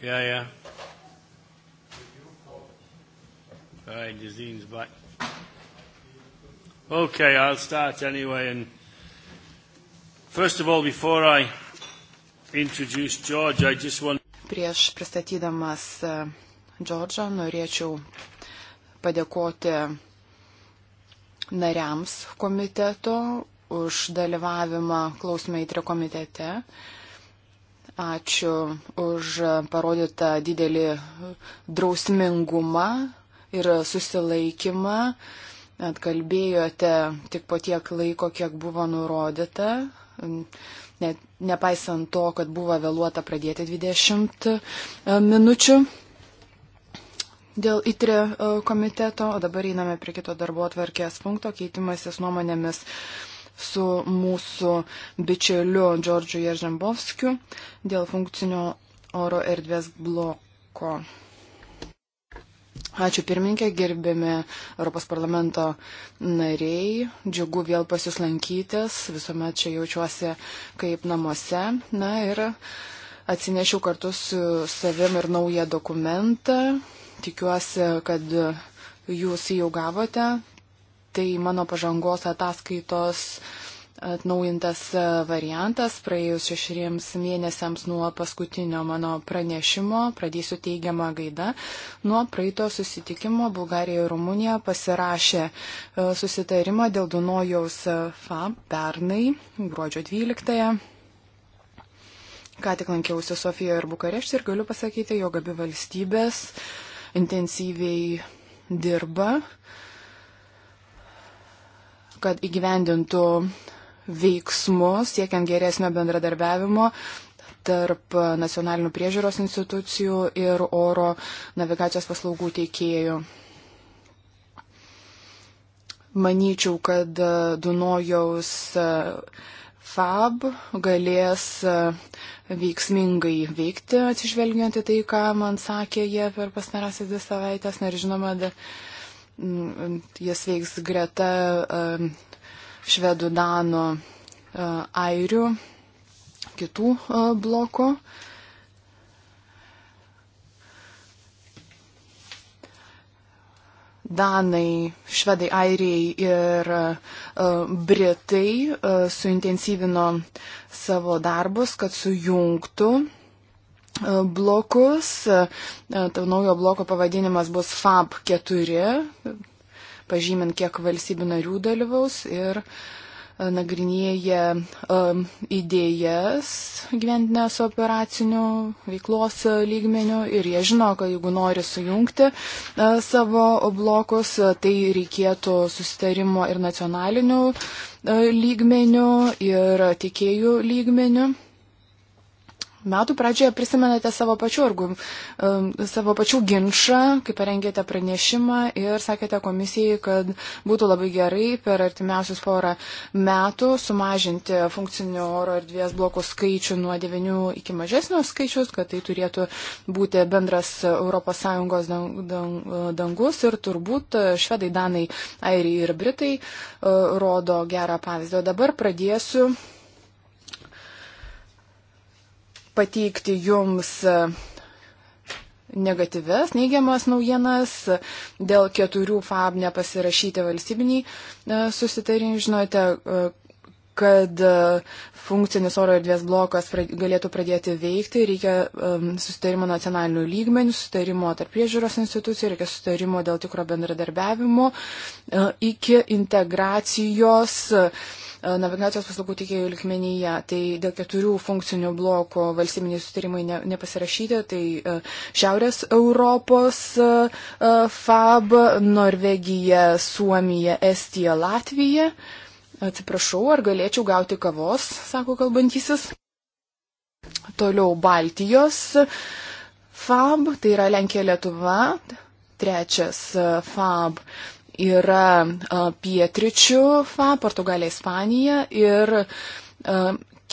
Yeah, yeah. All right, Jazine's back. Okay, I'll start anyway. And first of all, before I introduce George, I just want. Prieš pristatydamas e, Džordžą norėčiau padėkoti nariams komiteto už dalyvavimą klausimai įtrio komitete. Uh, Ačiū už parodytą didelį drausmingumą ir susilaikymą. Atkalbėjote tik po tiek laiko, kiek buvo nurodyta. Net, nepaisant to, kad buvo vėluota pradėti 20 e, minučių dėl ITRE e, komiteto, o dabar einame prie kito darbo atvarkės punkto, keitimasis nuomonėmis su mūsų bičiuliu Džordžiu Jeržembovskiu dėl funkcinio oro erdvės bloko. Ačiū pirmininkė, gerbėme Europos parlamento nariai, džiugu vėl pasislankytis, visuomet čia jaučiuosi kaip namuose. Na ir atsinešiau kartu su savim ir naują dokumentą. Tikiuosi, kad jūs jį jau gavote, tai mano pažangos ataskaitos atnaujintas variantas praėjus šešeriems mėnesiams nuo paskutinio mano pranešimo, pradėsiu teigiamą gaidą. Nuo praeito susitikimo Bulgarija ir Rumunija pasirašė e, susitarimą dėl Dunojaus FAB pernai, gruodžio 12. -ąją. Ką tik lankiausi Sofijoje ir Bukarešte ir galiu pasakyti, jog abi valstybės intensyviai dirba uh, kad įgyvendintų veiksmus siekiant geresnio bendradarbiavimo tarp nacionalinių priežiūros institucijų ir oro navigacijos paslaugų teikėjų. Manyčiau, kad Dunojaus e, FAB galės e, veiksmingai veikti, atsižvelgiant į tai, ką man sakė jie per pastarąsias dvi savaitės. Na ir žinoma, Mm, jis veiks greta švedų, danų, e, airių, kitų e, blokų. Danai, švedai, airiai ir uh, britai uh, suintensyvino savo darbus, kad sujungtų uh, blokus. E, ta naujo bloko pavadinimas bus FAB 4, pažymint, kiek valstybių narių dalyvaus ir e, nagrinėja um, idėjas gyventinės operacinių veiklos lygmenių ir jie žino, kad jeigu nori sujungti uh, savo blokus, tai reikėtų susitarimo ir nacionalinių uh, lygmenių, ir tiekėjų lygmenių metų pradžioje prisimenate savo pačių, argu, um, savo pačių ginčą, kai parengėte pranešimą ir sakėte komisijai, kad būtų labai gerai per artimiausius porą metų sumažinti funkcinio oro erdvės blokų skaičių nuo 9 iki mažesnio skaičius, kad tai turėtų būti bendras ES dangus ir turbūt švedai, danai, airiai ir britai uh, rodo gerą pavyzdį. O dabar pradėsiu pateikti jums e, negatyves, neigiamas naujienas, dėl keturių FAB nepasirašyti valstybiniai e, susitarimai. Žinote, e, kad funkcinis oro erdvės blokas galėtų pradėti veikti, reikia susitarimo nacionalinių lygmenių, susitarimo tarp priežiūros institucijų, reikia susitarimo dėl tikro bendradarbiavimo iki integracijos E, navigacijos paslaugų teikėjų likmenyje. Tai dėl keturių funkcinių blokų valstybiniai sutarimai ne, nepasirašyti. Tai e, Šiaurės Europos e, FAB, Norvegija, Suomija, Estija, Latvija. Atsiprašau, ar galėčiau gauti kavos, sako kalbantysis. Toliau Baltijos FAB, tai yra Lenkija Lietuva. Trečias FAB yra pietričių fa, Portugalija, Ispanija ir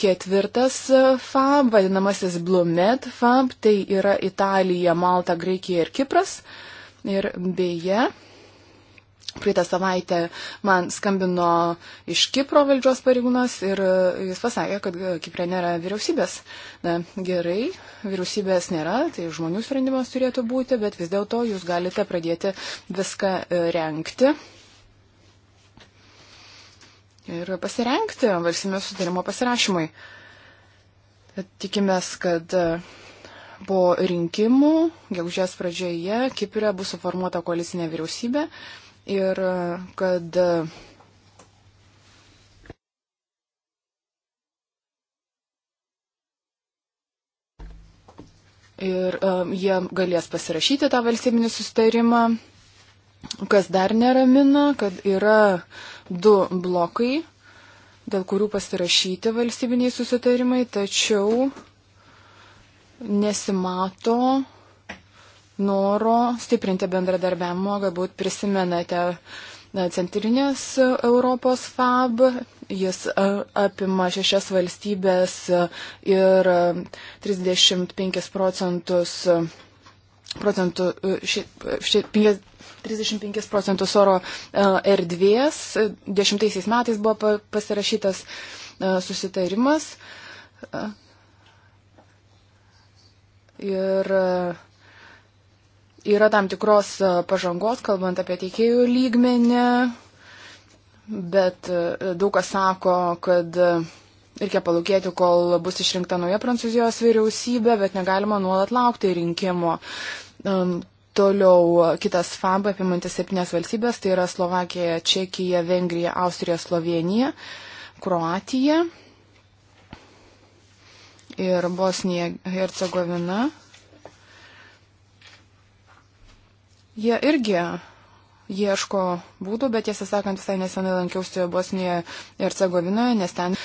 ketvirtas fa, vadinamasis Blumet fa, tai yra Italija, Malta, Graikija ir Kipras. Ir beje, Praeitą savaitę man skambino iš Kipro valdžios pareigūnas ir jis pasakė, kad Kiprė nėra vyriausybės. Na, gerai, vyriausybės nėra, tai žmonių sprendimas turėtų būti, bet vis dėlto jūs galite pradėti viską e, renkti. Ir pasirenkti valstybės sutarimo pasirašymui. Tikimės, kad e, po rinkimų, gegužės pradžioje, Kiprė bus suformuota koalicinė vyriausybė ir kad ir um, jie galės pasirašyti tą valstybinį sustarimą. Kas dar neramina, kad yra du blokai, dėl kurių pasirašyti valstybiniai susitarimai, tačiau nesimato noro stiprinti bendradarbiavimo, galbūt prisimenate Centrinės Europos FAB, jis apima šešias valstybės ir 35 procentus, procentų, ši, ši, 35 procentus oro erdvės. Dešimtaisiais metais buvo pasirašytas susitarimas. Ir uh, yra tam tikros e, pažangos, kalbant apie teikėjų lygmenį, bet e, daug kas sako, kad e, reikia palūkėti, kol bus išrinkta nauja Prancūzijos vyriausybė, bet negalima nuolat laukti rinkimo. Toliau kitas FAB apimantis septynias valstybės, tai yra Slovakija, Čekija, Vengrija, Austrija, Slovenija, Kroatija ir Bosnija, Hercegovina. Jie irgi ieško būdų, bet tiesą sakant, visai nesenai lankiausi Bosnijoje ir Cegovinoje, nes ten e,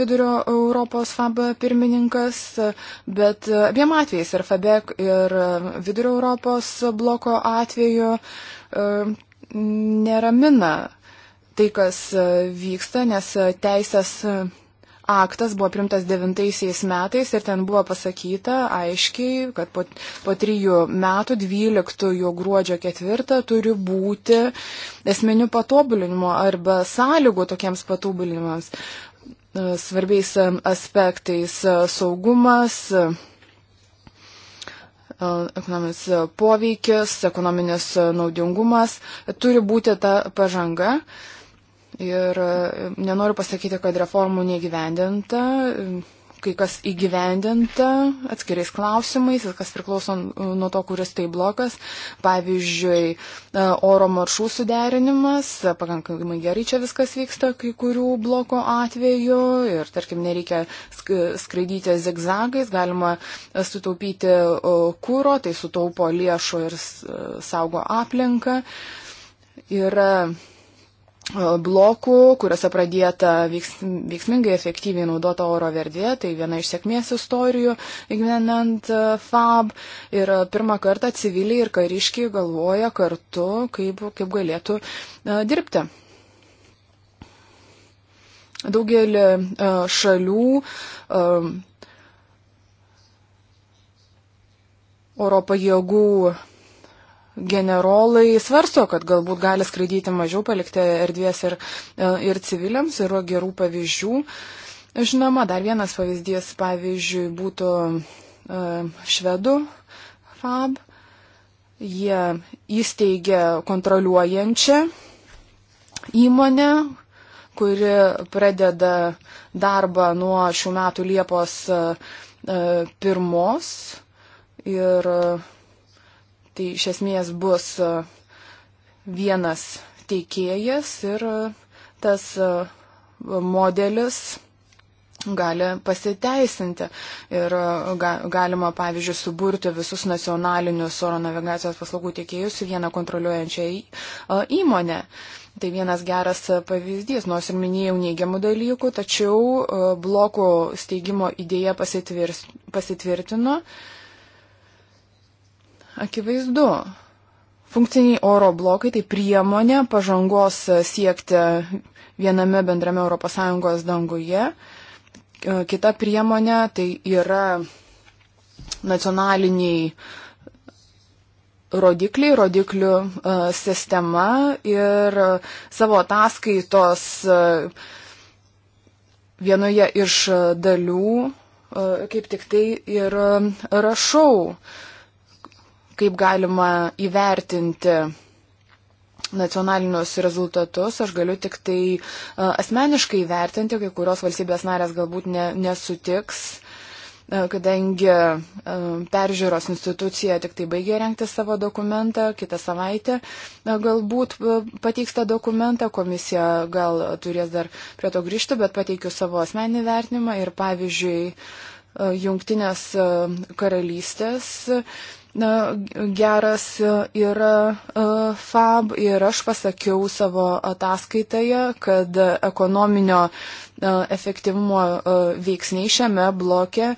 vidurio Europos FAB pirmininkas, bet abiem atvejais ir FABEK ir vidurio Europos bloko atveju e, neramina tai, kas vyksta, nes teisės aktas buvo primtas devintaisiais metais ir ten buvo pasakyta aiškiai, kad po, po trijų metų, 12 gruodžio ketvirtą, turi būti esminių patobulinimų arba sąlygų tokiems patobulinimams e, svarbiais e, aspektais e, - saugumas, ekonominis poveikis, ekonominis naudingumas. Turi būti ta pažanga. Uh, Ir e, nenoriu pasakyti, kad reformų negyvendinta, kai kas įgyvendinta atskiriais klausimais, kas priklauso nuo to, kuris tai blokas. Pavyzdžiui, e, oro maršų suderinimas, pakankamai gerai čia viskas vyksta kai kurių bloko atveju ir, tarkim, nereikia skraidyti zigzagais, galima e, sutaupyti kūro, tai sutaupo lėšų ir saugo aplinką. Yra E, blokų, kuriuose pradėta veiks, veiksmingai efektyviai naudota oro verdė, tai viena iš sėkmės istorijų, įgyvenant e, FAB. Ir e, pirmą kartą civiliai ir kariškiai galvoja kartu, kaip, kaip galėtų dirbti. Daugelį šalių oro pajėgų generolai svarsto, kad galbūt gali skraidyti mažiau, palikti erdvės ir, e, ir civiliams, yra gerų pavyzdžių. Žinoma, dar vienas pavyzdys, pavyzdžiui, būtų e, švedų FAB. Jie įsteigė kontroliuojančią įmonę, kuri pradeda darbą nuo šių metų Liepos e, pirmos. Ir uh, Tai iš esmės bus e, vienas teikėjas ir e, tas e, modelis gali pasiteisinti ir ga, galima, pavyzdžiui, suburti visus nacionalinius oro navigacijos paslaugų tiekėjus į vieną kontroliuojančią įmonę. Tai vienas geras pavyzdys, nors ir minėjau neigiamų dalykų, tačiau blokų steigimo idėja pasitvirtino akivaizdu. Funkciniai oro blokai tai priemonė pažangos siekti viename bendrame ES danguje. Kita priemonė tai yra nacionaliniai rodikliai, rodiklių e, sistema ir savo ataskaitos e, vienoje iš dalių e, kaip tik tai ir rašau kaip galima įvertinti nacionalinius rezultatus, aš galiu tik tai asmeniškai vertinti, kai kurios valstybės narės galbūt ne, nesutiks, kadangi peržiūros institucija tik tai baigė renkti savo dokumentą, kitą savaitę galbūt pateiks tą dokumentą, komisija gal turės dar prie to grįžti, bet pateikiu savo asmeninį vertinimą ir pavyzdžiui, Jungtinės karalystės na, geras yra e, FAB ir aš pasakiau savo ataskaitoje, kad ekonominio e, efektyvumo e, veiksniai šiame bloke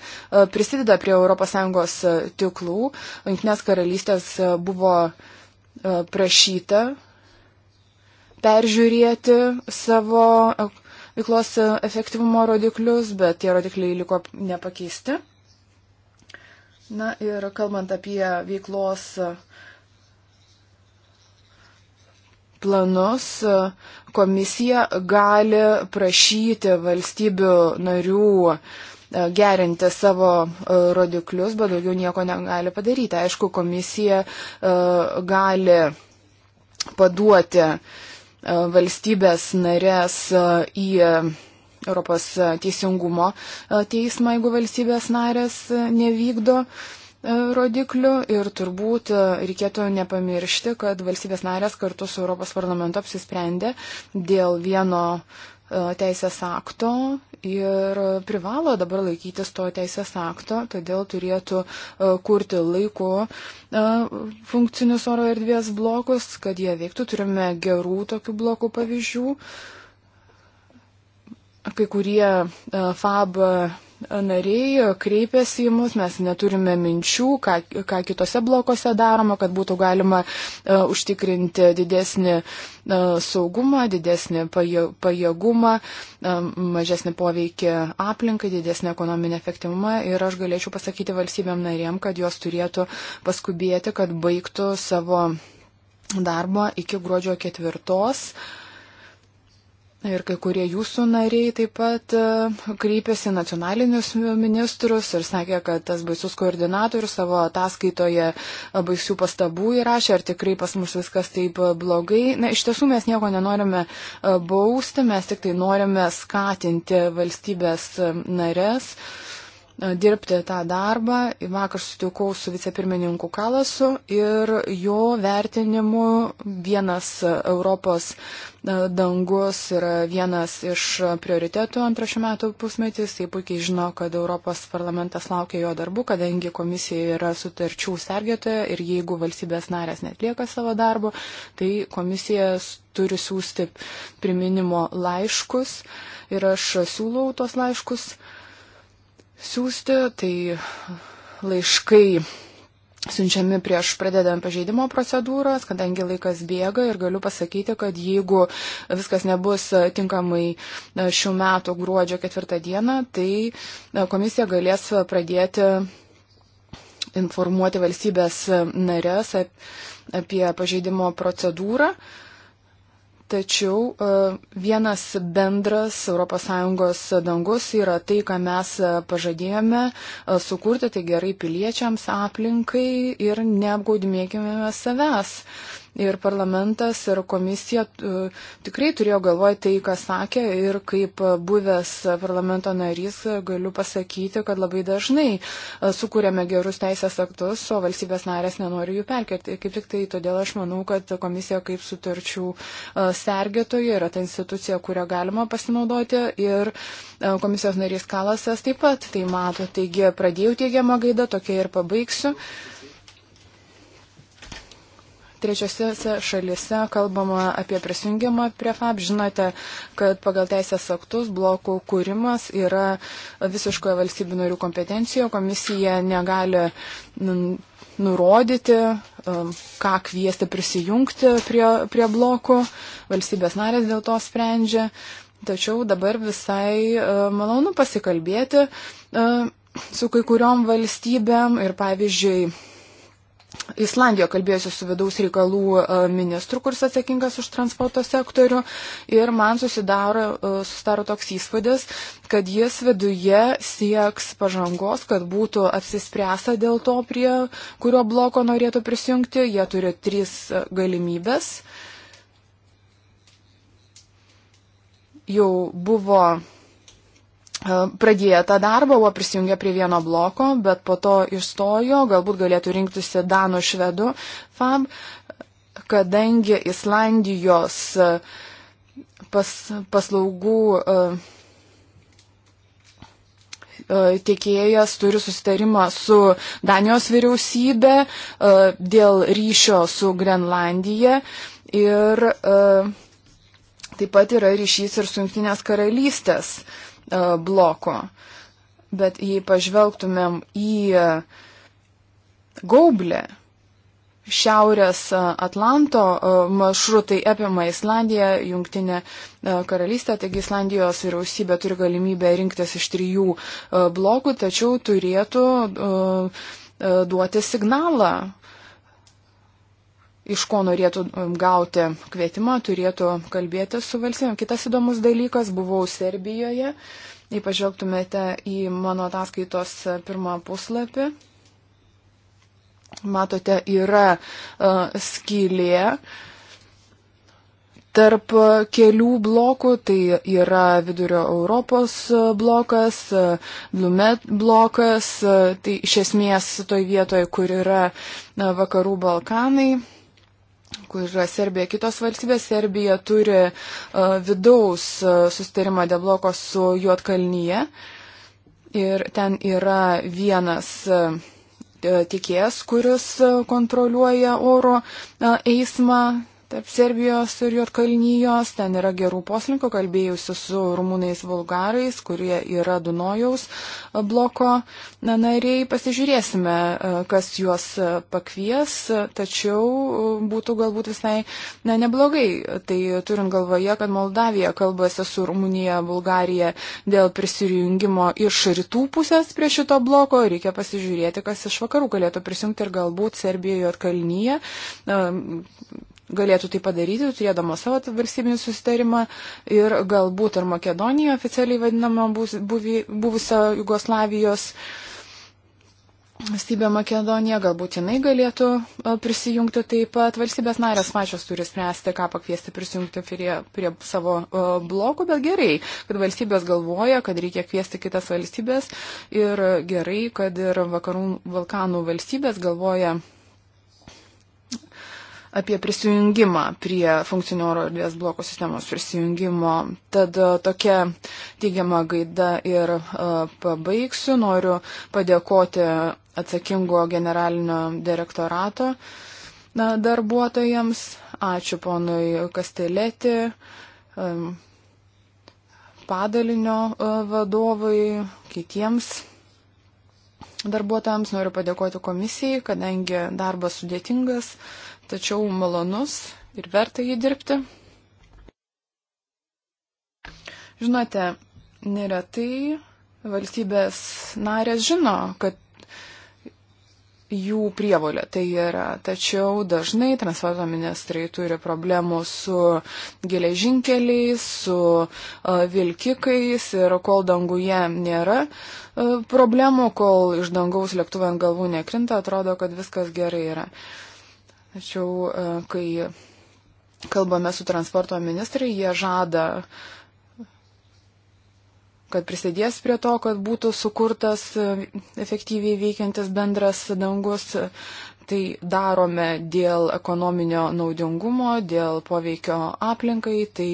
prisideda prie ES tiklų. Junktinės karalystės buvo prašyta peržiūrėti savo veiklos efektyvumo rodiklius, bet tie rodikliai liko nepakeisti. Na ir kalbant apie veiklos planus, komisija gali prašyti valstybių narių e, gerinti savo e, rodiklius, bet daugiau nieko negali padaryti. Aišku, komisija e, gali paduoti valstybės narės į Europos e, teisingumo e, teismą, jeigu valstybės narės e, nevykdo rodiklių ir turbūt reikėtų nepamiršti, kad valstybės narės kartu su Europos parlamentu apsisprendė dėl vieno teisės akto ir privalo dabar laikytis to teisės akto, todėl turėtų kurti laiku funkcinius oro erdvės blokus, kad jie veiktų. Turime gerų tokių blokų pavyzdžių kai kurie e, FAB e, nariai kreipėsi į mus, mes neturime minčių, ką, ką kitose blokose daroma, kad būtų galima uh, užtikrinti didesnį uh, saugumą, didesnį pajėgumą, uh, mažesnį poveikį aplinkai, didesnį ekonominį efektyvumą. Ir aš galėčiau pasakyti valstybėm narėm, kad jos turėtų paskubėti, kad baigtų savo darbo iki gruodžio ketvirtos. Uh, Ir kai kurie jūsų nariai taip pat e, kreipėsi nacionalinius ministrus ir sakė, kad tas baisus koordinatorius savo ataskaitoje e, baisių pastabų įrašė, ar tikrai pas mus viskas taip e, blogai. Na, iš tiesų mes nieko nenorime bausti, mes tik tai norime skatinti valstybės narės E, dirbti tą darbą. Vakar sutikau su vicepirmininku Kalasu ir jo vertinimu vienas Europos e, dangus yra vienas iš prioritetų antro šių metų pusmetis. Jie puikiai žino, kad Europos parlamentas laukia jo darbų, kadangi komisija yra sutarčių sergėtoja ir jeigu valstybės narės netlieka savo darbo, tai komisija turi siūsti priminimo laiškus ir aš siūlau tos laiškus siūsti, tai laiškai siunčiami prieš pradedant pažeidimo procedūros, kadangi laikas bėga ir galiu pasakyti, kad jeigu viskas nebus tinkamai šių metų gruodžio ketvirtą dieną, tai komisija galės pradėti informuoti valstybės narės apie pažeidimo procedūrą. Uh, Tačiau e, vienas bendras ES dangus yra tai, ką mes pažadėjome e, sukurti, tai gerai piliečiams, aplinkai ir neapgaudimėkime savęs. Ir parlamentas, ir komisija e, tikrai turėjo galvoje tai, ką sakė. Ir kaip buvęs parlamento narys e, galiu pasakyti, kad labai dažnai e, sukūrėme gerus teisės aktus, o valstybės narės nenori jų perkelti. Kaip tik tai todėl aš manau, kad komisija kaip sutarčių sergėtoja yra ta institucija, kurią galima pasinaudoti. Ir komisijos narys Kalasas taip pat tai mato. Taigi pradėjau teigiamą gaidą, tokia ir pabaigsiu. Uh, trečiosiuose šalise kalbama apie prisijungimą prie FAB. Žinote, kad pagal teisės aktus blokų kūrimas yra visiškoje valstybių narių kompetencijoje. Komisija negali nurodyti, um, ką kviesti prisijungti prie, prie blokų. Valstybės narės dėl to sprendžia. Tačiau dabar visai um, malonu pasikalbėti um, su kai kuriom valstybėm ir pavyzdžiui Islandijoje kalbėjusi su vidaus reikalų e, ministru, kuris atsakingas už transporto sektorių ir man susidaro, e, susidaro toks įspūdis, kad jis viduje sieks pažangos, kad būtų apsispręsta dėl to, prie kurio bloko norėtų prisijungti. Jie turi tris e, galimybės. Jau buvo E, pradėta darbą, buvo prisijungę prie vieno bloko, bet po to išstojo, galbūt galėtų rinktųsi Danų švedų fab, kadangi Islandijos e, pas, paslaugų uh, tiekėjas turi susitarimą su Danijos vyriausybė uh, dėl ryšio su Grenlandija ir uh, taip pat yra ryšys ir su Junktinės karalystės E, bloko. Bet jei pažvelgtumėm į gaublę, Šiaurės Atlanto e, maršrutai apima Islandiją, Junktinę e, karalystę, taigi Islandijos vyriausybė turi galimybę rinktis iš trijų blokų, tačiau turėtų duoti signalą iš ko norėtų um, gauti kvietimą, turėtų kalbėti su valstybėm. Kitas įdomus dalykas, buvau Serbijoje, jei pažvelgtumėte į mano ataskaitos e, pirmą puslapį, matote, yra uh, skylė. Tarp kelių blokų tai yra Vidurio Europos e, blokas, Lumet blokas, tai iš esmės toj vietoje, kur yra Vakarų Balkanai, kur yra Serbija, kitos valstybės. Serbija turi uh, vidaus uh, sustarimą dėl bloko su Juotkalnyje ir ten yra vienas. Uh, e, Tikėjas, kuris kontroliuoja oro eismą, tarp Serbijos ir Jotkalnyjos. Ten yra gerų poslinkų, kalbėjusi su rumūnais vulgarais, kurie yra Dunojaus bloko nariai. Pasižiūrėsime, e, kas juos e, pakvies, e, tačiau būtų galbūt visai ne, neblogai. Tai turint galvoje, kad Moldavija kalbasi su Rumunija, Bulgarija dėl prisijungimo iš rytų pusės prie šito bloko, reikia pasižiūrėti, kas iš vakarų galėtų prisijungti ir galbūt Serbijoje Jotkalnyje galėtų tai padaryti, turėdama savo valstybinį susitarimą ir galbūt ir Makedonija oficialiai vadinama buvusią Jugoslavijos valstybė Makedonija, galbūt jinai galėtų e, prisijungti taip pat. Valstybės narės pačios turi spręsti, ką pakviesti prisijungti prie, prie savo e, blokų, bet gerai, kad valstybės galvoja, kad reikia kviesti kitas valstybės ir gerai, kad ir vakarų Balkanų valstybės galvoja apie prisijungimą prie funkcinio oro erdvės bloko sistemos prisijungimo. Tad e, tokia teigiama gaida ir e, pabaigsiu. Noriu padėkoti atsakingo generalinio direktorato na, darbuotojams. Ačiū ponui Kastelėti, e, padalinio vadovui, kitiems darbuotojams noriu padėkoti komisijai, kadangi darbas sudėtingas, tačiau malonus ir verta jį dirbti. Žinote, neretai valstybės narės žino, kad jų prievolė tai yra. Tačiau dažnai transporto ministrai turi problemų su geležinkeliais, su uh, vilkikais ir kol danguje nėra uh, problemų, kol iš dangaus lėktuvai ant galvų nekrinta, atrodo, kad viskas gerai yra. Uh, Tačiau, e, kai kalbame su transporto ministrai, jie žada, kad prisidės prie to, kad būtų sukurtas e, efektyviai veikiantis bendras dangus. Tai darome dėl ekonominio naudingumo, dėl poveikio aplinkai, tai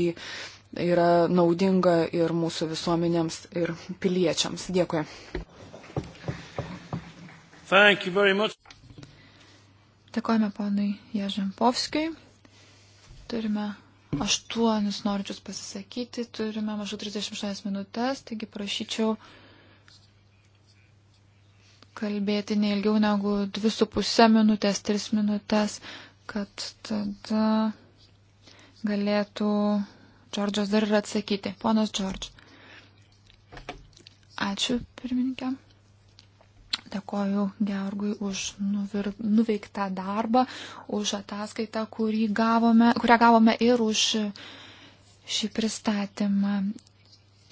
yra naudinga ir mūsų visuomenėms, ir piliečiams. Dėkui. Dėkojame ponui Ježempovskijui. Turime aštuonis norinčius pasisakyti, turime mažų 36 minutės, taigi prašyčiau kalbėti neilgiau negu 2,5 minutės, 3 minutės, kad tada galėtų Džordžas dar ir atsakyti. Ponas Džordž. Ačiū, pirmininkė. Dėkoju Georgui už nuvir, nuveiktą darbą, už ataskaitą, gavome, kurią gavome ir už šį pristatymą.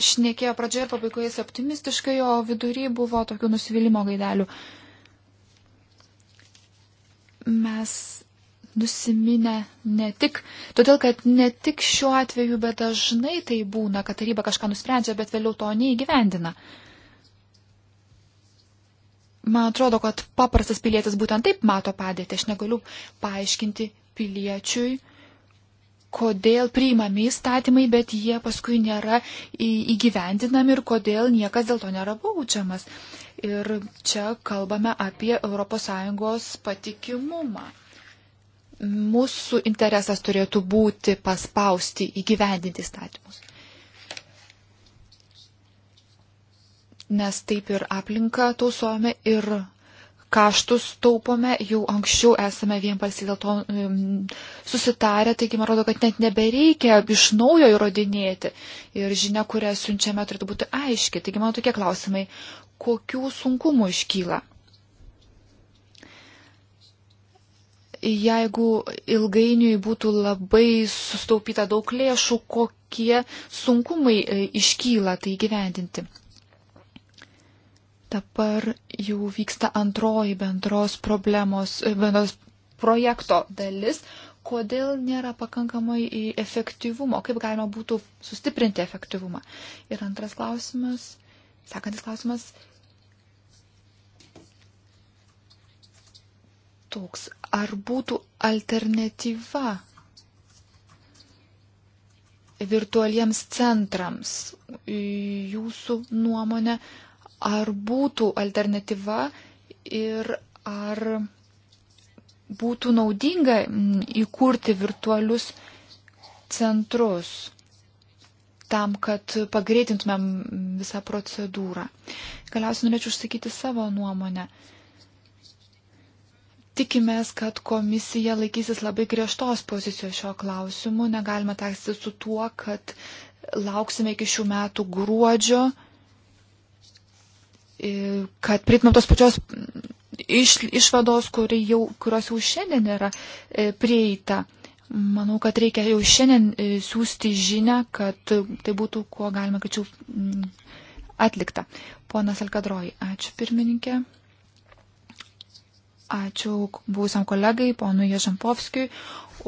Šnekėjo pradžioje ir pabaigoje jis optimistiškai, o vidury buvo tokių nusivylimų gaidelių. Mes nusiminę ne tik, todėl kad ne tik šiuo atveju, bet dažnai tai būna, kad taryba kažką nusprendžia, bet vėliau to neįgyvendina man atrodo, kad paprastas pilietis būtent taip mato padėtį. Aš negaliu paaiškinti piliečiui, kodėl priimami įstatymai, bet jie paskui nėra įgyvendinami ir kodėl niekas dėl to nėra baudžiamas. Ir čia kalbame apie ES patikimumą. Mūsų interesas turėtų būti paspausti įgyvendinti įstatymus. nes taip ir aplinką tausojame ir kaštus taupome, jau anksčiau esame vienbalsiai dėl to um, susitarę, taigi man rodo, kad net nebereikia iš naujo įrodinėti ir žinia, kurią siunčiame, turėtų būti aiški. Taigi man tokie klausimai, kokių sunkumų iškyla? Jeigu ilgainiui būtų labai sustaupyta daug lėšų, kokie sunkumai e, iškyla tai gyvendinti? Dabar jau vyksta antroji bendros problemos, e, bendros projekto dalis, kodėl nėra pakankamai efektyvumo, kaip galima būtų sustiprinti efektyvumą. Ir antras klausimas, sekantis klausimas, toks, ar būtų alternatyva virtualiems centrams jūsų nuomonė, ar būtų alternatyva ir ar būtų naudinga mm, įkurti virtualius centrus tam, kad pagreitintumėm visą procedūrą. Galiausiai norėčiau užsakyti savo nuomonę. Tikimės, kad komisija laikysis labai griežtos pozicijos šio klausimu. Negalime taikstyti su tuo, kad lauksime iki šių metų gruodžio kad prieitumėm tos pačios mm, iš, išvados, kuri jau, kurios jau šiandien yra e, prieita. Manau, kad reikia jau šiandien e, siūsti žinę, kad tai būtų kuo galima greičiau mm, atlikta. Ponas Alkadroji, ačiū pirmininkė. Ačiū būsam kolegai, ponui Ježampovskijui,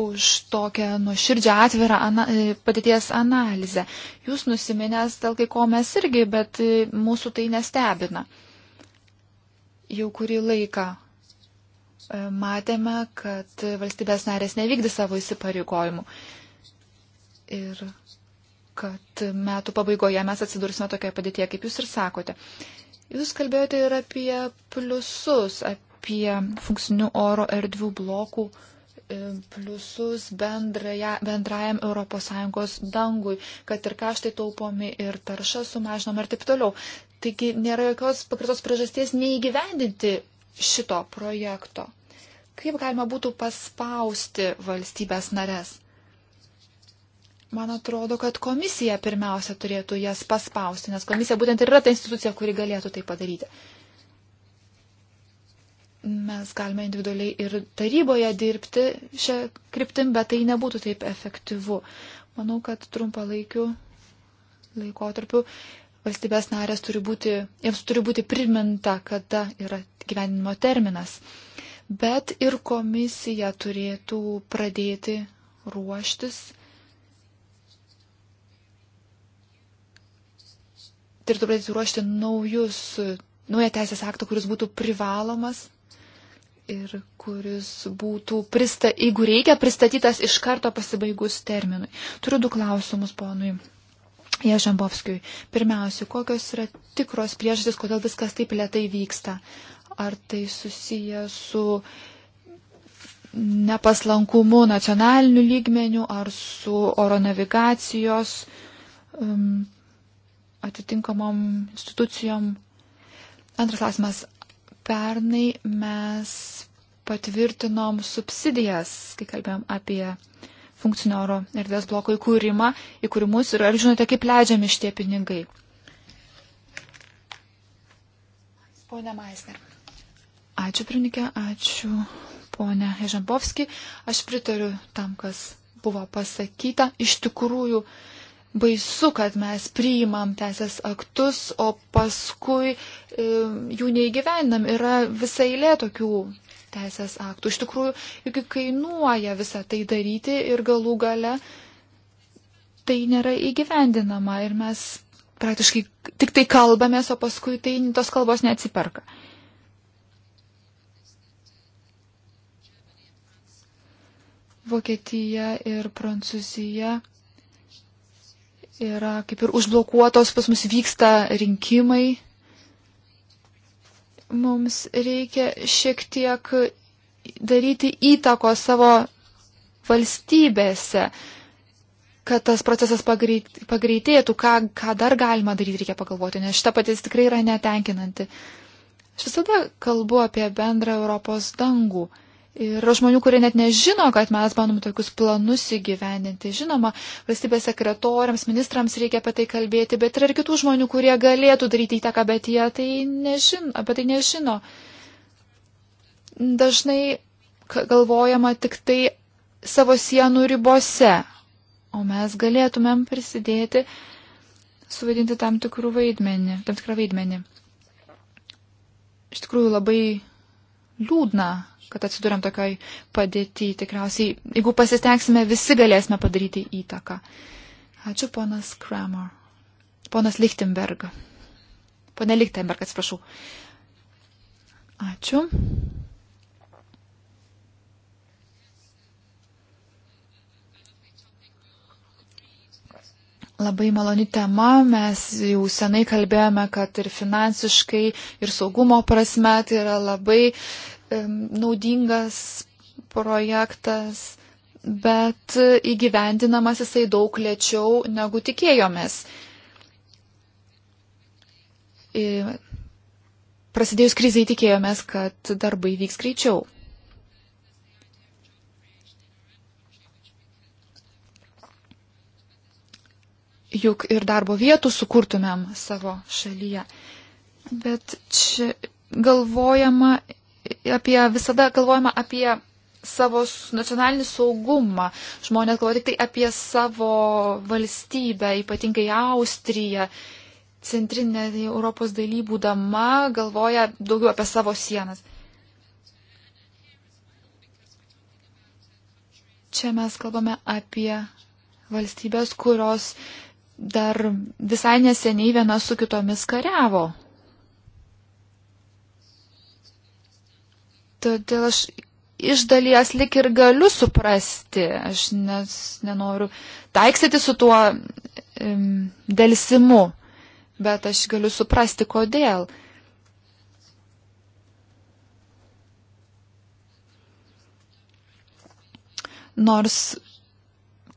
už tokią nuoširdžią atvirą ana, e, padėties analizę. Jūs nusiminęs dėl kai ko mes irgi, bet e, mūsų tai nestebina. Jau kurį laiką e, matėme, kad valstybės narės nevykdi savo įsipareigojimų. Ir kad metų pabaigoje mes atsidursime tokioje padėtėje, kaip jūs ir sakote. Jūs kalbėjote ir apie pliusus, apie apie funkcinių oro erdvių blokų e, pliusus bendraja, bendrajam ES dangui, kad ir kaštai taupomi, ir tarša sumažinama ir taip toliau. Taigi nėra jokios pakratos priežasties neįgyvendinti šito projekto. Kaip galima būtų paspausti valstybės nares? Man atrodo, kad komisija pirmiausia turėtų jas paspausti, nes komisija būtent ir yra ta institucija, kuri galėtų tai padaryti mes galime individualiai ir taryboje dirbti šią kryptim, bet tai nebūtų taip efektyvu. Manau, kad trumpalaikiu laikotarpiu valstybės narės turi būti, jiems turi būti priminta, kada yra gyvenimo terminas. Bet ir komisija turėtų pradėti ruoštis. Turėtų pradėti ruošti naujus, naują teisės aktą, kuris būtų privalomas ir kuris būtų, prista, jeigu reikia, pristatytas iš karto pasibaigus terminui. Turiu du klausimus ponui. Ježambovskijui. Pirmiausia, kokios yra tikros priežastys, kodėl viskas taip lietai vyksta? Ar tai susiję su nepaslankumu nacionaliniu lygmeniu, ar su oro navigacijos um, atitinkamom institucijom? Antras klausimas, Pernai mes patvirtinom subsidijas, kai kalbėjom apie funkcinio oro erdvės bloko įkūrimą, įkūrimus ir ar žinote, kaip leidžiami šitie pinigai? Pone Maisner. Ačiū, Prinikė, ačiū, ponė Žambovski. Aš pritariu tam, kas buvo pasakyta. Iš tikrųjų, uh, baisu, kad mes priimam teisės aktus, o paskui e, jų neįgyvendam. Yra visa eilė tokių teisės aktų. Iš tikrųjų, juk kainuoja visą tai daryti ir galų gale tai nėra įgyvendinama ir mes praktiškai tik tai kalbamės, o paskui tai tos kalbos neatsiperka. Vokietija ir Prancūzija yra kaip ir užblokuotos, pas mus vyksta rinkimai. Mums reikia šiek tiek daryti įtako savo valstybėse, kad tas procesas pagreitėtų, ką, ką dar galima daryti, reikia pagalvoti, nes šita patys tikrai yra netenkinanti. Aš visada kalbu apie bendrą Europos dangų. Yra žmonių, kurie net nežino, kad mes bandome tokius planus įgyvendinti. Žinoma, valstybės sekretoriams, ministrams reikia apie tai kalbėti, bet yra ir kitų žmonių, kurie galėtų daryti įtaką, bet jie tai nežino, apie tai nežino. Dažnai galvojama tik tai savo sienų ribose, o mes galėtumėm prisidėti, suvaidinti tam, vaidmenį, tam tikrą vaidmenį. Iš tikrųjų labai liūdna, kad atsidurėm tokioj padėti. Tikriausiai, jeigu pasistengsime, visi galėsime padaryti įtaką. Ačiū, ponas Kramer. Ponas Lichtenberg. Pone Lichtenberg, atsiprašau. Ačiū. labai maloni tema. Mes jau senai kalbėjome, kad ir finansiškai, ir saugumo prasme tai yra labai naudingas projektas, bet įgyvendinamas jisai daug lėčiau negu tikėjomės. Prasidėjus kriziai tikėjomės, kad darbai vyks greičiau. juk ir darbo vietų sukurtumėm savo šalyje. Bet čia galvojama apie, visada galvojama apie savo nacionalinį saugumą. Žmonės galvoja tik tai apie savo valstybę, ypatingai Austriją. Centrinė Europos daly būdama galvoja daugiau apie savo sienas. Čia mes kalbame apie valstybės, kurios dar visai neseniai viena su kitomis kariavo. Todėl aš iš dalies lik ir galiu suprasti, aš nes, nenoriu taiksyti su tuo um, dėlsimu, bet aš galiu suprasti, kodėl. Nors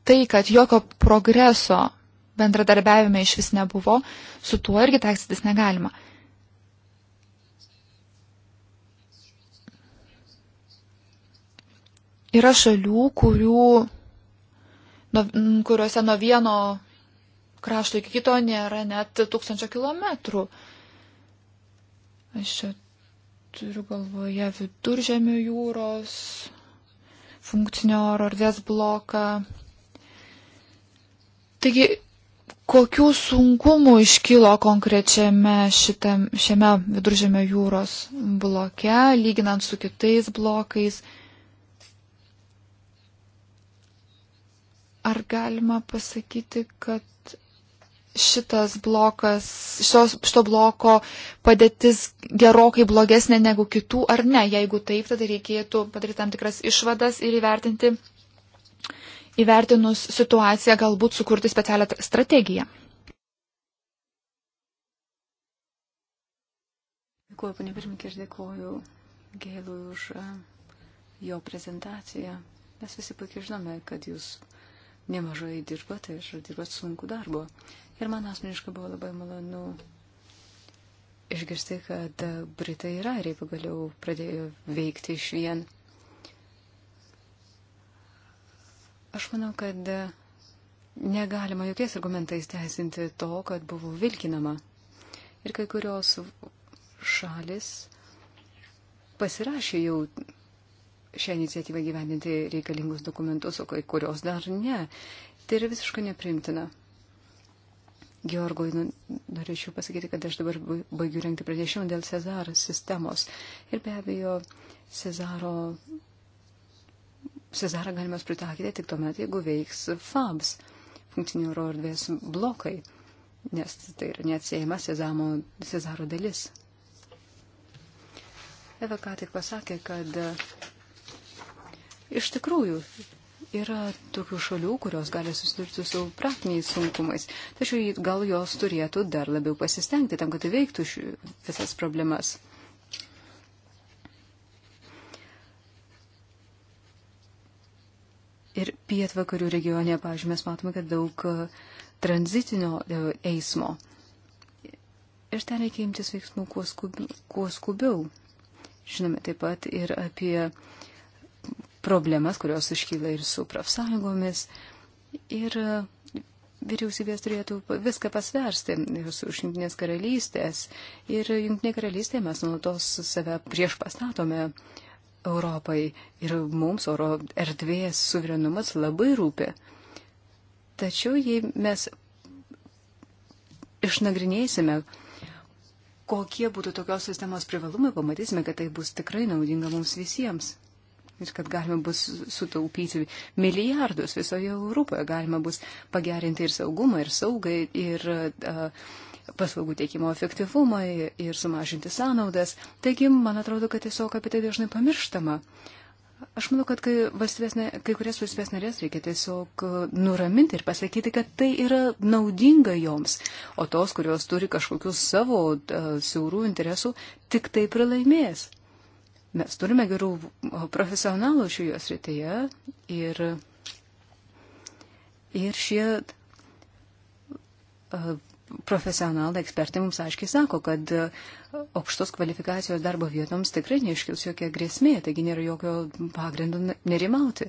tai, kad jokio progreso bendradarbiavime iš vis nebuvo, su tuo irgi taikstytis negalima. Yra šalių, kurių, nu, kuriuose nuo vieno krašto iki kito nėra net tūkstančio kilometrų. Aš čia turiu galvoje viduržėmio jūros, funkcinio oro erdvės bloką. Taigi kokių sunkumų iškilo konkrečiame šitam, šiame viduržėme jūros bloke, lyginant su kitais blokais. Ar galima pasakyti, kad šitas blokas, šios, šito bloko padėtis gerokai blogesnė negu kitų, ar ne? Jeigu taip, tada reikėtų padaryti tam tikras išvadas ir įvertinti įvertinus situaciją, galbūt sukurti specialią strategiją. Dėkuoju, panė pirmininkė, ir dėkuoju Gėlui už e, jo prezentaciją. Mes visi puikiai žinome, kad jūs nemažai dirbate ir dirbat sunku darbo. Ir man asmeniškai buvo labai malonu išgirsti, kad e, Britai ir Airiai pagaliau pradėjo veikti iš vien. Aš manau, kad negalima jokiais argumentais teisinti to, kad buvo vilkinama. Ir kai kurios šalis pasirašė jau šią iniciatyvą gyvendinti reikalingus dokumentus, o kai kurios dar ne. Tai yra visiškai neprimtina. Georgoj, nu, norėčiau pasakyti, kad aš dabar baigiu renkti pranešimą dėl Cezar sistemos. Ir be abejo, Cezaro Cezarą galima pritaikyti tik tuomet, jeigu veiks FABS, funkcinių oro erdvės blokai, nes tai yra neatsiejama Cezamo, Cezaro dalis. Eva ką tik pasakė, kad iš tikrųjų yra tokių šalių, kurios gali susidurti su praktiniais sunkumais, tačiau gal jos turėtų dar labiau pasistengti tam, kad įveiktų tai visas problemas. ir pietvakarių regione, pažiūrėjau, mes matome, kad daug e, tranzitinio e, eismo. Ir ten reikia imtis veiksmų kuo, skub, kuo skubiau. Žinome taip pat ir apie problemas, kurios iškyla ir su profsąjungomis. Ir e, vyriausybės turėtų viską pasversti iš Junktinės karalystės. Ir Junktinė karalystė mes nuolatos save prieš pastatome uh, Europai ir mums oro erdvės suverenumas labai rūpi. Tačiau jei mes išnagrinėsime, kokie būtų tokios sistemos privalumai, pamatysime, kad tai bus tikrai naudinga mums visiems. Ir kad galima bus sutaupyti milijardus visoje Europoje, galima bus pagerinti ir saugumą, ir saugai, ir uh, paslaugų teikimo efektyvumą ir sumažinti sąnaudas. Taigi, man atrodo, kad tiesiog apie tai dažnai pamirštama. Aš manau, kad kai, ne, kai kurias valstybės narės reikia tiesiog e, nuraminti ir pasakyti, kad tai yra naudinga joms, o tos, kurios turi kažkokių savo uh, siaurų interesų, tik tai pralaimės. Mes turime gerų e, profesionalų šioje srityje ir, ir šie uh, profesionalai, ekspertai mums aiškiai sako, kad e, aukštos kvalifikacijos darbo vietoms tikrai neiškils jokia grėsmė, taigi nėra jokio pagrindo nerimauti.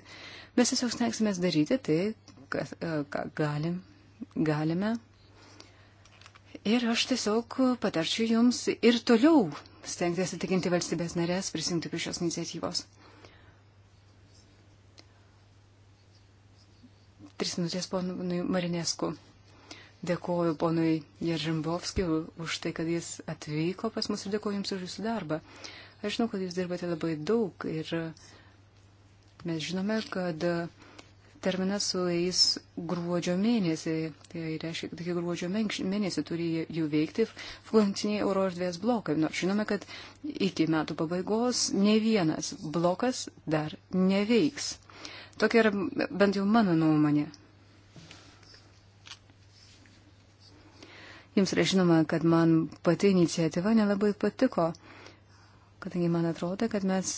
Mes tiesiog stengsimės daryti tai, kas, e, ką galim, galime. Ir aš tiesiog patarčiau jums ir toliau stengtis įtikinti valstybės narės prisimti prie šios iniciatyvos. Tris minutės ponui Marinesku. Dėkoju ponui Jeržimbovskijui už tai, kad jis atvyko pas mus ir dėkoju Jums už Jūsų darbą. Aš žinau, kad Jūs dirbate labai daug ir mes žinome, kad terminas sueis gruodžio mėnesį. Tai reiškia, kad iki gruodžio mėnesį turi jų veikti funkciniai euroerdvės blokai. Nors nu, žinome, kad iki metų pabaigos ne vienas blokas dar neveiks. Tokia yra bent jau mano nuomonė. Jums yra žinoma, kad man pati iniciatyva nelabai patiko, kadangi man atrodo, kad mes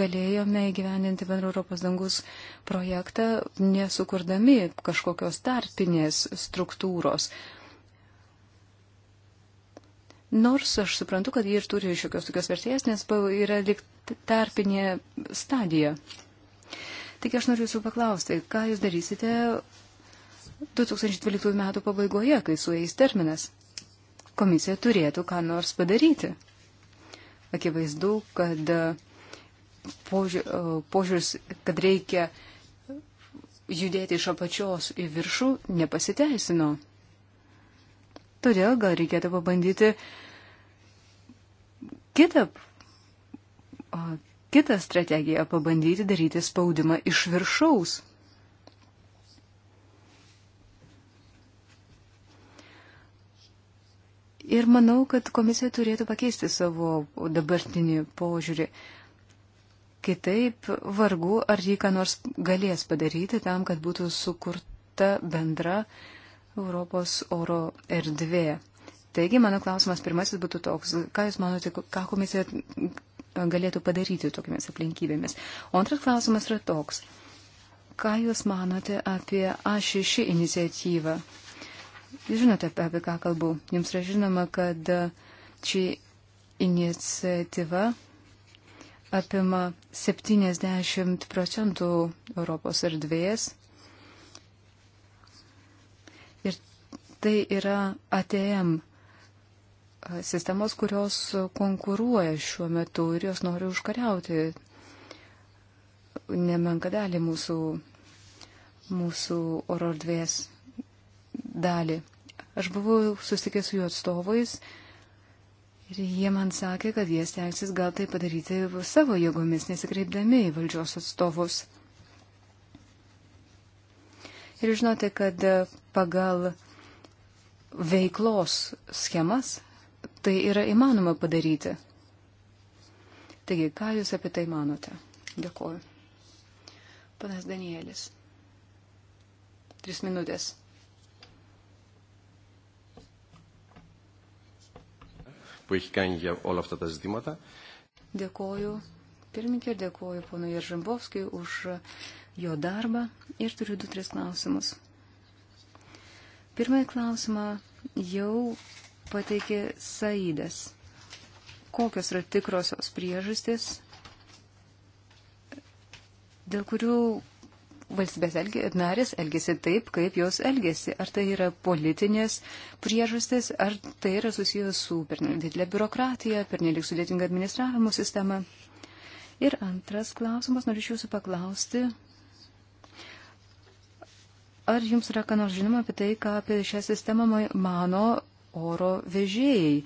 galėjome įgyvendinti bendro Europos dangus projektą, nesukurdami kažkokios tarpinės struktūros. Nors aš suprantu, kad jie ir turi šiokios tokios vertės, nes yra lik tarpinė stadija. Tik aš noriu jūsų paklausti, ką jūs darysite 2012 metų pabaigoje, kai su jais terminas. Komisija turėtų ką nors padaryti. Akivaizdu, kad e, e, požiūris, kad reikia judėti iš apačios į viršų, nepasiteisino. Todėl gal reikėtų pabandyti kitą, kitą strategiją, pabandyti daryti spaudimą iš viršaus. Ir manau, kad komisija turėtų pakeisti savo dabartinį požiūrį. Kitaip vargu, ar jį ką nors galės padaryti tam, kad būtų sukurta bendra Europos oro erdvė. Taigi, mano klausimas pirmasis būtų toks, ką Jūs manote, ką komisija galėtų padaryti tokiamis aplinkybėmis. O antras klausimas yra toks, ką Jūs manote apie A6 iniciatyvą, Jūs žinote, apie ką kalbu. Jums yra žinoma, kad e, ši iniciatyva apima 70 procentų Europos erdvės. Ir tai yra ATM e, sistemos, kurios konkuruoja šiuo metu ir jos nori užkariauti nemenka dalį mūsų, mūsų oro erdvės dalį. Aš buvau susitikęs su jų atstovais ir jie man sakė, kad jie stengsis gal tai padaryti savo jėgomis, nesikreipdami į valdžios atstovus. Ir žinote, kad pagal veiklos schemas tai yra įmanoma padaryti. Taigi, ką Jūs apie tai manote? Dėkuoju. Panas Danielis. Tris minutės. που έχει κάνει για όλα αυτά τα ζητήματα. Dėkoju pirmininkė, dėkoju ponui Jeržambovskijui už jo darbą ir turiu du, tris klausimus. Pirmąjį klausimą jau pateikė Saidės. Kokios yra tikrosios priežastis, dėl kurių valstybės elgi, narės elgesi taip, kaip jos elgesi. Ar tai yra politinės priežastis, ar tai yra susijęs su pernelik didelė biurokratija, pernelik sudėtinga administravimo sistema. Ir antras klausimas, norėčiau jūsų paklausti. Ar jums yra ką nors žinoma apie tai, ką apie šią sistemą mano oro vežėjai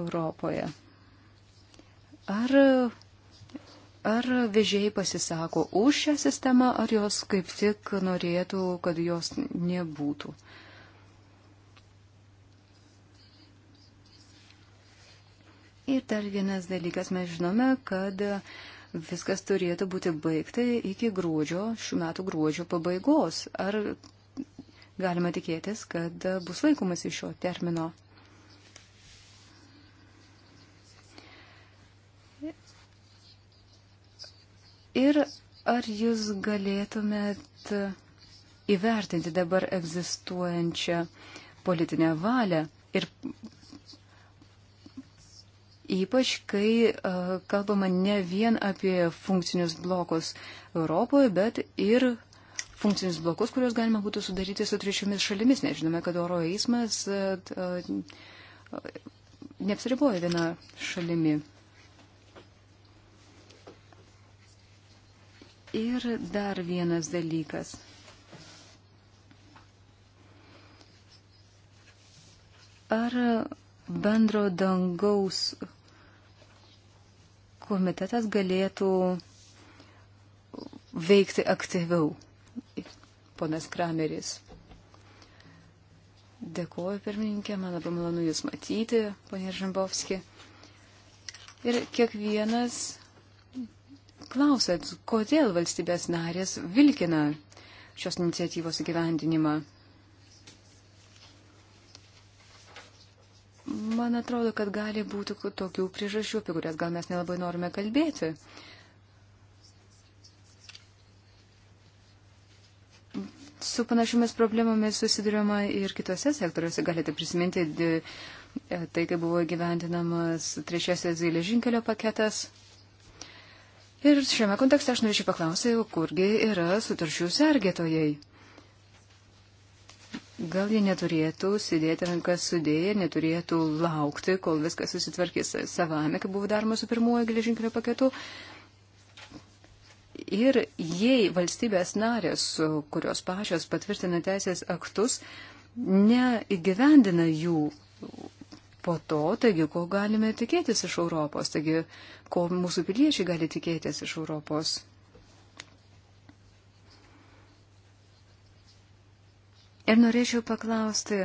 Europoje? Ar Ar vežėjai pasisako už šią sistemą, ar jos kaip tik norėtų, kad jos nebūtų? Ir dar vienas dalykas, mes žinome, kad viskas turėtų būti baigta iki gruodžio, šių metų gruodžio pabaigos. Ar galima tikėtis, kad bus laikomas iš šio termino? Ir ar jūs galėtumėt įvertinti dabar egzistuojančią politinę valią ir ypač, kai kalbama ne vien apie funkcinius blokus Europoje, bet ir funkcinius blokus, kuriuos galima būtų sudaryti su trečiomis šalimis. Nežinome, kad oro eismas neapsiriboja viena šalimi. Ir dar vienas dalykas. Ar bendro dangaus komitetas galėtų veikti aktyviau, ponas Krameris? Dėkuoju, pirmininkė, man labai malonu Jūs matyti, ponė Žambovski. Ir kiekvienas klausėt, kodėl valstybės narės vilkina šios iniciatyvos įgyvendinimą. Man atrodo, kad gali būti tokių priežasčių, apie kurias gal mes nelabai norime kalbėti. Su panašiomis problemomis susidurima ir kitose sektoriuose. Galite prisiminti e, tai, kai buvo gyventinamas trečiasis geležinkelio paketas. Ir šiame kontekste aš norėčiau paklausyti, kurgi yra sutarčių sergėtojai. Gal jie neturėtų sėdėti rankas sudėję, neturėtų laukti, kol viskas susitvarkys savame, kaip buvo daroma su pirmuoju geležinkelio paketu. Ir jei valstybės narės, kurios pačios patvirtina teisės aktus, neįgyvendina jų po to, taigi, ko galime tikėtis iš Europos, taigi, ko mūsų piliečiai gali tikėtis iš Europos. Ir norėčiau paklausti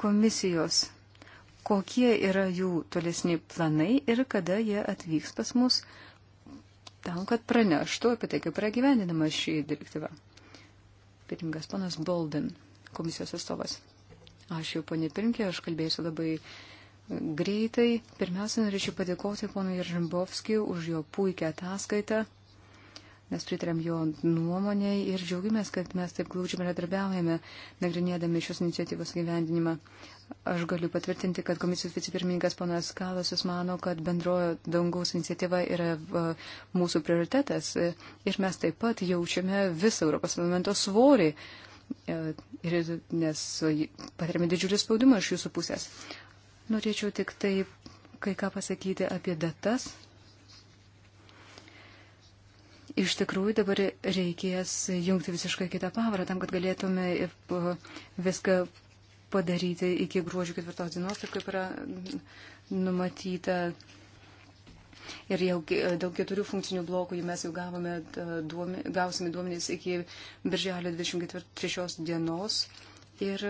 komisijos, kokie yra jų tolesni planai ir kada jie atvyks pas mus tam, kad praneštų apie tai, kaip yra gyvendinama šį direktyvą. Pirmingas ponas Bolden, komisijos atstovas. Ačiū, ponė Pirmkė, aš kalbėsiu labai greitai. Pirmiausia, norėčiau padėkoti ponui Ržambovskijui už jo puikią ataskaitą. Mes pritarėm jo nuomonėj ir džiaugiamės, kad mes taip glaudžiai bendradarbiaujame, nagrinėdami šios iniciatyvos gyvendinimą. Aš galiu patvirtinti, kad komisijos vicepirmininkas ponas Kalasas mano, kad bendrojo dangaus iniciatyva yra mūsų prioritetas ir mes taip pat jaučiame visą Europos parlamento svorį E, nes patirėme didžiulį spaudimą iš jūsų pusės. Norėčiau tik tai kai ką pasakyti apie datas. Iš tikrųjų dabar reikės jungti visiškai kitą pavarą tam, kad galėtume viską padaryti iki gruodžio ketvirtos dienos, taip kaip yra numatyta Ir jau dėl keturių funkcinių blokų mes jau gavome, duomi, gausime duomenys iki birželio 23 dienos. Ir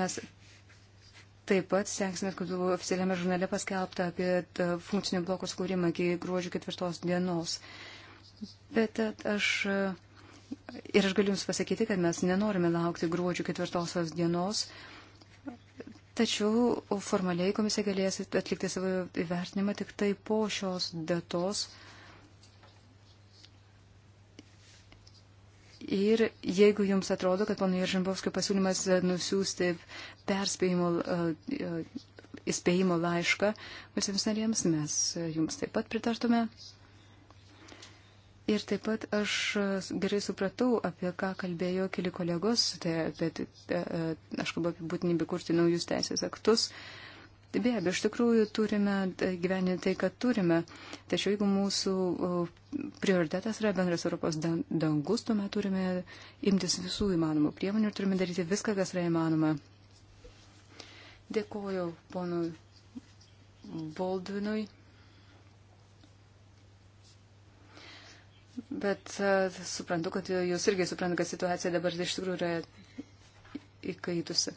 mes taip pat stengsime, kad oficialiame žurnale paskelbta apie funkcinių blokų skūrimą iki gruodžio 4 dienos. Bet aš. Ir aš galiu Jums pasakyti, kad mes nenorime laukti gruodžio ketvirtosios dienos, uh, Tačiau formaliai komisija galės atlikti savo įvertinimą tik tai po šios datos. Ir jeigu jums atrodo, kad ponai Žambovskio pasiūlymas e, nusiųsti perspėjimo e, e, įspėjimo laišką visiems narėms, mes jums taip pat pritartume. Ir taip pat aš gerai supratau, apie ką kalbėjo keli kolegos, tai apie, tai, tai, aš kalbu apie būtinybę kurti naujus teisės aktus. Be abejo, iš tikrųjų turime gyveninti tai, kad turime. Tačiau jeigu mūsų prioritetas yra bendras Europos dangus, tuomet turime imtis visų įmanomų priemonių ir turime daryti viską, kas yra įmanoma. Dėkoju ponui Baldvinui Bet e, suprantu, kad jūs irgi suprantu, kad situacija dabar iš tikrųjų yra įkaitusi.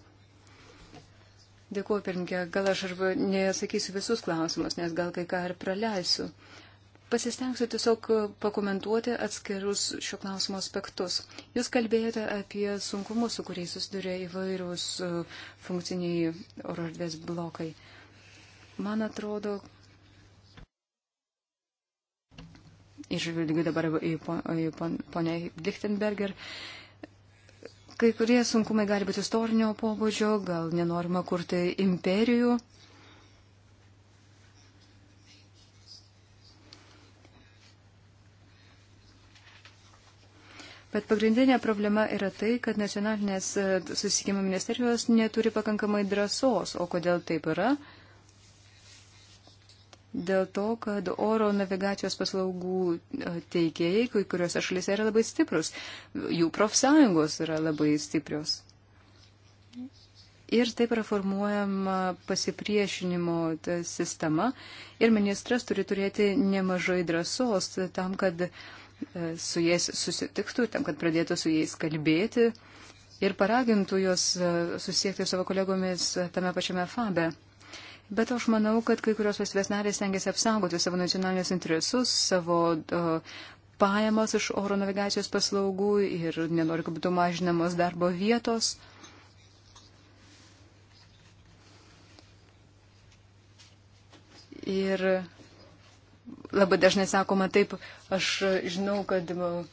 Dėkuoju, pirmkė, gal aš ir nesakysiu visus klausimus, nes gal kai ką ir praleisiu. Pasistengsiu tiesiog pakomentuoti atskirus šio klausimo aspektus. Jūs kalbėjote apie sunkumus, su kuriais susiduria įvairūs e, funkciniai oro erdvės blokai. Man atrodo, ir žvelgiu dabar į ponę Lichtenberger. Kai kurie sunkumai gali būti istorinio pobūdžio, gal nenorima kurti imperijų. Bet pagrindinė problema yra tai, kad nacionalinės susikimo ministerijos neturi pakankamai drąsos. O kodėl taip yra? Uh, dėl to, kad oro navigacijos paslaugų e, teikėjai, kai kuriuose šalyse yra labai stiprus, jų profsąjungos yra labai stiprios. Ir taip yra formuojama pasipriešinimo sistema ir ministras turi turėti nemažai drąsos tam, kad e, su jais susitiktų, tam, kad pradėtų su jais kalbėti ir paragintų juos e, susiekti savo kolegomis tame pačiame fabe. Bet aš manau, kad kai kurios valstybės narės stengiasi apsaugoti savo nacionalinius interesus, savo uh, pajamas iš oro navigacijos paslaugų ir nenori, kad būtų mažinamos darbo vietos. Ir labai dažnai sakoma taip, aš žinau, kad uh,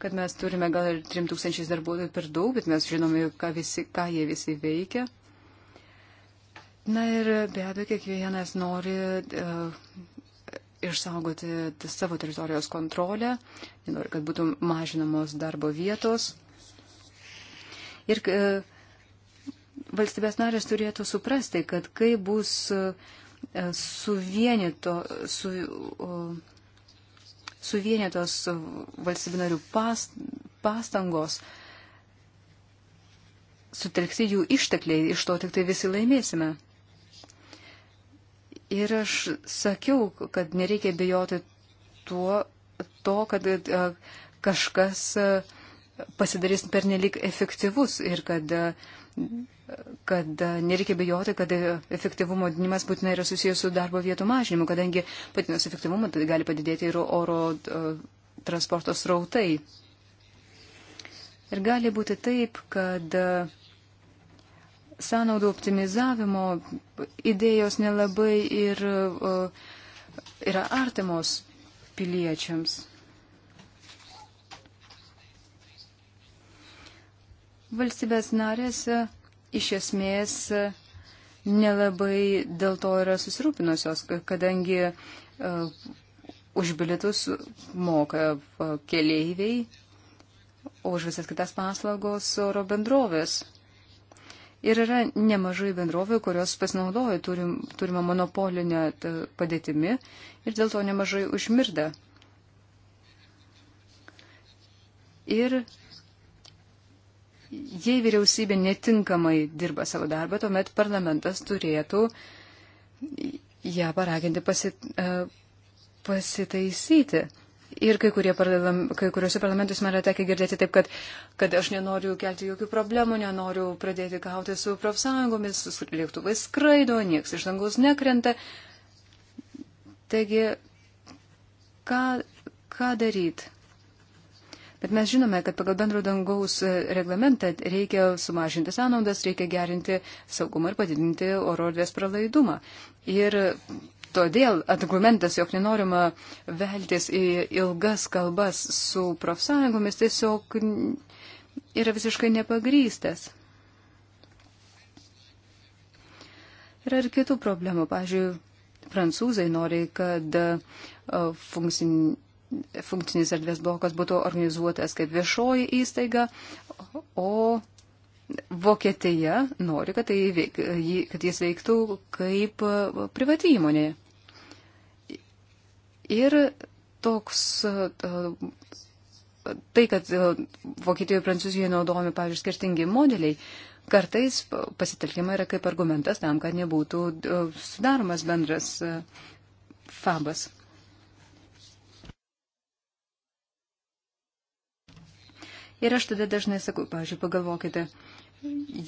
kad mes turime gal ir 3000 darbuotojų per daug, bet mes žinome, ką, visi, ką jie visi veikia. Na ir be abejo, kiekvienas nori uh, išsaugoti savo teritorijos kontrolę, nenori, kad būtų mažinamos darbo vietos. Ir uh, valstybės narės turėtų suprasti, kad kai bus e, suvienyto, su, suvienytos valstybinarių pastangos, sutelkti jų ištekliai, iš to tik tai visi laimėsime. Ir aš sakiau, kad nereikia bijoti tuo, to, kad e, kažkas e, pasidarys pernelik efektyvus ir kad uh, kad e, nereikia bijoti, kad efektyvumo dinimas būtinai yra susijęs su darbo vietų mažinimu, kadangi patinos efektyvumą tai gali padidėti ir oro e, transporto srautai. Ir gali būti taip, kad e, sąnaudų optimizavimo idėjos nelabai ir yra artimos piliečiams. Valstybės narės e, iš esmės e, nelabai dėl to yra susirūpinusios, kadangi uh, už bilietus moka keleiviai, o už visas kitas paslaugos oro bendrovės. Ir yra nemažai bendrovių, kurios pasinaudoja turim, turimą monopolinę padėtimi ir dėl to nemažai užmirda. Ir jei vyriausybė netinkamai dirba savo darbą, tuomet parlamentas turėtų ją paraginti pasit, e, pasitaisyti. Ir kai, kurie, kai kuriuose parlamentuose man yra tekę girdėti taip, kad, kad aš nenoriu kelti jokių problemų, nenoriu pradėti kauti su profsąjungomis, lėktuvai skraido, nieks iš dangaus nekrenta. Taigi, ką, ką daryti? Bet mes žinome, kad pagal bendro dangaus e, reglamentą reikia sumažinti sąnaudas, reikia gerinti saugumą ir padidinti oro erdvės pralaidumą. Ir todėl argumentas, jog nenorima veltis į ilgas kalbas su profsąjungomis, tiesiog yra visiškai nepagrystas. Yra ir kitų problemų. Pavyzdžiui, prancūzai nori, kad e, funkciniai funkcinis erdvės blokas būtų organizuotas kaip viešoji įstaiga, o Vokietija nori, kad, tai veik, kad jis veiktų kaip privati įmonė. Ir toks tai, kad Vokietijoje ir Prancūzijoje naudojami, pavyzdžiui, skirtingi modeliai, kartais pasitelkima yra kaip argumentas tam, kad nebūtų sudaromas bendras e, fabas. Ir aš tada dažnai sakau, pavyzdžiui, pagalvokite,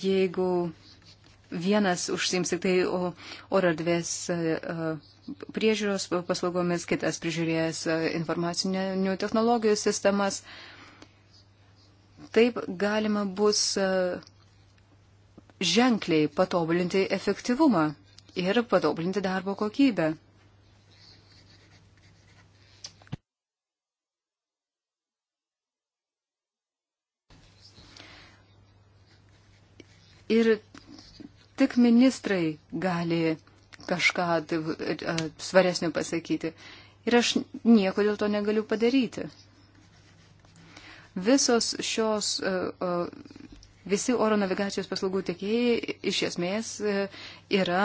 jeigu vienas užsims tik tai oro erdvės e, e, priežiūros paslaugomis, kitas prižiūrėjęs e, informacinių technologijų sistemas, taip galima bus ženkliai patobulinti efektyvumą ir patobulinti darbo kokybę. Ir tik ministrai gali kažką e, e, svaresnio pasakyti. Ir aš nieko dėl to negaliu padaryti. Visos šios, e, visi oro navigacijos paslaugų tiekėjai iš esmės yra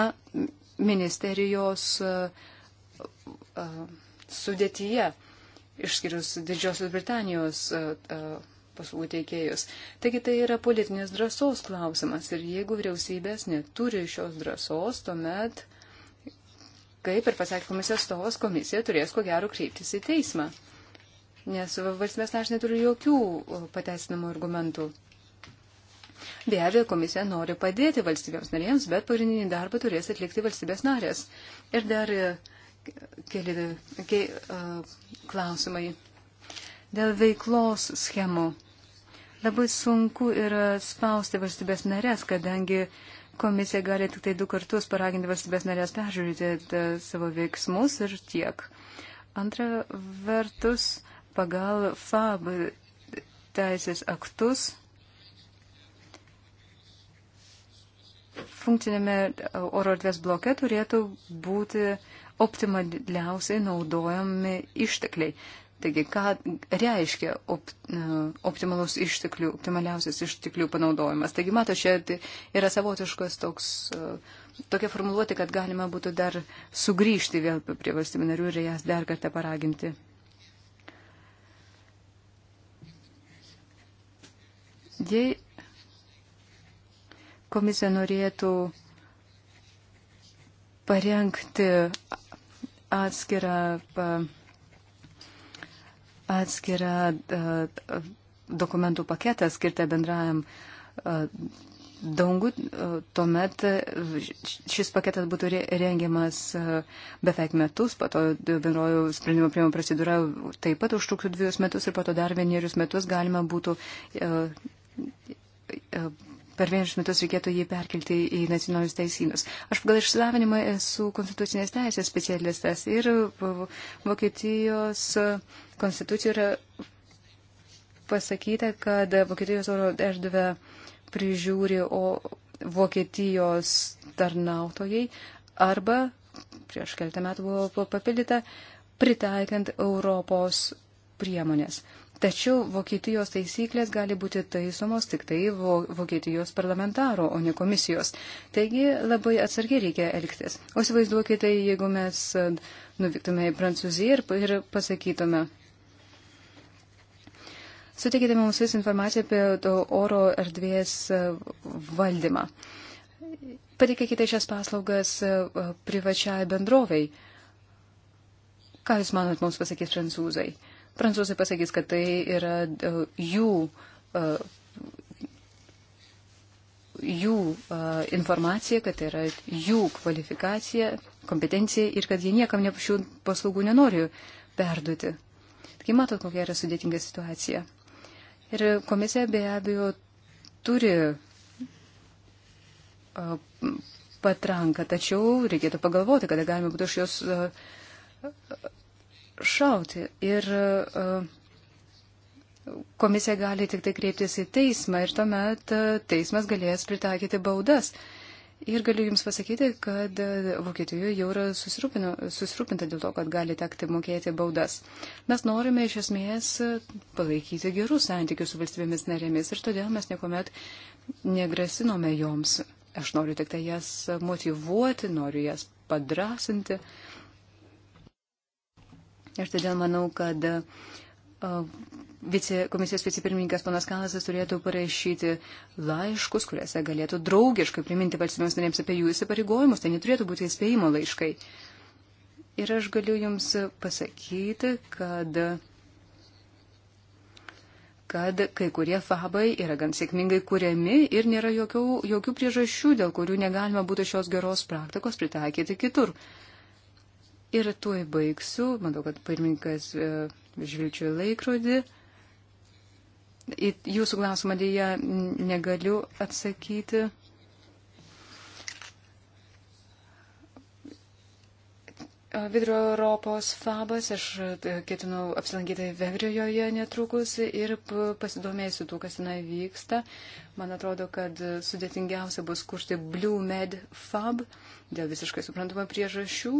ministerijos sudėtyje, išskyrus Didžiosios Britanijos paslaugų teikėjus. Taigi tai yra politinės drąsos klausimas ir jeigu vyriausybės neturi šios drąsos, tuomet, kaip ir pasakė komisijos stovas, komisija turės ko gero kreiptis į teismą. Nes valstybės aš neturiu jokių pateisinamų argumentų. Be abejo, komisija nori padėti valstybėms narėms, bet pagrindinį darbą turės atlikti valstybės narės. Ir dar e, keli ke, uh, klausimai. Dėl veiklos schemų. Labai sunku yra spausti valstybės narės, kadangi komisija gali tik tai du kartus paraginti valstybės narės peržiūrėti savo veiksmus ir tiek. Antra vertus, pagal FAB teisės aktus funkcinėme oro erdvės bloke turėtų būti optimaliausiai naudojami ištekliai. Taigi, ką reiškia op, e, optimalus išteklių, optimaliausias išteklių panaudojimas. Taigi, mato, čia tai yra savotiškas toks, e, tokia formuluoti, kad galima būtų dar sugrįžti vėl prie valstybių narių ir jas dar kartą paraginti. Jei komisija norėtų parengti atskirą atskirą e, dokumentų paketą skirtą bendrajam e, dangų, e, tuomet šis paketas būtų rengiamas beveik metus, po to bendrojo sprendimo prieimo procedūra taip pat užtruktų dviejus metus ir po to dar vienerius metus galima būtų per vienus metus reikėtų jį perkelti į nacionalinius teisynus. Aš pagal išsilavinimą esu konstitucinės teisės specialistas ir Vokietijos konstitucija yra pasakyta, kad Vokietijos oro erdvę prižiūri o Vokietijos tarnautojai arba, prieš keltą metų buvo papildyta, pritaikant Europos priemonės. Tačiau Vokietijos taisyklės gali būti taisomos tik tai Vokietijos parlamentaro, o ne komisijos. Taigi labai atsargiai reikia elgtis. O įsivaizduokite, jeigu mes e, nuvyktume į Prancūziją ir, ir pasakytume. Suteikite mums vis informaciją apie oro erdvės e, valdymą. Patikėkite šias paslaugas e, privačiai bendroviai. Ką Jūs manot, mums pasakys prancūzai? prancūzai pasakys, kad tai yra e, jų, e, jų e, informacija, kad tai yra jų kvalifikacija, kompetencija ir kad jie niekam ne šių paslaugų nenori perduoti. Taigi matot, kokia yra sudėtinga situacija. Ir komisija be abejo turi patranką, tačiau reikėtų pagalvoti, kada galima būtų iš jos šauti. Ir e, komisija gali tik tai kreiptis į teismą ir tuomet e, teismas galės pritaikyti baudas. Ir galiu Jums pasakyti, kad e, Vokietijoje jau yra susirūpinta dėl to, kad gali tekti mokėti baudas. Mes norime iš esmės palaikyti gerus santykius su valstybėmis narėmis ir todėl mes niekuomet negrasinome joms. Aš noriu tik tai jas motivuoti, noriu jas padrasinti. Uh, Aš todėl manau, kad vice, komisijos vicepirmininkas panas Kalasas turėtų parašyti laiškus, kuriuose galėtų draugiškai priminti valstybėms narėms apie jų įsipareigojimus. Tai neturėtų būti įspėjimo laiškai. Ir aš galiu Jums pasakyti, kad kad kai kurie fabai yra gan sėkmingai kuriami ir nėra jokių, jokių priežasčių, dėl kurių negalima būtų šios geros praktikos pritaikyti kitur. Uh, Ir tuoj baigsiu. Matau, kad pirmininkas e, žvilgčioja laikrodį. Į jūsų klausimą dėja negaliu atsakyti. Vidurio Europos fabas, aš e, ketinau apsilankyti Vengrijoje netrukus ir pasidomėsiu tuo, kas tenai vyksta. Man atrodo, kad sudėtingiausia bus kurti Blue Med fab dėl visiškai suprantama priežasčių.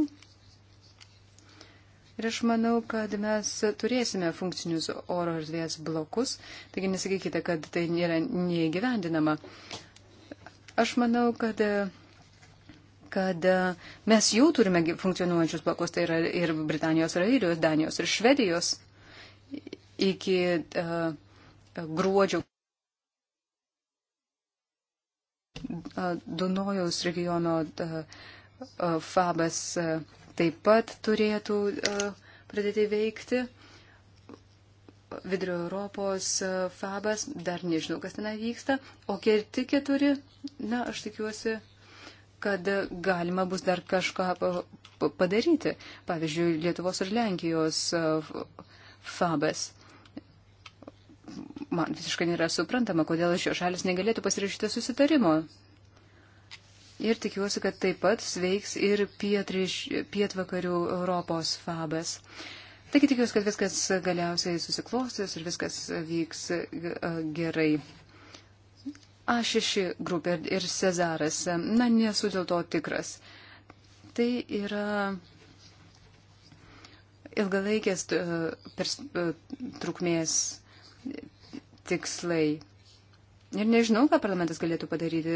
Ir aš manau, kad mes turėsime funkcinius oro erdvės blokus, taigi nesakykite, kad tai nėra neįgyvendinama. Aš manau, kad kad mes jau turime funkcionuojančius blokus, tai yra ir Britanijos, ir Airijos, Danijos, ir Švedijos iki uh, gruodžio. E, Dunojaus regiono uh, uh, Fabas. Uh, taip pat turėtų e, pradėti veikti. Vidurio Europos e, fabas, dar nežinau, kas ten vyksta, o kiti keturi, na, aš tikiuosi, kad galima bus dar kažką padaryti. Pavyzdžiui, Lietuvos ir Lenkijos e, fabas. Man visiškai nėra suprantama, kodėl šios šalis negalėtų pasirašyti susitarimo Ir tikiuosi, kad taip pat sveiks ir pietriš, pietvakarių Europos fabas. Taigi tikiuosi, kad viskas galiausiai susiklostys ir viskas vyks e, gerai. A6 grupė ir Cezaras. Na, nesu dėl to tikras. Tai yra ilgalaikės e, pers, e, trukmės tikslai. Ir nežinau, ką parlamentas galėtų padaryti.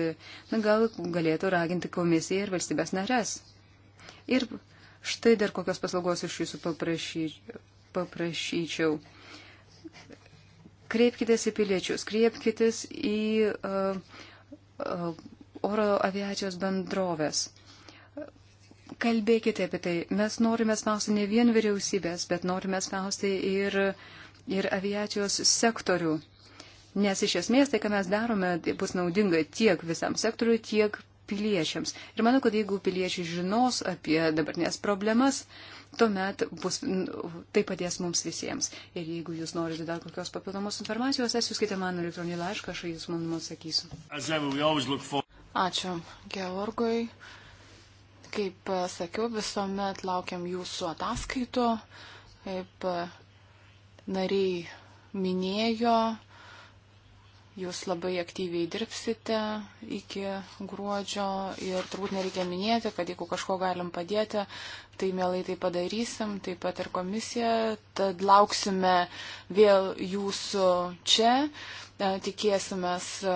Na, gal galėtų raginti komisiją ir valstybės narės. Ir štai dar kokios paslaugos iš jūsų paprašy, paprašyčiau. Kreipkitės į piliečius, kreipkitės į uh, uh, oro aviacijos bendrovės. Kalbėkite apie tai. Mes norime spausti ne vien vyriausybės, bet norime spausti ir, ir aviacijos sektorių. Nes iš esmės tai, ką mes darome, tai bus naudinga tiek visam sektoriui, tiek piliečiams. Ir manau, kad jeigu piliečiai žinos apie dabartinės problemas, tuomet bus, tai padės mums visiems. Ir jeigu jūs norite dar kokios papildomos informacijos, atsiųskite tai man elektroninį laišką, aš jūs man atsakysiu. Ačiū, Georgui. Kaip e, sakiau, visuomet laukiam jūsų ataskaito. Kaip e, nariai minėjo, Jūs labai aktyviai dirbsite iki gruodžio ir turbūt nereikia minėti, kad jeigu kažko galim padėti, tai mielai tai padarysim, taip pat ir komisija. Tad lauksime vėl jūsų čia. E, tikėsimės, e,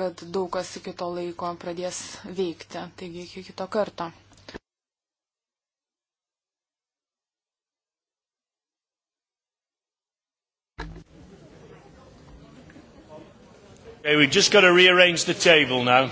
kad daug kas iki to laiko pradės veikti. Taigi iki kito karto. Okay, we just got to rearrange the table now.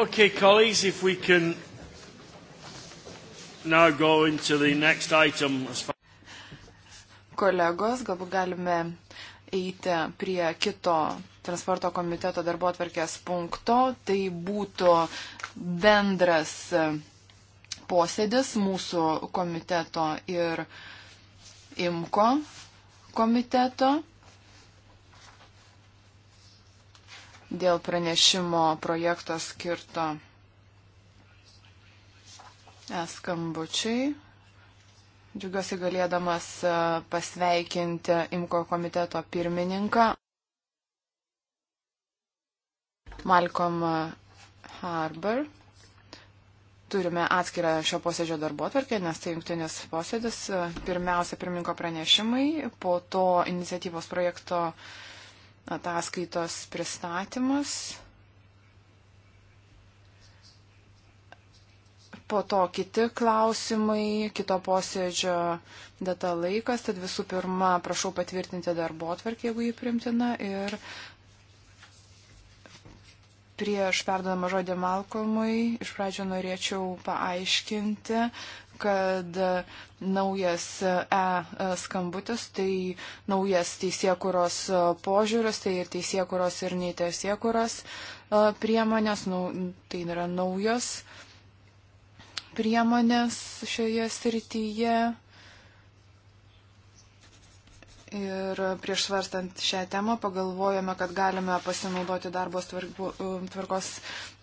Okay, colleagues, if we can now go into the next item. As far... Kolegos, galbūt galime eiti prie kito transporto komiteto darbo atverkės punkto. Tai būtų bendras e, posėdis mūsų komiteto ir IMKO komiteto. dėl pranešimo projekto skirto skambučiai. Džiugiuosi galėdamas e, pasveikinti Imko komiteto pirmininką Malcolm Harbour. Turime atskirą šio posėdžio darbo atvarkę, nes tai jungtinis posėdis. Pirmiausia, pirmininko pranešimai, po to iniciatyvos projekto uh, ataskaitos pristatymas. Po to kiti klausimai, kito posėdžio data laikas, tad visų pirma, prašau patvirtinti darbo atvarkį, jeigu jį primtina. Ir prieš perdodamą žodį Malkomui iš pradžio norėčiau paaiškinti, kad naujas e skambutis, tai naujas teisėkuros požiūris, tai ir teisėkuros ir neteisėkuros e, priemonės, nu, tai yra naujos priemonės šioje srityje. Ir prieš svarstant šią temą pagalvojome, kad galime pasinaudoti darbo e, tvarkos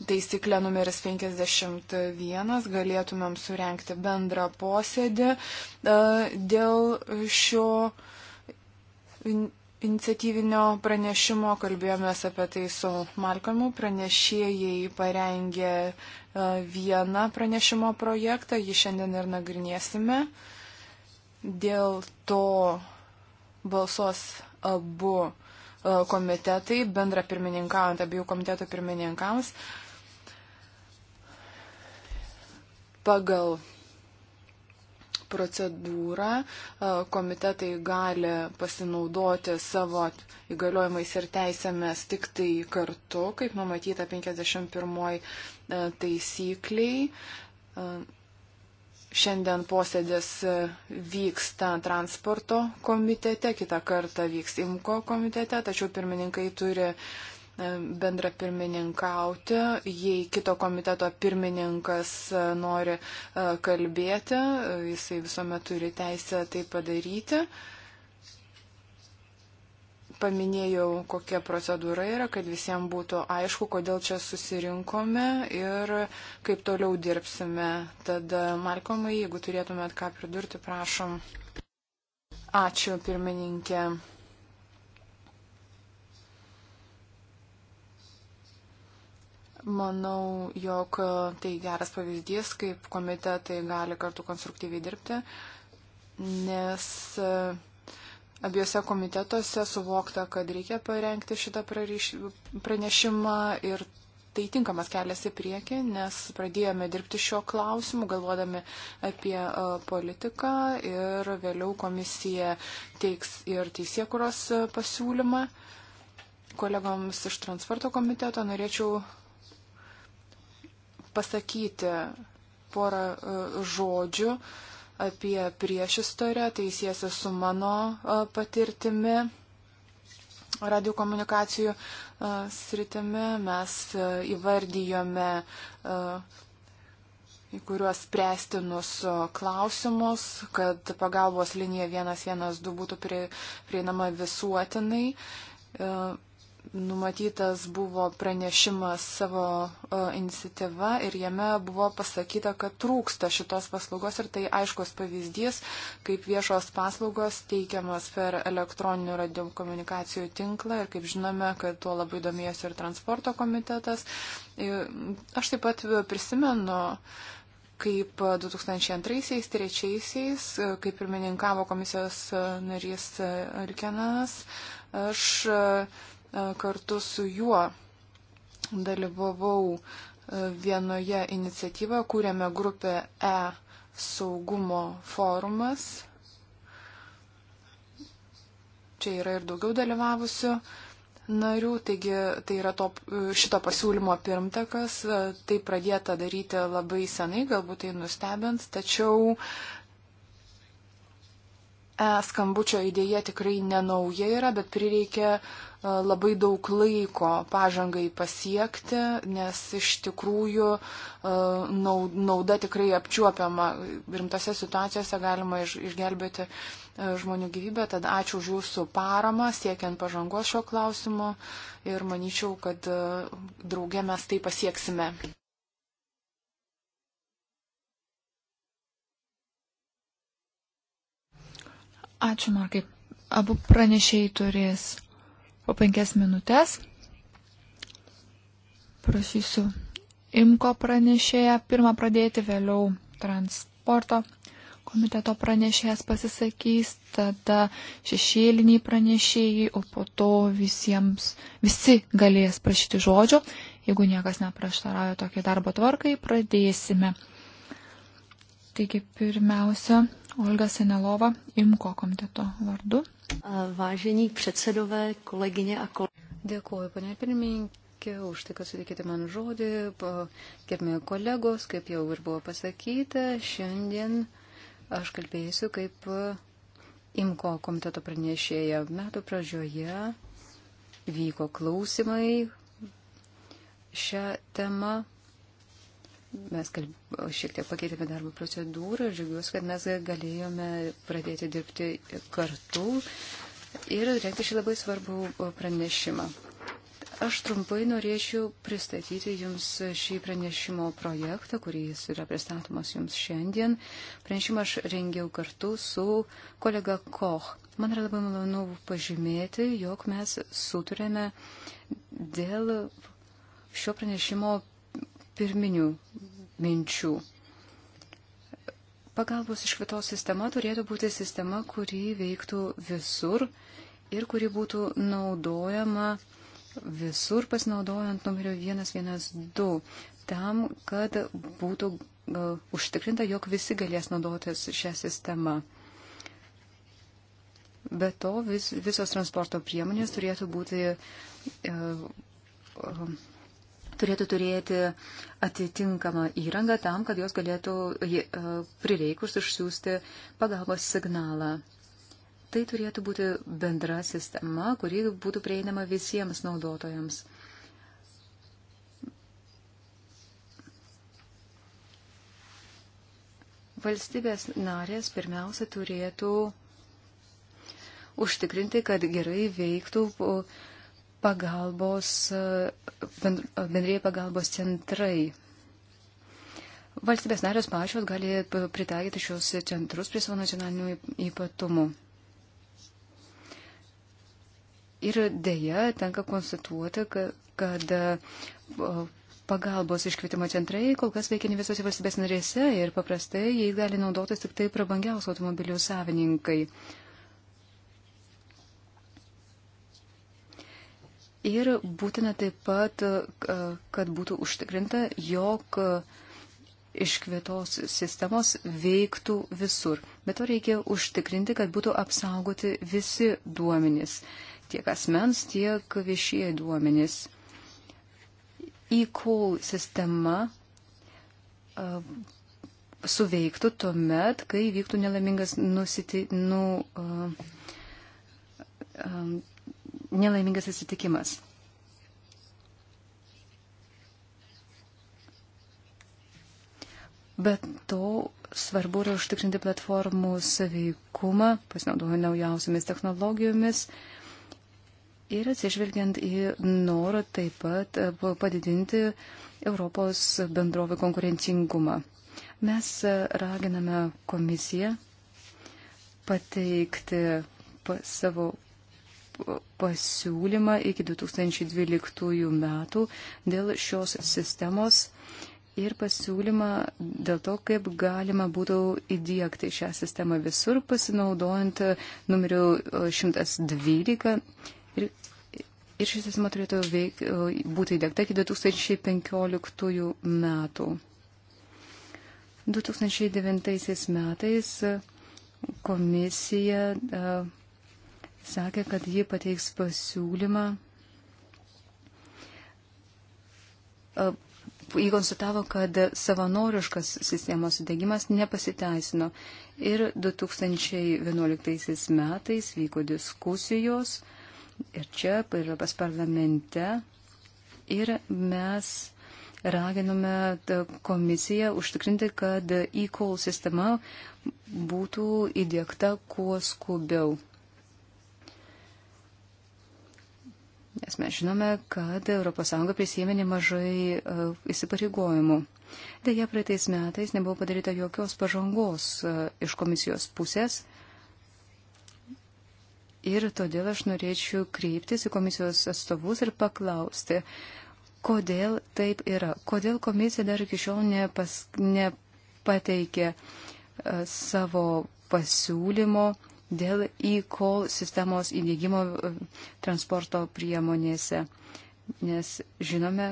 taisyklę numeris 51, galėtumėm surenkti bendrą posėdį e, dėl šio iniciatyvinio pranešimo. Kalbėjomės apie tai su Malkamu. Pranešėjai parengė e, vieną pranešimo projektą, jį šiandien ir nagrinėsime. Dėl to balsuos abu e, komitetai, bendra pirmininkaujant abiejų komitetų pirmininkams. Pagal procedūrą e, komitetai gali pasinaudoti savo įgaliojimais ir teisėmis tik tai kartu, kaip numatyta 51 e, taisykliai. Šiandien posėdis e, vyksta transporto komitete, kitą kartą vyks IMKO komitete, tačiau pirmininkai turi e, bendra pirmininkauti. Jei kito komiteto pirmininkas e, nori kalbėti, jisai visuomet turi teisę tai padaryti paminėjau, kokia procedūra yra, kad visiems būtų aišku, kodėl čia susirinkome ir kaip toliau dirbsime. Tad, Malkomai, jeigu turėtumėt ką pridurti, prašom. Ačiū, pirmininkė. Manau, jog tai geras pavyzdys, kaip komitetai gali kartu konstruktyviai dirbti, nes uh, abiejose komitetuose suvokta, kad reikia parengti šitą pranešimą ir tai tinkamas kelias į priekį, nes pradėjome dirbti šiuo klausimu, galvodami apie e, politiką ir vėliau komisija teiks ir teisėkuros e, pasiūlymą. Kolegoms iš transporto komiteto norėčiau pasakyti porą e, žodžių. Uh, apie priešistorę, tai siesi su mano patirtimi radiokomunikacijų sritimi. Mes įvardyjome į kuriuos spręstinus klausimus, kad pagalbos linija 112 būtų prieinama visuotinai numatytas buvo pranešimas savo e, iniciatyva ir jame buvo pasakyta, kad trūksta šitos paslaugos ir tai aiškus pavyzdys, kaip viešos paslaugos teikiamas per elektroninių radiokomunikacijų tinklą ir kaip žinome, kad tuo labai domėjosi ir transporto komitetas. Aš taip pat prisimenu kaip 2002-2003, e, kai pirmininkavo komisijos e, narys Ilkenas, aš E, kartu su juo dalyvavau e, vienoje iniciatyvoje, kūrėme grupę E saugumo forumas. Čia yra ir daugiau dalyvavusių narių, taigi tai yra to, e, šito pasiūlymo pirmtakas, tai pradėta daryti labai senai, galbūt tai nustebins, tačiau e-skambučio idėja tikrai nenauja yra, bet prireikia e, labai daug laiko pažangai pasiekti, nes iš tikrųjų e, nauda tikrai apčiuopiama. Rimtose situacijose galima išgelbėti e, žmonių gyvybę, tad ačiū už jūsų paramą, siekiant pažangos šio klausimo ir manyčiau, kad draugė mes tai pasieksime. Ačiū, Markai. Abu pranešėjai turės po penkias minutės. Prašysiu Imko pranešėją pirmą pradėti, vėliau transporto komiteto pranešėjas pasisakys, tada šešėliniai pranešėjai, o po to visiems, visi galės prašyti žodžio. Jeigu niekas neprieštarauja tokiai darbo tvarkai, pradėsime Taigi pirmiausia, Olga Senelova, Imko komiteto vardu. Vážení předsedové, kolegyně a kolegy. Dėkuoju, ponė pirmininkė, už tai, kad sutikite man žodį. Gerbėjo kolegos, kaip jau ir buvo pasakyta, šiandien aš kalbėsiu kaip Imko komiteto pranešėja. Metų pradžioje vyko klausimai šią temą Mes kalb... šiek tiek pakeitėme darbo procedūrą ir žiūriuosi, kad mes galėjome pradėti dirbti kartu ir rengti šį labai svarbų pranešimą. Aš trumpai norėčiau pristatyti Jums šį pranešimo projektą, kuris yra pristatomas Jums šiandien. Pranešimą aš rengiau kartu su kolega Koch. Man yra labai malonu pažymėti, jog mes suturėme dėl šio pranešimo pirminių minčių. Pagalbos iškvitos sistema turėtų būti sistema, kuri veiktų visur ir kuri būtų naudojama visur pasinaudojant numerio 112 tam, kad būtų uh, užtikrinta, jog visi galės naudotis šią sistemą. Be to, vis, visos transporto priemonės turėtų būti uh, uh, turėtų turėti atitinkamą įrangą tam, kad jos galėtų e, prireikus išsiųsti pagalbos signalą. Tai turėtų būti bendra sistema, kuri būtų prieinama visiems naudotojams. Valstybės narės pirmiausia turėtų užtikrinti, kad gerai veiktų uh, pagalbos, e, bendrėjai pagalbos centrai. Valstybės narės pačios gali pritaikyti šios centrus prie savo nacionalinių ypatumų. Ir dėja tenka konstatuoti, kad e, pagalbos iškvietimo centrai kol kas veikia ne visose valstybės narėse ir paprastai jais gali naudotis tik tai prabangiausio automobilių savininkai. Uh, Ir būtina taip pat, kad būtų užtikrinta, jog iškvietos sistemos veiktų visur. Bet to reikia užtikrinti, kad būtų apsaugoti visi duomenys, tiek asmens, tiek viešieji duomenys. E-call sistema uh, suveiktų tuomet, kai vyktų nelamingas nusiti, nu, uh, um, nelaimingas atsitikimas. Bet to svarbu yra užtikrinti platformų saveikumą, pasinaudojant naujausiamis technologijomis ir atsižvelgiant į norą taip pat e, padidinti Europos bendrovį konkurencingumą. Mes e, raginame komisiją pateikti savo pasiūlymą iki 2012 metų dėl šios sistemos ir pasiūlymą dėl to, kaip galima būtų įdėkti šią sistemą visur, pasinaudojant numeriu 112. Ir, ir ši sistema turėtų veik, būti įdėkta iki 2015 metų. 2009 metais komisija sakė, kad ji pateiks pasiūlymą. Jį konstatavo, kad savanoriškas sistemos sudėgymas nepasiteisino. Ir 2011 metais vyko diskusijos ir čia, ir pas parlamente. Ir mes raginome komisiją užtikrinti, kad e-call sistema būtų įdėkta kuo skubiau. Nes mes žinome, kad ES prisėmė nemažai uh, įsipareigojimų. Deja, praeitais metais nebuvo padaryta jokios pažangos uh, iš komisijos pusės. Ir todėl aš norėčiau kreiptis į komisijos atstovus ir paklausti, kodėl taip yra, kodėl komisija dar iki šiol nepas, nepateikė uh, savo pasiūlymo uh, dėl e-call sistemos įdėgymo e, transporto priemonėse, nes žinome,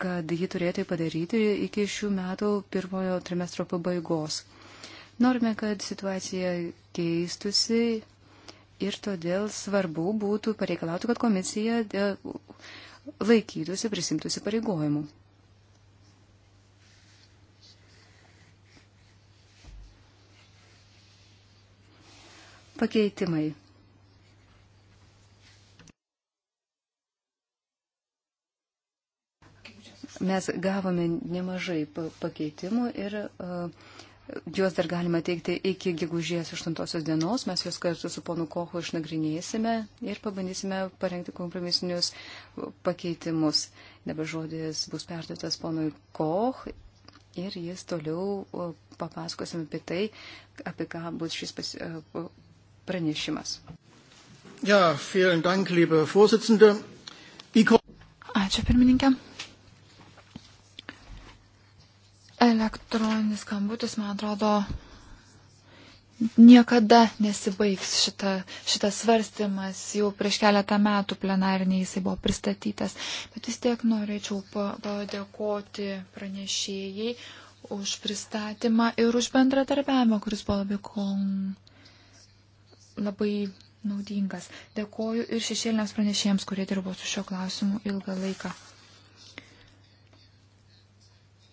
kad ji turėtų tai padaryti iki šių metų pirmojo trimestro pabaigos. Norime, kad situacija keistusi ir todėl svarbu būtų pareikalauti, kad komisija e, laikytųsi prisimtųsi pareigojimų. pakeitimai. Mes gavome nemažai pakeitimų ir uh, juos dar galima teikti iki gegužės 8 dienos. Mes juos kartu su ponu Kohu išnagrinėsime ir pabandysime parengti kompromisinius pakeitimus. Dabar žodis bus perduotas ponui Koch ir jis toliau e, papasakosime apie tai, apie ką bus šis pas, e, pranešimas. Ja, dank, Ačiū pirmininkė. Elektroninis skambutis, man atrodo, niekada nesibaigs šita, šitas svarstymas. Jau prieš keletą metų plenariniai jisai buvo pristatytas. Bet vis tiek norėčiau padėkoti pranešėjai už pristatymą ir už bendradarbiavimą, kuris buvo labai kon labai naudingas. Dėkoju ir šešėliniams pranešėjams, kurie dirbo su šio klausimu ilgą laiką.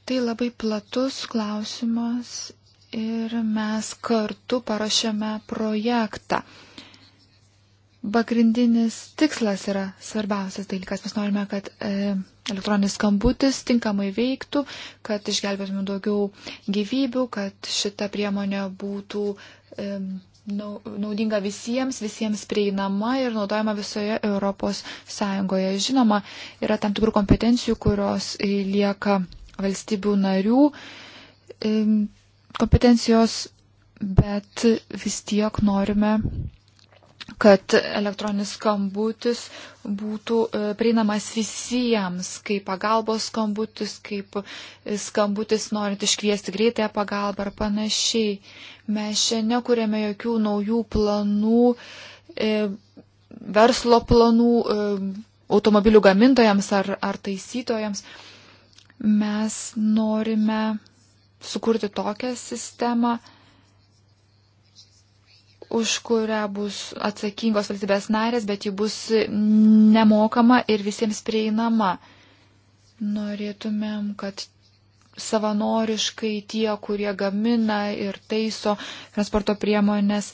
Tai labai platus klausimas ir mes kartu parašėme projektą. Pagrindinis tikslas yra svarbiausias dalykas. Mes norime, kad e, elektroninis skambutis tinkamai veiktų, kad išgelbėtume daugiau gyvybių, kad šita priemonė būtų e, naudinga visiems, visiems prieinama ir naudojama visoje Europos Sąjungoje. Žinoma, yra tam tikrų kompetencijų, kurios lieka valstybių narių kompetencijos, bet vis tiek norime kad elektroninis skambutis būtų e, prieinamas visiems, kaip pagalbos skambutis, kaip e, skambutis norint iškviesti greitąją pagalbą ar panašiai. Mes šiandien nekūrėme jokių naujų planų, e, verslo planų automobilių gamintojams ar, ar taisytojams. Mes norime sukurti tokią sistemą, už kurią bus atsakingos valstybės narės, bet ji bus nemokama ir visiems prieinama. Norėtumėm, kad savanoriškai tie, kurie gamina ir taiso transporto priemonės,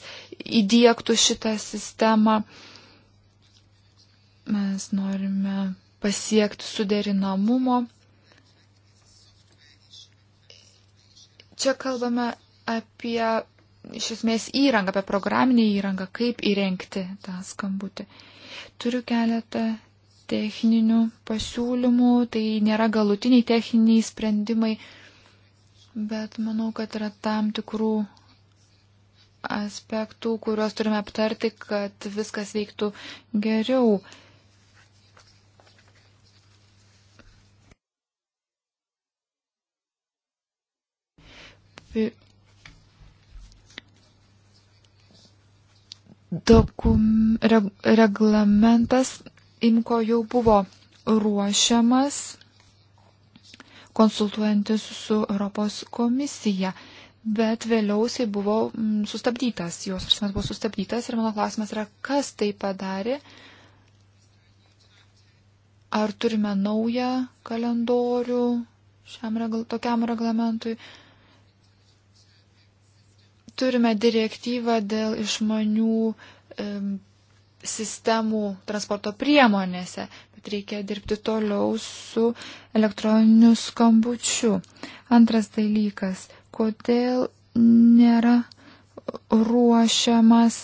įdėktų šitą sistemą. Mes norime pasiekti suderinamumo. Čia kalbame apie iš esmės įrangą, apie programinę įrangą, kaip įrengti tą skambutį. Turiu keletą techninių pasiūlymų, tai nėra galutiniai techniniai sprendimai, bet manau, kad yra tam tikrų aspektų, kuriuos turime aptarti, kad viskas veiktų geriau. dokum, reg, reglamentas imko jau buvo ruošiamas konsultuojantis su Europos komisija, bet vėliausiai buvo mm, sustabdytas, jos svarstymas buvo sustabdytas ir mano klausimas yra, kas tai padarė, ar turime naują kalendorių šiam regl tokiam reglamentui, Turime direktyvą dėl išmanių e, sistemų transporto priemonėse, bet reikia dirbti toliau su elektroniniu skambučiu. Antras dalykas, kodėl nėra ruošiamas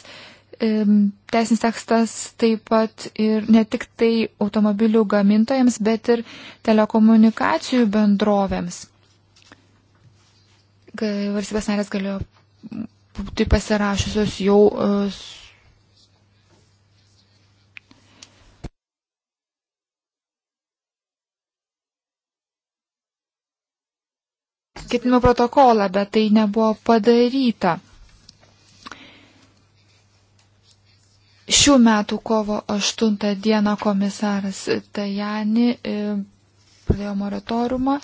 teisinis tekstas taip pat ir ne tik tai automobilių gamintojams, bet ir telekomunikacijų bendrovėms. Valstybės narės galėjo tai pasirašusios jau e, ketinimo protokolą, bet tai nebuvo padaryta. Šių metų kovo 8 dieną komisaras Tajani e, pradėjo moratoriumą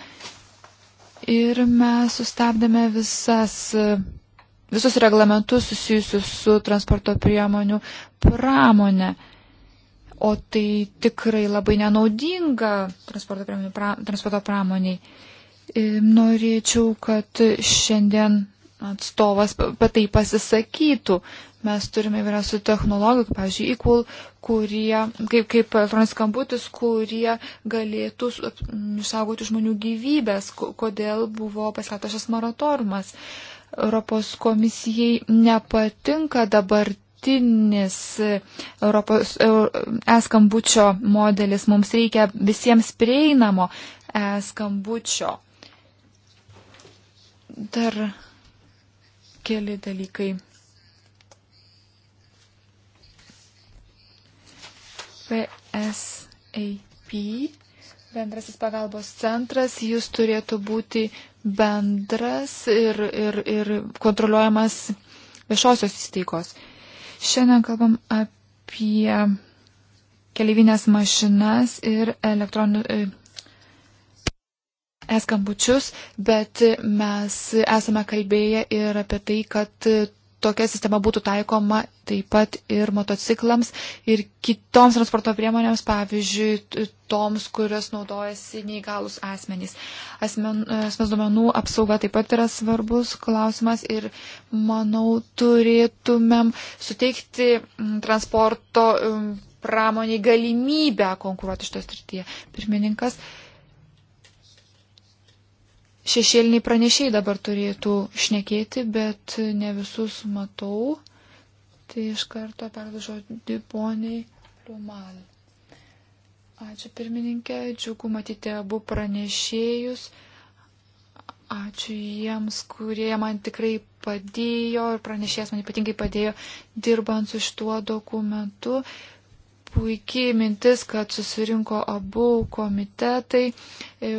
ir mes sustabdėme visas e, visus reglamentus susijusius su transporto priemonių pramonė. O tai tikrai labai nenaudinga transporto, priemonių, pra, transporto pramoniai. E, norėčiau, kad šiandien atstovas patai pasisakytų. Mes turime įvairiausių technologijų, kaip, pavyzdžiui, Equal, kurie, kaip, kaip elektroninis skambutis, kurie galėtų išsaugoti žmonių gyvybės, kodėl buvo paskelbtas šis maratormas. Uh, Europos komisijai nepatinka dabartinis Europos e, eskambučio modelis. Mums reikia visiems prieinamo eskambučio. Dar keli dalykai. PSAP, bendrasis pagalbos centras, jis turėtų būti bendras ir, ir, ir kontroliuojamas viešosios įsteigos. Šiandien kalbam apie keliaivinės mašinas ir elektroninių e, eskambučius, bet mes esame kalbėję ir apie tai, kad tokia sistema būtų taikoma taip pat ir motociklams ir kitoms transporto priemonėms, pavyzdžiui, toms, kurios naudojasi neįgalus asmenys. Asmen, asmens duomenų apsauga taip pat yra svarbus klausimas ir, manau, turėtumėm suteikti transporto pramoniai galimybę konkuruoti šitoje srityje. Pirmininkas. Uh, šešėliniai pranešiai dabar turėtų šnekėti, bet ne visus matau. Tai iš karto perdužodį poniai Rumal. Ačiū pirmininkė, džiugu matyti abu pranešėjus. Ačiū jiems, kurie man tikrai padėjo ir pranešėjas man ypatingai padėjo dirbant su šituo dokumentu puikiai mintis, kad susirinko abu komitetai e,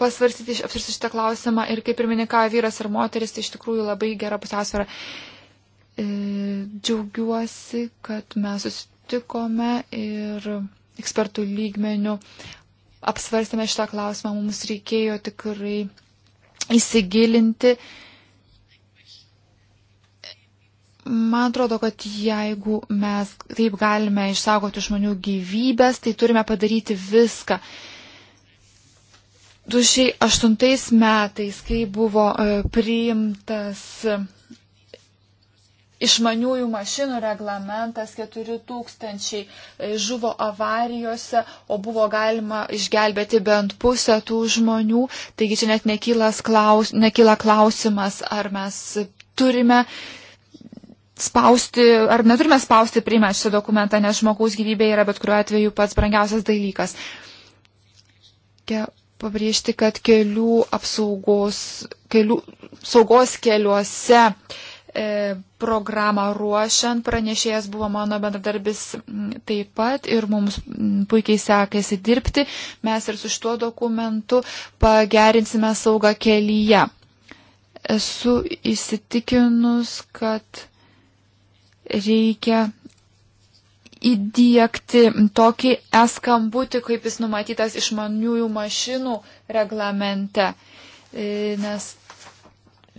pasvarstyti, apsvarstyti šitą klausimą ir kaip ir minikavo vyras ir moteris, tai iš tikrųjų labai gera pusiausvėra. E, džiaugiuosi, kad mes susitikome ir ekspertų lygmenių apsvarstėme šitą klausimą, mums reikėjo tikrai įsigilinti Man atrodo, kad jeigu mes taip galime išsaugoti žmonių gyvybės, tai turime padaryti viską. 2008 metais, kai buvo e, priimtas e, išmaniųjų mašinų reglamentas, 4000 e, žuvo avarijose, o buvo galima išgelbėti bent pusę tų žmonių. Taigi čia net nekyla, klaus, nekyla klausimas, ar mes turime spausti, ar neturime spausti priimant šitą dokumentą, nes žmogaus gyvybė yra bet kuriuo atveju pats brangiausias dalykas. Reikia pabrėžti, kad kelių apsaugos, kelių, saugos keliuose e, programą ruošiant pranešėjas buvo mano bendradarbis taip pat ir mums puikiai sekėsi dirbti. Mes ir su šituo dokumentu pagerinsime saugą kelyje. Esu įsitikinus, kad reikia įdėkti tokį eskambutį, kaip jis numatytas išmaniųjų mašinų reglamente, e, nes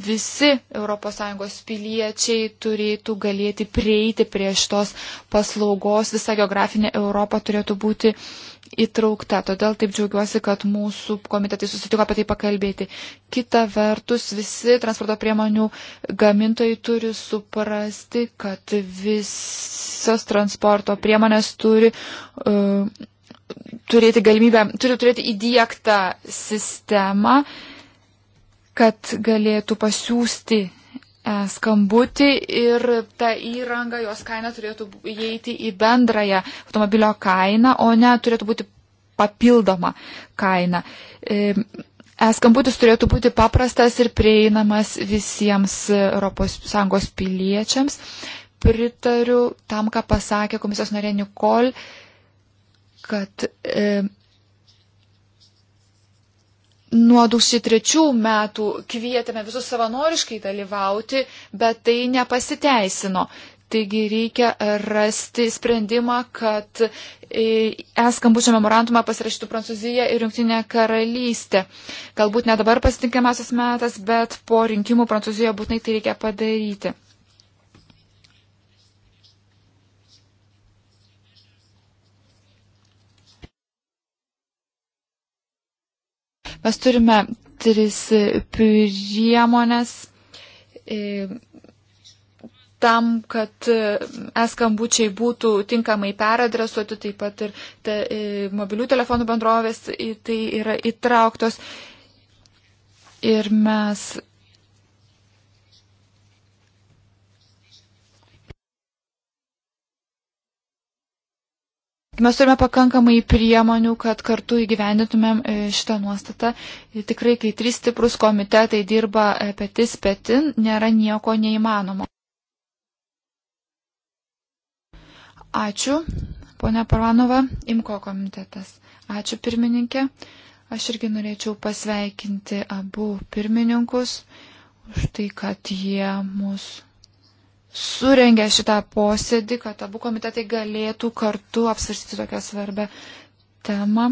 visi ES piliečiai turėtų galėti prieiti prie šitos paslaugos, visa geografinė Europa turėtų būti įtraukta. Todėl taip džiaugiuosi, kad mūsų komitetai susitiko apie tai pakalbėti. Kita vertus, visi transporto priemonių gamintojai turi suprasti, kad visos transporto priemonės turi. Uh, turėti galimybę, turi turėti įdėktą sistemą, kad galėtų pasiūsti E, skambutį ir ta įranga, jos kaina turėtų įeiti į bendrąją automobilio kainą, o ne turėtų būti papildoma kaina. E, e-skambutis turėtų būti paprastas ir prieinamas visiems ES piliečiams. Pritariu tam, ką pasakė komisijos narė Nikol, kad e, Nuo 2003 metų kvietėme visus savanoriškai dalyvauti, bet tai nepasiteisino. Taigi reikia rasti sprendimą, kad eskambučio memorandumą pasirašytų Prancūzija ir Junktinė karalystė. Galbūt ne dabar pasitinkiamasis metas, bet po rinkimų Prancūzijoje būtinai tai reikia padaryti. Mes turime tris priemonės e, tam, kad e, eskambučiai būtų tinkamai peradresuoti, taip pat ir te, e, mobilių telefonų bendrovės į tai yra įtrauktos. Ir mes Mes turime pakankamai priemonių, kad kartu įgyvendintumėm e, šitą nuostatą. Ir tikrai, kai trys stiprus komitetai dirba e, petis petin, nėra nieko neįmanomo. Ačiū, ponia Parvanova, Imko komitetas. Ačiū pirmininkė. Aš irgi norėčiau pasveikinti abu pirmininkus už tai, kad jie mūsų surengė šitą posėdį, kad abu komitetai galėtų kartu apsvarstyti tokią svarbę temą.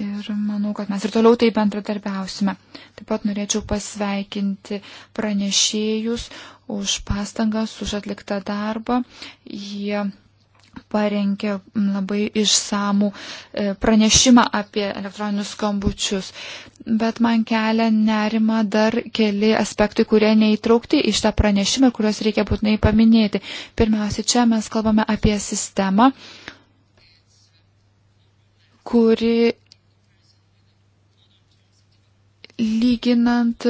Ir manau, kad mes ir toliau taip bendradarbiausime. Taip pat norėčiau pasveikinti pranešėjus už pastangas, už atliktą darbą. Jie parengė labai išsamų e, pranešimą apie elektroninius skambučius. Bet man kelia nerima dar keli aspektai, kurie neįtraukti į šitą pranešimą ir kuriuos reikia būtinai paminėti. Pirmiausia, čia mes kalbame apie sistemą, kuri lyginant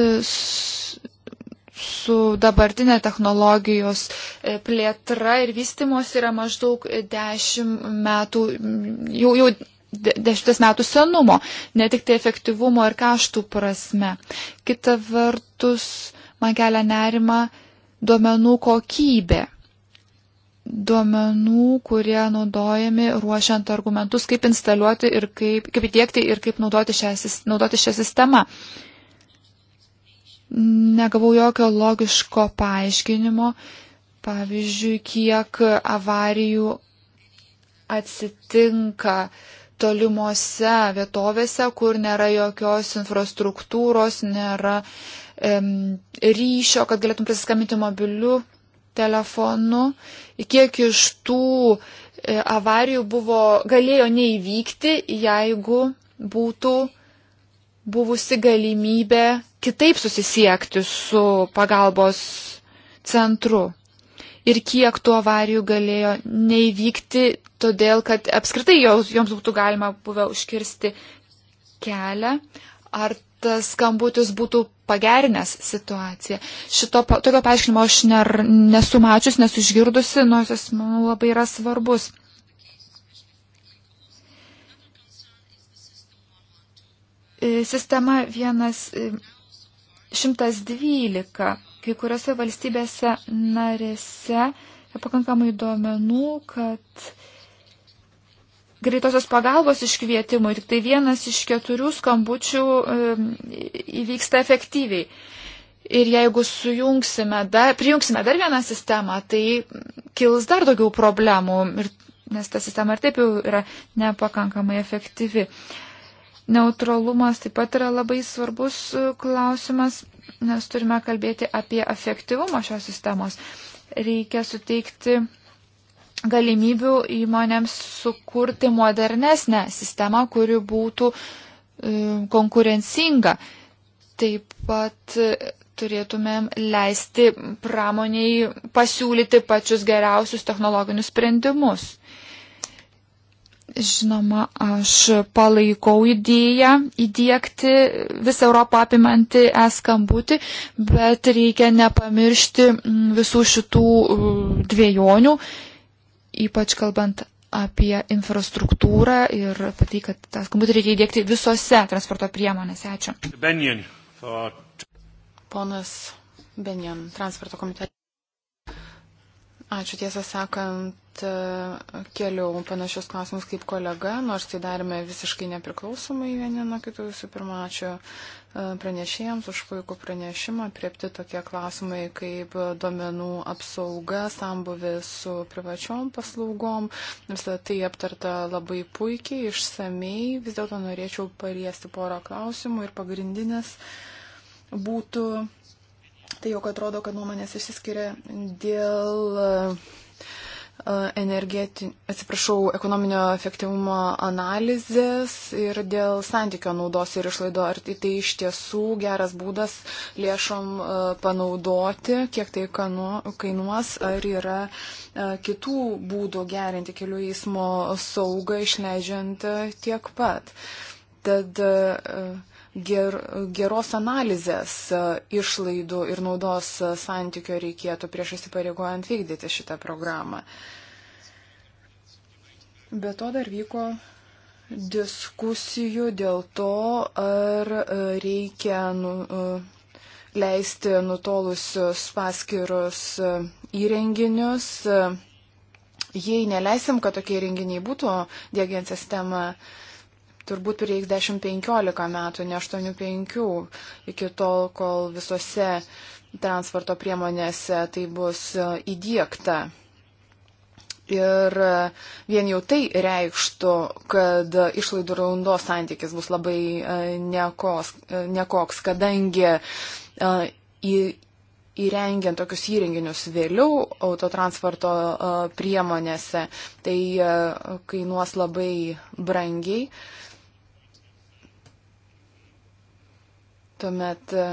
su dabartinė technologijos e, plėtra ir vystimos yra maždaug 10 metų, jau, jau dešimties metų senumo, ne tik tai efektyvumo ir kaštų prasme. Kita vertus, man kelia nerima duomenų kokybė. Duomenų, kurie naudojami ruošiant argumentus, kaip instaliuoti ir kaip, kaip įdėkti ir kaip naudoti šią, naudoti šią sistemą. Uh, negavau jokio logiško paaiškinimo, pavyzdžiui, kiek avarijų atsitinka tolimuose vietovėse, kur nėra jokios infrastruktūros, nėra em, ryšio, kad galėtum prisiskambinti mobiliu telefonu, kiek iš tų e, avarijų buvo, galėjo neįvykti, jeigu būtų buvusi galimybė kitaip susisiekti su pagalbos centru. Ir kiek tų avarijų galėjo neįvykti, todėl kad apskritai jos, joms būtų galima buvę užkirsti kelią, ar tas skambutis būtų pagerinęs situaciją. Šito tokio paaiškinimo aš ner, nesu mačius, nesu išgirdusi, nors jis, manau, labai yra svarbus. E, sistema 112. E, Kai kuriuose valstybėse narėse pakankamai duomenų, kad greitosios pagalbos iškvietimui tik tai vienas iš keturių skambučių e, įvyksta efektyviai. Ir jeigu sujungsime, dar, prijungsime dar vieną sistemą, tai kils dar daugiau problemų, ir, nes ta sistema ir taip jau yra nepakankamai efektyvi. Uh, Neutralumas taip pat yra labai svarbus e, klausimas, nes turime kalbėti apie efektyvumą šios sistemos. Reikia suteikti galimybių įmonėms sukurti modernesnę sistemą, kuri būtų e, konkurencinga. Taip pat e, turėtumėm leisti pramoniai pasiūlyti pačius geriausius technologinius sprendimus. Žinoma, aš palaikau idėją įdėkti visą Europą apimantį e-skambutį, bet reikia nepamiršti mm, visų šitų mm, dviejonių, ypač kalbant apie infrastruktūrą ir apie tai, kad tą skambutį reikia įdėkti visose transporto priemonėse. Ačiū. Benjen. For... Ponas Benjan, transporto komitete. Ačiū tiesą sakant pat e, keliau panašius klausimus kaip kolega, nors tai darėme visiškai nepriklausomai vieni nuo kitų. Visų pirma, ačiū e, pranešėjams už puikų pranešimą, priepti tokie klausimai kaip duomenų apsauga, sambuvis su privačiom paslaugom. Visą tai aptarta labai puikiai, išsamei. Vis dėlto norėčiau paliesti porą klausimų ir pagrindinis būtų Tai jau atrodo, kad nuomonės išsiskiria dėl E, energeti, atsiprašau, ekonominio efektyvumo analizės ir dėl santykio naudos ir išlaido, ar tai, tai iš tiesų geras būdas lėšom e, panaudoti, kiek tai kainuos, ar yra e, kitų būdų gerinti kelių eismo saugą, išleidžiant tiek pat. Tad ger, geros analizės e, išlaidų ir naudos e, santykio reikėtų prieš įsipareigojant vykdyti šitą programą. Be to dar vyko diskusijų dėl to, ar e, reikia nu, leisti nutolusius paskirus įrenginius. Jei neleisim, kad tokie įrenginiai būtų dėgiant sistemą, uh, turbūt prireiks 10-15 metų, ne 8-5, iki tol, kol visose transporto priemonėse tai bus e, įdėkta. Ir e, vien jau tai reikštų, kad išlaidų raundos santykis bus labai e, nekos, nekoks, kadangi į, įrengiant tokius įrenginius vėliau autotransporto priemonėse, tai kainuos labai brangiai. Tuomet e,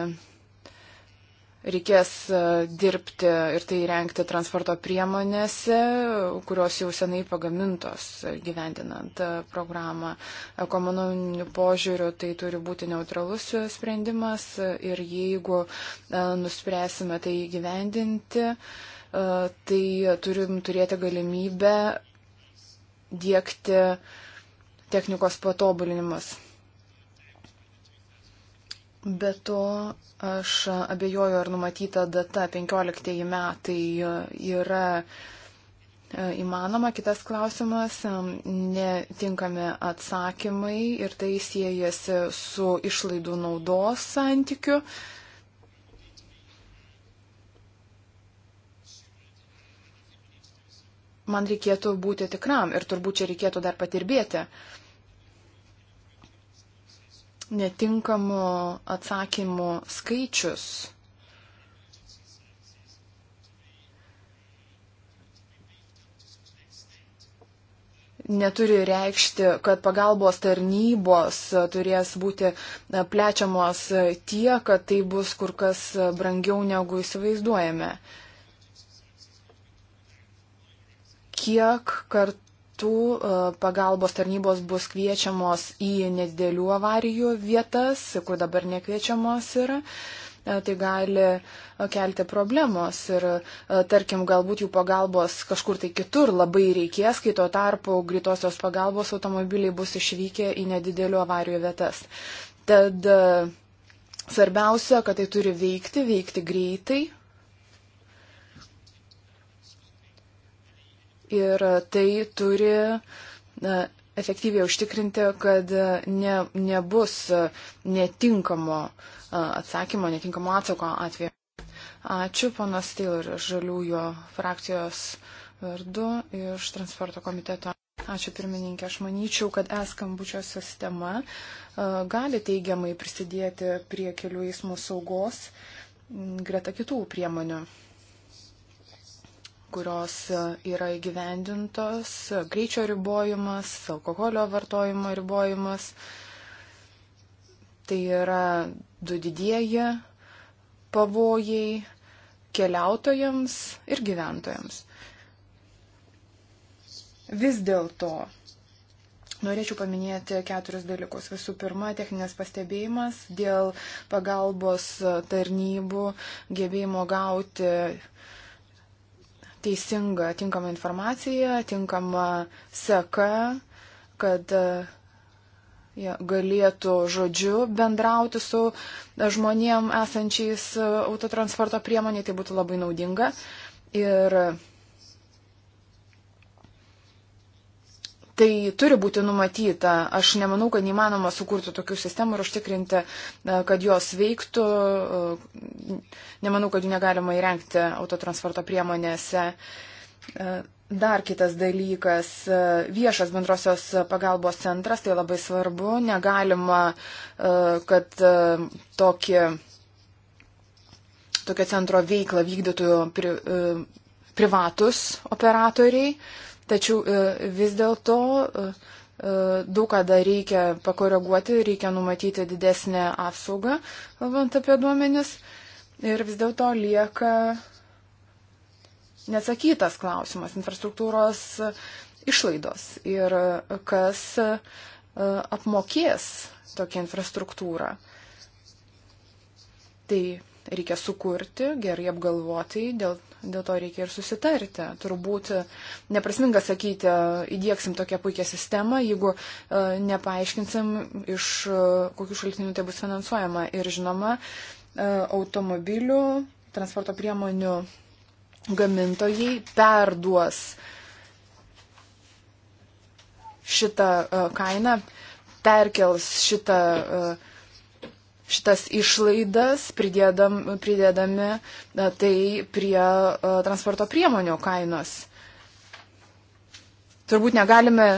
reikės e, dirbti ir tai renkti transporto priemonėse, kurios jau senai pagamintos gyvendinant e, programą. Ekonominiu požiūriu tai turi būti neutralus sprendimas ir jeigu nuspręsime tai gyvendinti, tai turim turėti galimybę dėkti technikos patobulinimas Be to, aš abejoju, ar numatyta data 15 metai yra e, įmanoma. Kitas klausimas - netinkami atsakymai ir tai siejasi su išlaidų naudos santykiu. Man reikėtų būti tikram ir turbūt čia reikėtų dar patirbėti. Uh, netinkamų atsakymų skaičius. Neturi reikšti, kad pagalbos tarnybos turės būti plečiamos tie, kad tai bus kur kas brangiau negu įsivaizduojame. Kiek kart metų e, pagalbos tarnybos bus kviečiamos į nedidelių avarijų vietas, kur dabar nekviečiamos yra. E, tai gali e, kelti problemos ir, tarkim, galbūt jų pagalbos kažkur tai kitur labai reikės, kai tuo tarpu greitosios pagalbos automobiliai bus išvykę į nedidelių avarijų vietas. Tad svarbiausia, kad tai turi veikti, veikti greitai, ir tai turi na, efektyviai užtikrinti, kad ne, nebus netinkamo atsakymo, netinkamo atsako atveju. Ačiū, panas Taylor, žaliųjo frakcijos vardu iš transporto komiteto. Ačiū pirmininkė, aš manyčiau, kad eskambučio sistema gali teigiamai prisidėti prie kelių eismų saugos greta kitų priemonių kurios e, yra įgyvendintos - greičio ribojimas, alkoholio vartojimo ribojimas. Tai yra du didieji pavojai keliautojams ir gyventojams. Vis dėlto norėčiau paminėti keturis dalykus. Visų pirma, techninės pastebėjimas dėl pagalbos tarnybų gebėjimo gauti teisinga, tinkama informacija, tinkama seka, kad e, ja, galėtų žodžiu bendrauti su e, žmonėm esančiais e, autotransporto priemonė, tai būtų labai naudinga. Ir Tai turi būti numatyta. Aš nemanau, kad įmanoma sukurti tokių sistemų ir užtikrinti, kad jos veiktų. Nemanau, kad jų negalima įrengti autotransporto priemonėse. Dar kitas dalykas - viešas bendrosios pagalbos centras, tai labai svarbu. Negalima, e, kad e, tokie, tokio centro veiklą vykdytų pri, e, privatus operatoriai. Tačiau e, vis dėlto e, e, daug ką dar reikia pakoreguoti, reikia numatyti didesnę apsaugą, kalbant apie duomenis. Ir vis dėlto lieka nesakytas klausimas infrastruktūros išlaidos ir kas apmokės tokią infrastruktūrą. Tai reikia sukurti, gerai apgalvotai, dėl, dėl to reikia ir susitarti. Turbūt neprasminga sakyti, įdėksim tokią puikią sistemą, jeigu e, nepaaiškinsim, iš e, kokių šaltinių tai bus finansuojama. Ir žinoma, e, automobilių, transporto priemonių gamintojai perduos šitą kainą, perkels šitą uh, šitas išlaidas, pridėdam, pridėdami tai prie e, transporto priemonių kainos. Turbūt negalime,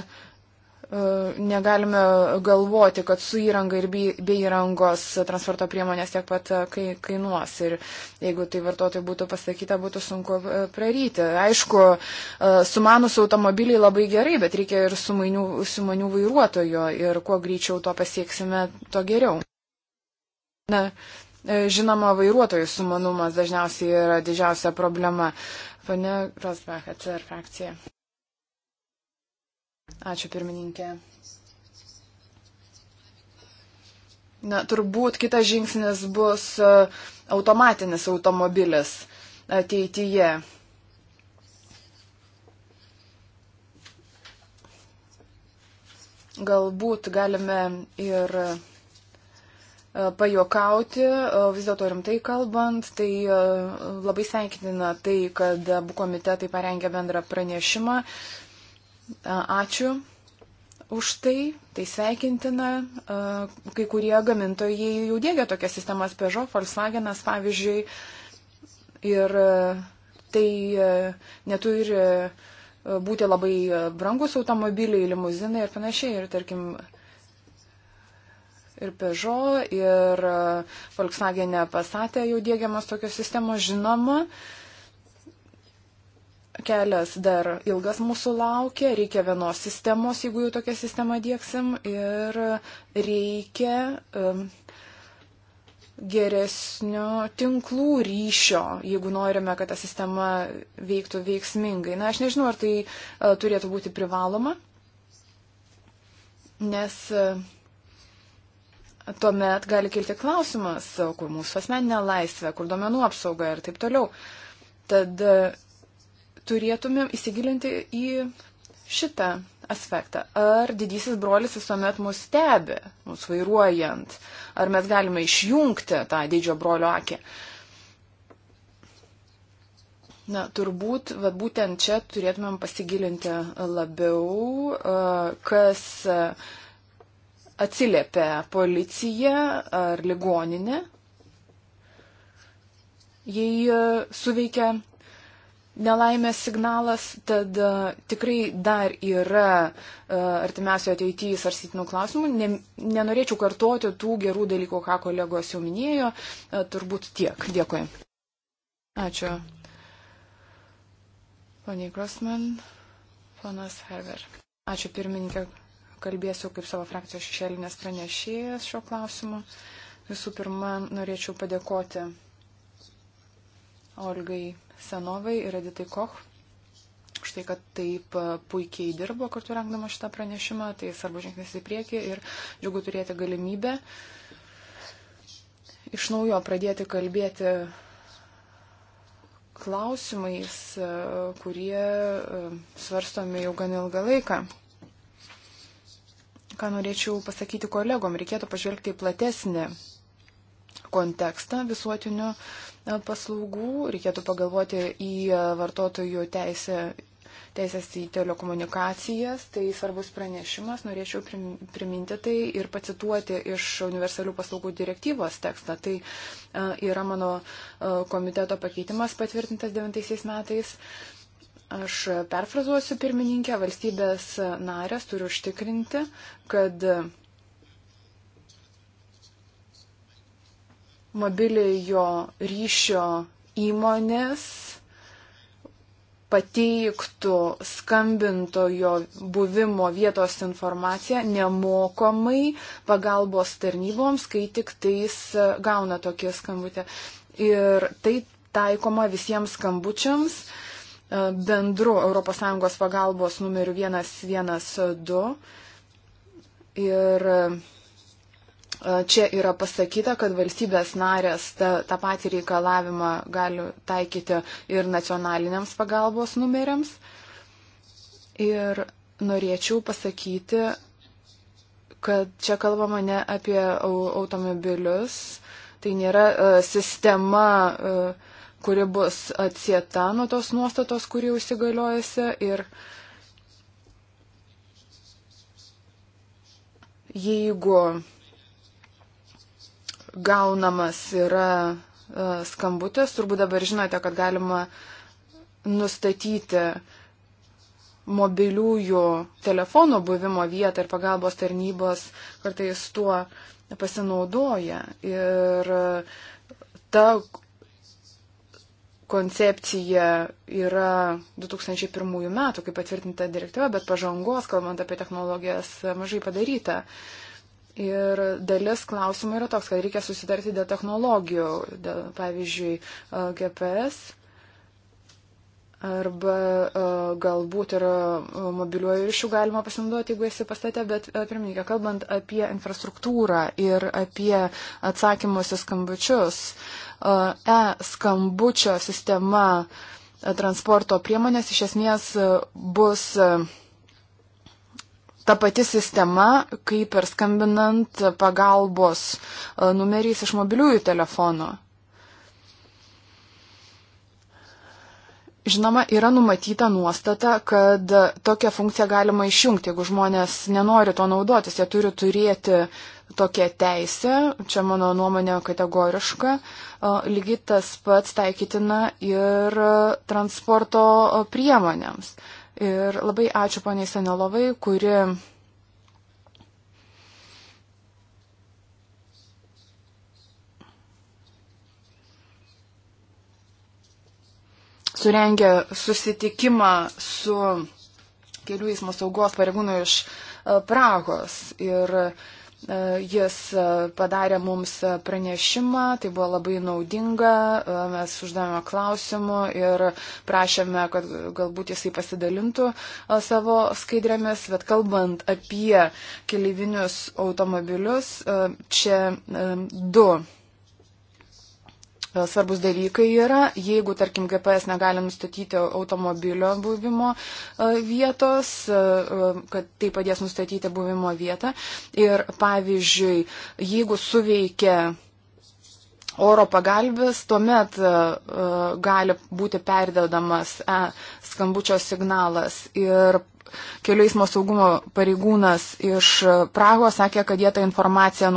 e, negalime galvoti, kad su įranga ir be įrangos transporto priemonės tiek pat e, kai, kainuos. Ir jeigu tai vartotojai būtų pasakyta, būtų sunku praryti. Aišku, sumanus automobiliai labai gerai, bet reikia ir sumanių, sumanių vairuotojo ir kuo greičiau to pasieksime, to geriau. Na, e, žinoma, vairuotojų sumanumas dažniausiai yra didžiausia problema. Pane Rosbach, atsir frakcija. Ačiū pirmininkė. Na, turbūt kitas žingsnis bus e, automatinis automobilis ateityje. Galbūt galime ir pajokauti, vis dėlto rimtai kalbant, tai labai sveikintina tai, kad abu komitetai parengė bendrą pranešimą. Ačiū už tai, tai sveikintina. Kai kurie gamintojai jau dėgia tokias sistemas Peugeot, Volkswagenas pavyzdžiui. Ir tai neturi būti labai brangus automobiliai, limuzinai ir panašiai. Ir tarkim, ir Peugeot, ir e, Volkswagen pasatė jau dėgiamas tokios sistemos, žinoma. Kelias dar ilgas mūsų laukia, reikia vienos sistemos, jeigu jau tokią sistemą dėksim, ir reikia um, geresnio tinklų ryšio, jeigu norime, kad ta sistema veiktų veiksmingai. Na, aš nežinau, ar tai uh, turėtų būti privaloma, nes uh, tuomet gali kilti klausimas, kur mūsų asmeninė laisvė, kur duomenų apsauga ir taip toliau. Tad e, turėtumėm įsigilinti į šitą aspektą. Ar didysis brolis visuomet mus stebi, mus vairuojant, ar mes galime išjungti tą didžio brolio akį. Na, turbūt, va, būtent čia turėtumėm pasigilinti labiau, e, kas atsiliepia policija ar ligoninė, jei e, suveikia nelaimės signalas, tad e, tikrai dar yra e, artimiausio ateityje svarstytinų klausimų. Ne, nenorėčiau kartuoti tų gerų dalykų, ką kolegos jau minėjo. Turbūt tiek. Dėkui. Ačiū. Pone Grossman, ponas Herber. Ačiū pirmininkė kalbėsiu kaip savo frakcijos šešėlinės pranešėjas šio klausimu. Visų pirma, norėčiau padėkoti Olgai Senovai ir Editai Koch už tai, kad taip e, puikiai dirbo kartu rengdama šitą pranešimą. Tai svarbu žingsnis į priekį ir džiugu turėti galimybę iš naujo pradėti kalbėti klausimais, e, kurie e, svarstomi jau gan ilgą laiką ką norėčiau pasakyti kolegom, reikėtų pažvelgti į platesnį kontekstą visuotinių e, paslaugų, reikėtų pagalvoti į e, vartotojų teisę. Teisės į telekomunikacijas, tai svarbus pranešimas, norėčiau priminti tai ir pacituoti iš universalių paslaugų direktyvos tekstą. Tai e, yra mano komiteto pakeitimas patvirtintas 9 metais. Aš perfrazuosiu pirmininkę, valstybės narės turi užtikrinti, kad mobiliojo ryšio įmonės pateiktų skambintojo buvimo vietos informaciją nemokamai pagalbos tarnyboms, kai tik tais gauna tokį skambutį. Ir tai taikoma visiems skambučiams, uh, E, bendru ES pagalbos numeriu 112. Ir e, čia yra pasakyta, kad valstybės narės ta, tą patį reikalavimą gali taikyti ir nacionaliniams pagalbos numeriams. Ir norėčiau pasakyti, kad čia kalbama ne apie automobilius, tai nėra uh, sistema uh, kuri bus atsieta nuo tos nuostatos, kuri jau įsigaliojasi ir jeigu gaunamas yra e, skambutis, turbūt dabar žinote, kad galima nustatyti mobiliųjų telefonų buvimo vietą ir pagalbos tarnybos kartais tuo pasinaudoja. Ir ta koncepcija yra 2001 metų, kaip patvirtinta direktyva, bet pažangos, kalbant apie technologijas, mažai padaryta. Ir dalis klausimų yra toks, kad reikia susitarti dėl technologijų, dėl, pavyzdžiui, e, GPS arba e, galbūt ir e, mobiliuoju ryšiu galima pasinaudoti, jeigu esi pastate, bet pirmininkė, kalbant apie infrastruktūrą ir apie atsakymus į skambučius, uh, e-skambučio sistema e, transporto priemonės iš esmės e, bus e, ta pati sistema, kaip ir skambinant pagalbos numeriais iš mobiliųjų telefonų. Žinoma, yra numatyta nuostata, kad tokią funkciją galima išjungti, jeigu žmonės nenori to naudotis, jie turi turėti uh, tokia teisė, čia mano nuomonė kategoriška, lygiai tas pats taikytina ir transporto priemonėms. Ir labai ačiū poniai Senelovai, kuri surengė susitikimą su kelių eismo saugos pareigūnų iš e, Prahos. Ir uh, E, jis e, padarė mums e, pranešimą, tai buvo labai naudinga, mes uždavėme klausimų ir prašėme, kad galbūt jisai pasidalintų savo skaidrėmis, bet kalbant apie keleivinius automobilius, čia du E, svarbus dalykai yra, jeigu, tarkim, GPS negali nustatyti automobilio buvimo e, vietos, e, kad tai padės nustatyti buvimo vietą. Ir pavyzdžiui, jeigu suveikia oro pagalbis, tuomet gali būti perdedamas e, skambučio signalas ir kelių eismo saugumo pareigūnas iš Prahos sakė, kad jie tą informaciją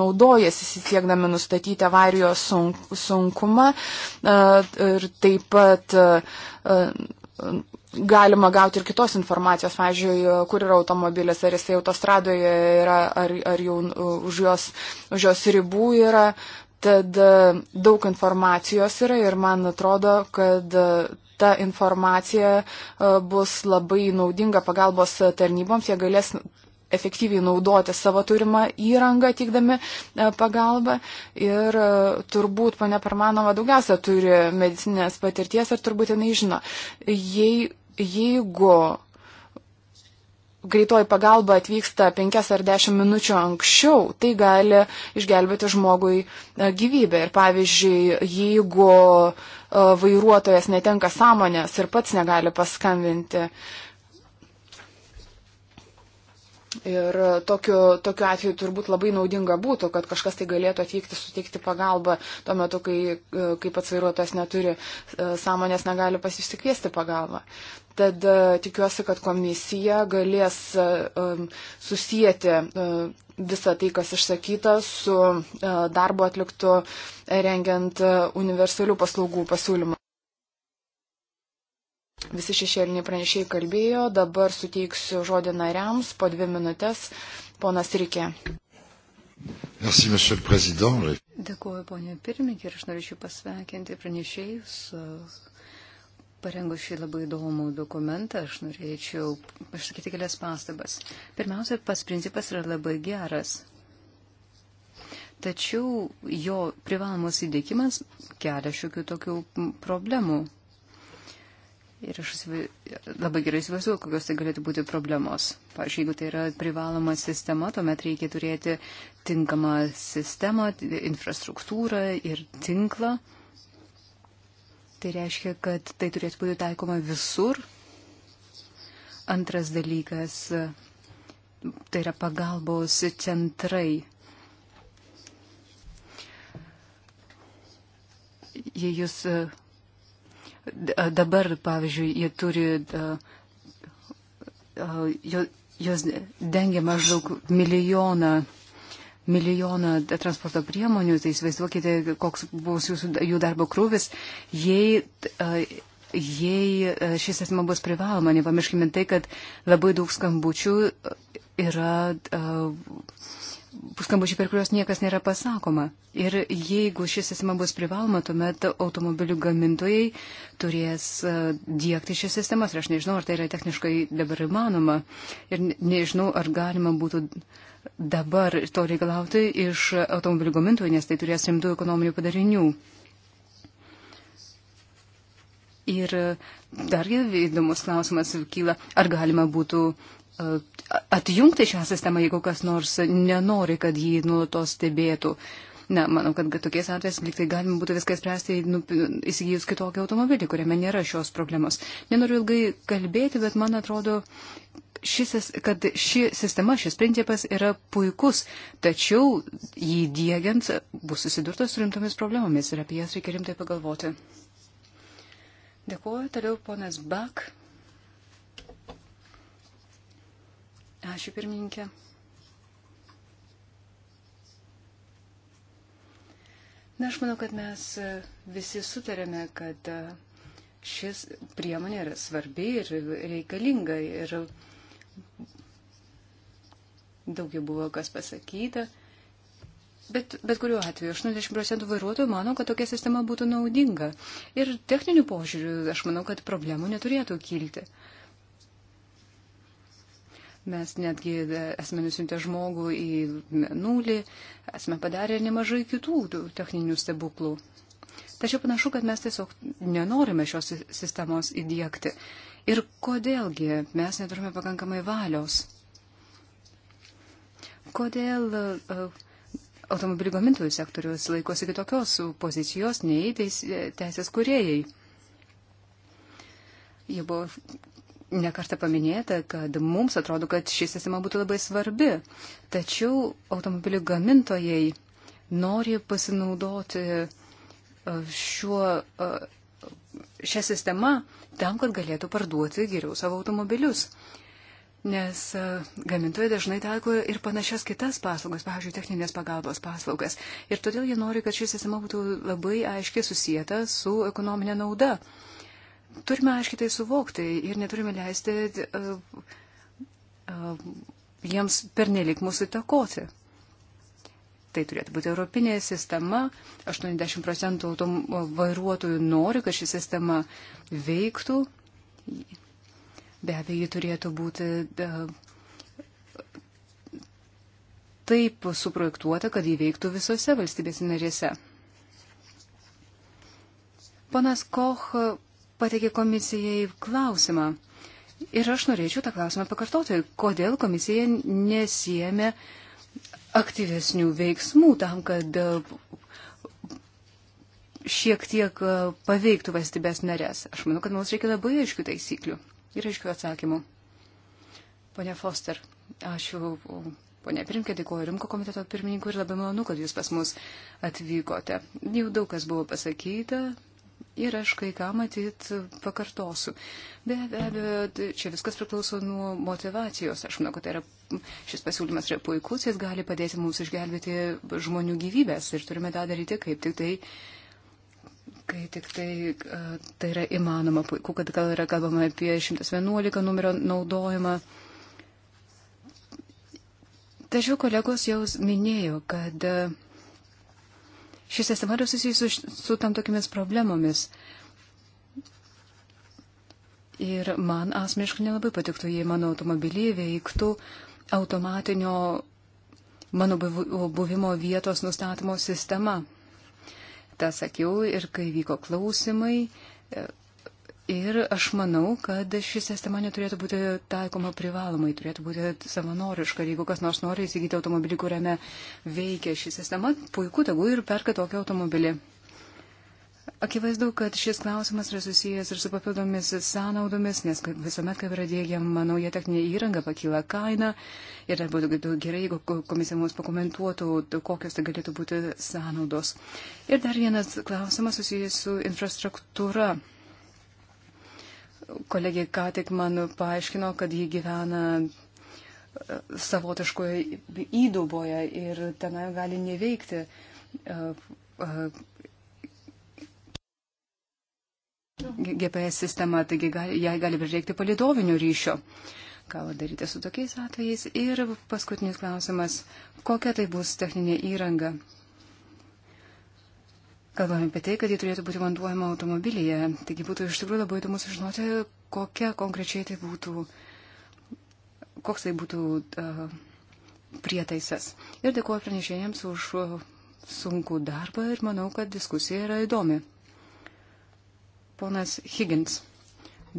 naudojasi, siekdami nustatyti avarijos sunkumą. E, ir taip pat e, e, galima gauti ir kitos informacijos, pavyzdžiui, kur yra automobilis, ar jisai autostradoje yra, ar, ar jau už jos, už jos ribų yra. Tad daug informacijos yra ir man atrodo, kad ta informacija e, bus labai naudinga pagalbos tarnyboms, jie galės efektyviai naudoti savo turimą įrangą, teikdami e, pagalbą. Ir e, turbūt pane Parmanova daugiausia turi medicinės patirties ir turbūt jinai žino. Jei, jeigu greitoji pagalba atvyksta 5 ar 10 minučių anksčiau, tai gali išgelbėti žmogui gyvybę. Ir pavyzdžiui, jeigu E, vairuotojas netenka sąmonės ir pats negali paskambinti. Ir tokiu, tokiu atveju turbūt labai naudinga būtų, kad kažkas tai galėtų atvykti, suteikti pagalbą tuo metu, kai, e, kai pats vairuotojas neturi e, sąmonės, negali pasisikviesti pagalbą. Tad tikiuosi, kad komisija galės susijęti visą tai, kas išsakyta, su e, darbu atliktu rengiant e, universalių paslaugų pasiūlymą. Visi šešėliniai pranešėjai kalbėjo, dabar suteiksiu žodį nariams po dvi minutės. Ponas Rikė. Merci, monsieur le président. Dėkuoju, ponė pirmininkė, ir aš norėčiau pasveikinti pranešėjus parengus šį labai įdomų dokumentą, aš norėčiau išsakyti kelias pastabas. Pirmiausia, pas principas yra labai geras. Tačiau jo privalomas įdėkimas kelia šiokių tokių problemų. Ir aš labai gerai įsivaizduoju, kokios tai galėtų būti problemos. Pavyzdžiui, jeigu tai yra privaloma sistema, tuomet reikia turėti tinkamą sistemą, infrastruktūrą ir tinklą. Mm Tai reiškia, kad tai turėtų būti taikoma visur. Antras dalykas, tai yra pagalbos centrai. Jei jūs e, dabar, pavyzdžiui, jie turi, jos dengia maždaug milijoną milijoną transporto priemonių, tai įsivaizduokite, koks bus jūsų, jų darbo krūvis, jei, jei šis asmo bus privaloma. Nepamirškime tai, kad labai daug skambučių yra. Skambučiai, per kuriuos niekas nėra pasakoma. Ir jeigu šis sistema bus privaloma, tuomet automobilių gamintojai turės dėkti šias sistemas. Ir aš nežinau, ar tai yra techniškai dabar įmanoma. Ir nežinau, ar galima būtų uh, dabar to reikalauti iš automobilių gamintojų, nes tai turės rimtų ekonominių padarinių. Ir dargi įdomus klausimas kyla, ar galima būtų e, atjungti šią sistemą, jeigu kas nors nenori, kad jį nuolatos stebėtų. Na, manau, kad tokiais atvejais liktai galima būtų viską spręsti nu, įsigijus kitokį automobilį, kuriame nėra šios problemos. Nenoriu ilgai kalbėti, bet man atrodo, ši, kad ši sistema, šis principas yra puikus, tačiau jį dėgiant bus susidurtas su rimtomis problemomis ir apie jas reikia rimtai pagalvoti. Dėkuoju, toliau ponas Bak. Ačiū pirmininkė. Na, aš manau, kad mes visi sutarėme, kad šis priemonė yra svarbi ir reikalinga. Ir Daugiau buvo kas pasakyta. Bet, bet kuriuo atveju 80 procentų vairuotojų mano, kad tokia sistema būtų naudinga. Ir techninių požiūrių aš manau, kad problemų neturėtų kilti. Mes netgi e, esame nusiuntę žmogų į nulį, esame padarę nemažai kitų techninių stebuklų. Tačiau panašu, kad mes tiesiog nenorime šios sistemos įdėkti ir kodėlgi mes neturime pakankamai valios. Kodėl e, automobilių gamintojų sektorius laikosi kitokios pozicijos nei teisės kuriejai. Jau buvo nekarta paminėta, kad mums atrodo, kad ši sistema būtų labai svarbi, tačiau automobilių gamintojai nori pasinaudoti e, šiuo e, šią sistemą tam, kad galėtų parduoti geriau savo automobilius. Nes e, gamintojai dažnai taiko ir panašias kitas paslaugas, pavyzdžiui, techninės pagalbos paslaugas. Ir todėl jie nori, kad ši sistema būtų labai aiškiai susijęta su ekonominė nauda. Turime aiškiai tai suvokti ir neturime leisti uh, uh, jiems pernelik mūsų įtakoti. Tai turėtų būti europinė sistema. 80 procentų vairuotojų nori, kad ši sistema veiktų. Be abejo, ji turėtų būti da, e, taip suprojektuota, kad ji veiktų visose valstybės narėse. Ponas Koch pateikė komisijai klausimą. Ir aš norėčiau tą klausimą pakartoti, kodėl komisija nesijėmė uh, aktyvesnių veiksmų tam, kad e, šiek tiek e, paveiktų valstybės narės. Aš manau, kad mums reikia labai aiškių taisyklių ir aiškių atsakymų. Pone Foster, ačiū. Pone Pirmke, dėkuoju Rimko komiteto pirmininkui ir labai malonu, kad jūs pas mus atvykote. Jau daug kas buvo pasakyta, Ir aš kai ką matyt pakartosiu. Be abejo, čia viskas priklauso nuo motivacijos. Aš manau, kad tai yra Šis pasiūlymas yra puikus, jis gali padėti mums išgelbėti žmonių gyvybės ir turime tą daryti kaip tik tai. Kai tik tai, tai yra įmanoma, puiku, kad gal yra kalbama apie 111 numerio naudojimą. Tačiau kolegos jau minėjo, kad šis sistema yra susijusi su, su tam tokiamis problemomis. Ir man asmeniškai nelabai patiktų, jei mano automobiliai veiktų uh, automatinio mano buvimo vietos nustatymo sistema. Ta sakiau ir kai vyko klausimai. E, ir aš manau, kad ši sistema neturėtų būti taikoma privalomai, turėtų būti savanoriška. Ir jeigu kas nors nori įsigyti automobilį, kuriame veikia ši sistema, puiku, tegu ir perka tokį automobilį. Akivaizdu, kad šis klausimas yra susijęs ir su papildomis sąnaudomis, nes visuomet, kai yra dėgiama nauja techninė įranga, pakyla kaina. Ir dar būtų gerai, jeigu komisija mums pakomentuotų, kokios tai galėtų būti sąnaudos. Ir dar vienas klausimas susijęs su infrastruktūra. Kolegė ką tik man paaiškino, kad ji gyvena savotiškoje įduboje ir tenai gali neveikti GPS sistema, taigi gali, jai gali prireikti palidovinių ryšio. Ką daryti su tokiais atvejais? Ir paskutinis klausimas, kokia tai bus techninė įranga? Kalbame apie tai, kad ji turėtų būti vanduojama automobilyje. Taigi būtų iš tikrųjų labai įdomu sužinoti, kokia konkrečiai tai būtų, koks tai būtų uh, prietaisas. Ir dėkuoju pranešėjams už sunkų darbą ir manau, kad diskusija yra įdomi ponas Higgins.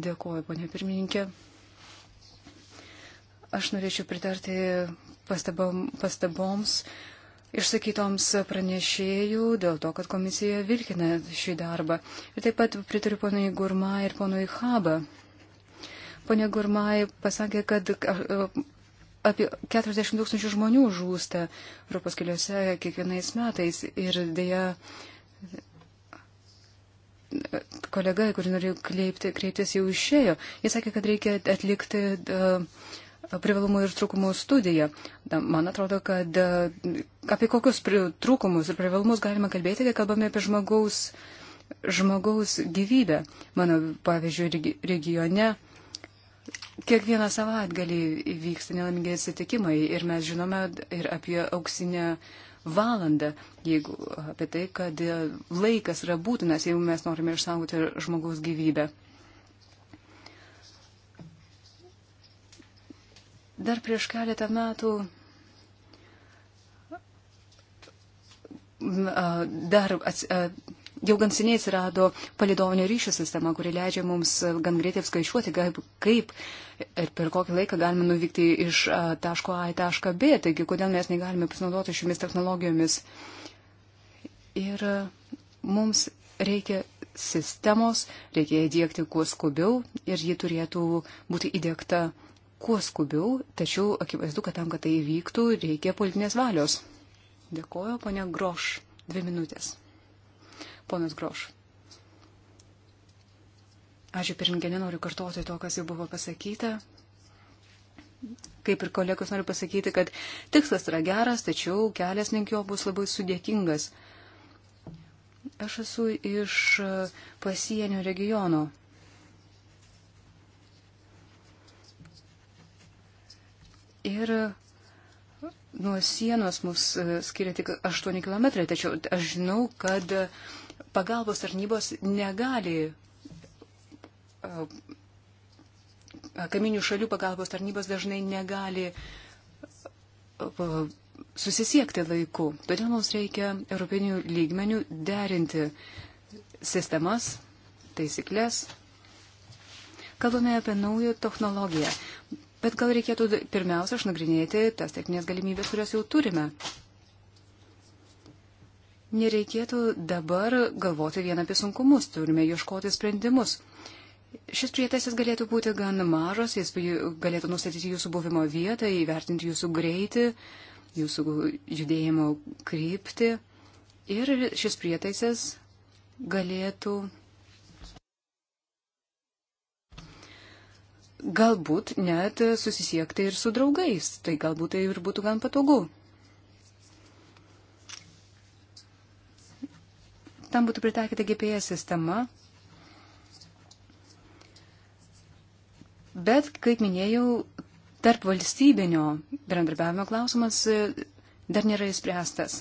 Dėkuoju, ponė pirmininkė. Aš norėčiau pritarti pastabom, pastaboms išsakytoms pranešėjų dėl to, kad komisija vilkina šį darbą. Ir taip pat pritariu ponui Gurmai ir ponui Haba. Pone Gurmai pasakė, kad apie 40 tūkstančių žmonių žūsta Europos keliuose kiekvienais metais ir dėja kolega, kurį norėjau kreipti, kreiptis, jau išėjo. Jis sakė, kad reikia atlikti e, privalumų ir trūkumų studiją. Man atrodo, kad e, apie kokius trūkumus ir privalumus galima kalbėti, kai kalbame apie žmogaus, žmogaus gyvybę. Mano, pavyzdžiui, regione. Kiekvieną savaitgalį vyksta nelaimingi atsitikimai ir mes žinome ir apie auksinę uh, valandą, jeigu apie tai, kad e, laikas yra būtinas, jeigu mes norime išsaugoti žmogaus gyvybę. Dar prieš keletą metų dar ats, jau gan seniai atsirado palidovinio ryšio sistema, kuri leidžia mums e, gan greitai apskaičiuoti, kaip, kaip ir per kokį laiką galime nuvykti iš e, taško A į tašką B, taigi kodėl mes negalime pasinaudoti šiomis technologijomis. Ir e, mums reikia sistemos, reikia įdėkti kuo skubiau ir ji turėtų būti įdėkta kuo skubiau, tačiau akivaizdu, kad tam, kad tai įvyktų, reikia politinės valios. Dėkuoju, ponia Groš. Dvi minutės. Ponas Groš. Ačiū pirmininkė, nenoriu kartoti to, kas jau buvo pasakyta. Kaip ir kolegos noriu pasakyti, kad tikslas yra geras, tačiau kelias link jo bus labai sudėtingas. Aš esu iš pasienio regiono. Ir nuo sienos mus e, skiria tik 8 km, tačiau aš žinau, kad uh, pagalbos tarnybos negali, kaminių šalių pagalbos tarnybos dažnai negali susisiekti laiku. Todėl mums reikia europinių lygmenių derinti sistemas, taisyklės. Kalbame apie naują technologiją. Bet gal reikėtų pirmiausia išnagrinėti tas techninės galimybės, kurias jau turime nereikėtų dabar galvoti vien apie sunkumus, turime ieškoti sprendimus. Šis prietaisas galėtų būti gan mažas, jis galėtų nustatyti jūsų buvimo vietą, įvertinti jūsų greitį, jūsų judėjimo kryptį ir šis prietaisas galėtų galbūt net susisiekti ir su draugais, tai galbūt tai ir būtų gan patogu. tam būtų pritaikyta GPS sistema. Bet, kaip minėjau, tarp valstybinio bendradarbiavimo klausimas e, dar nėra įspręstas.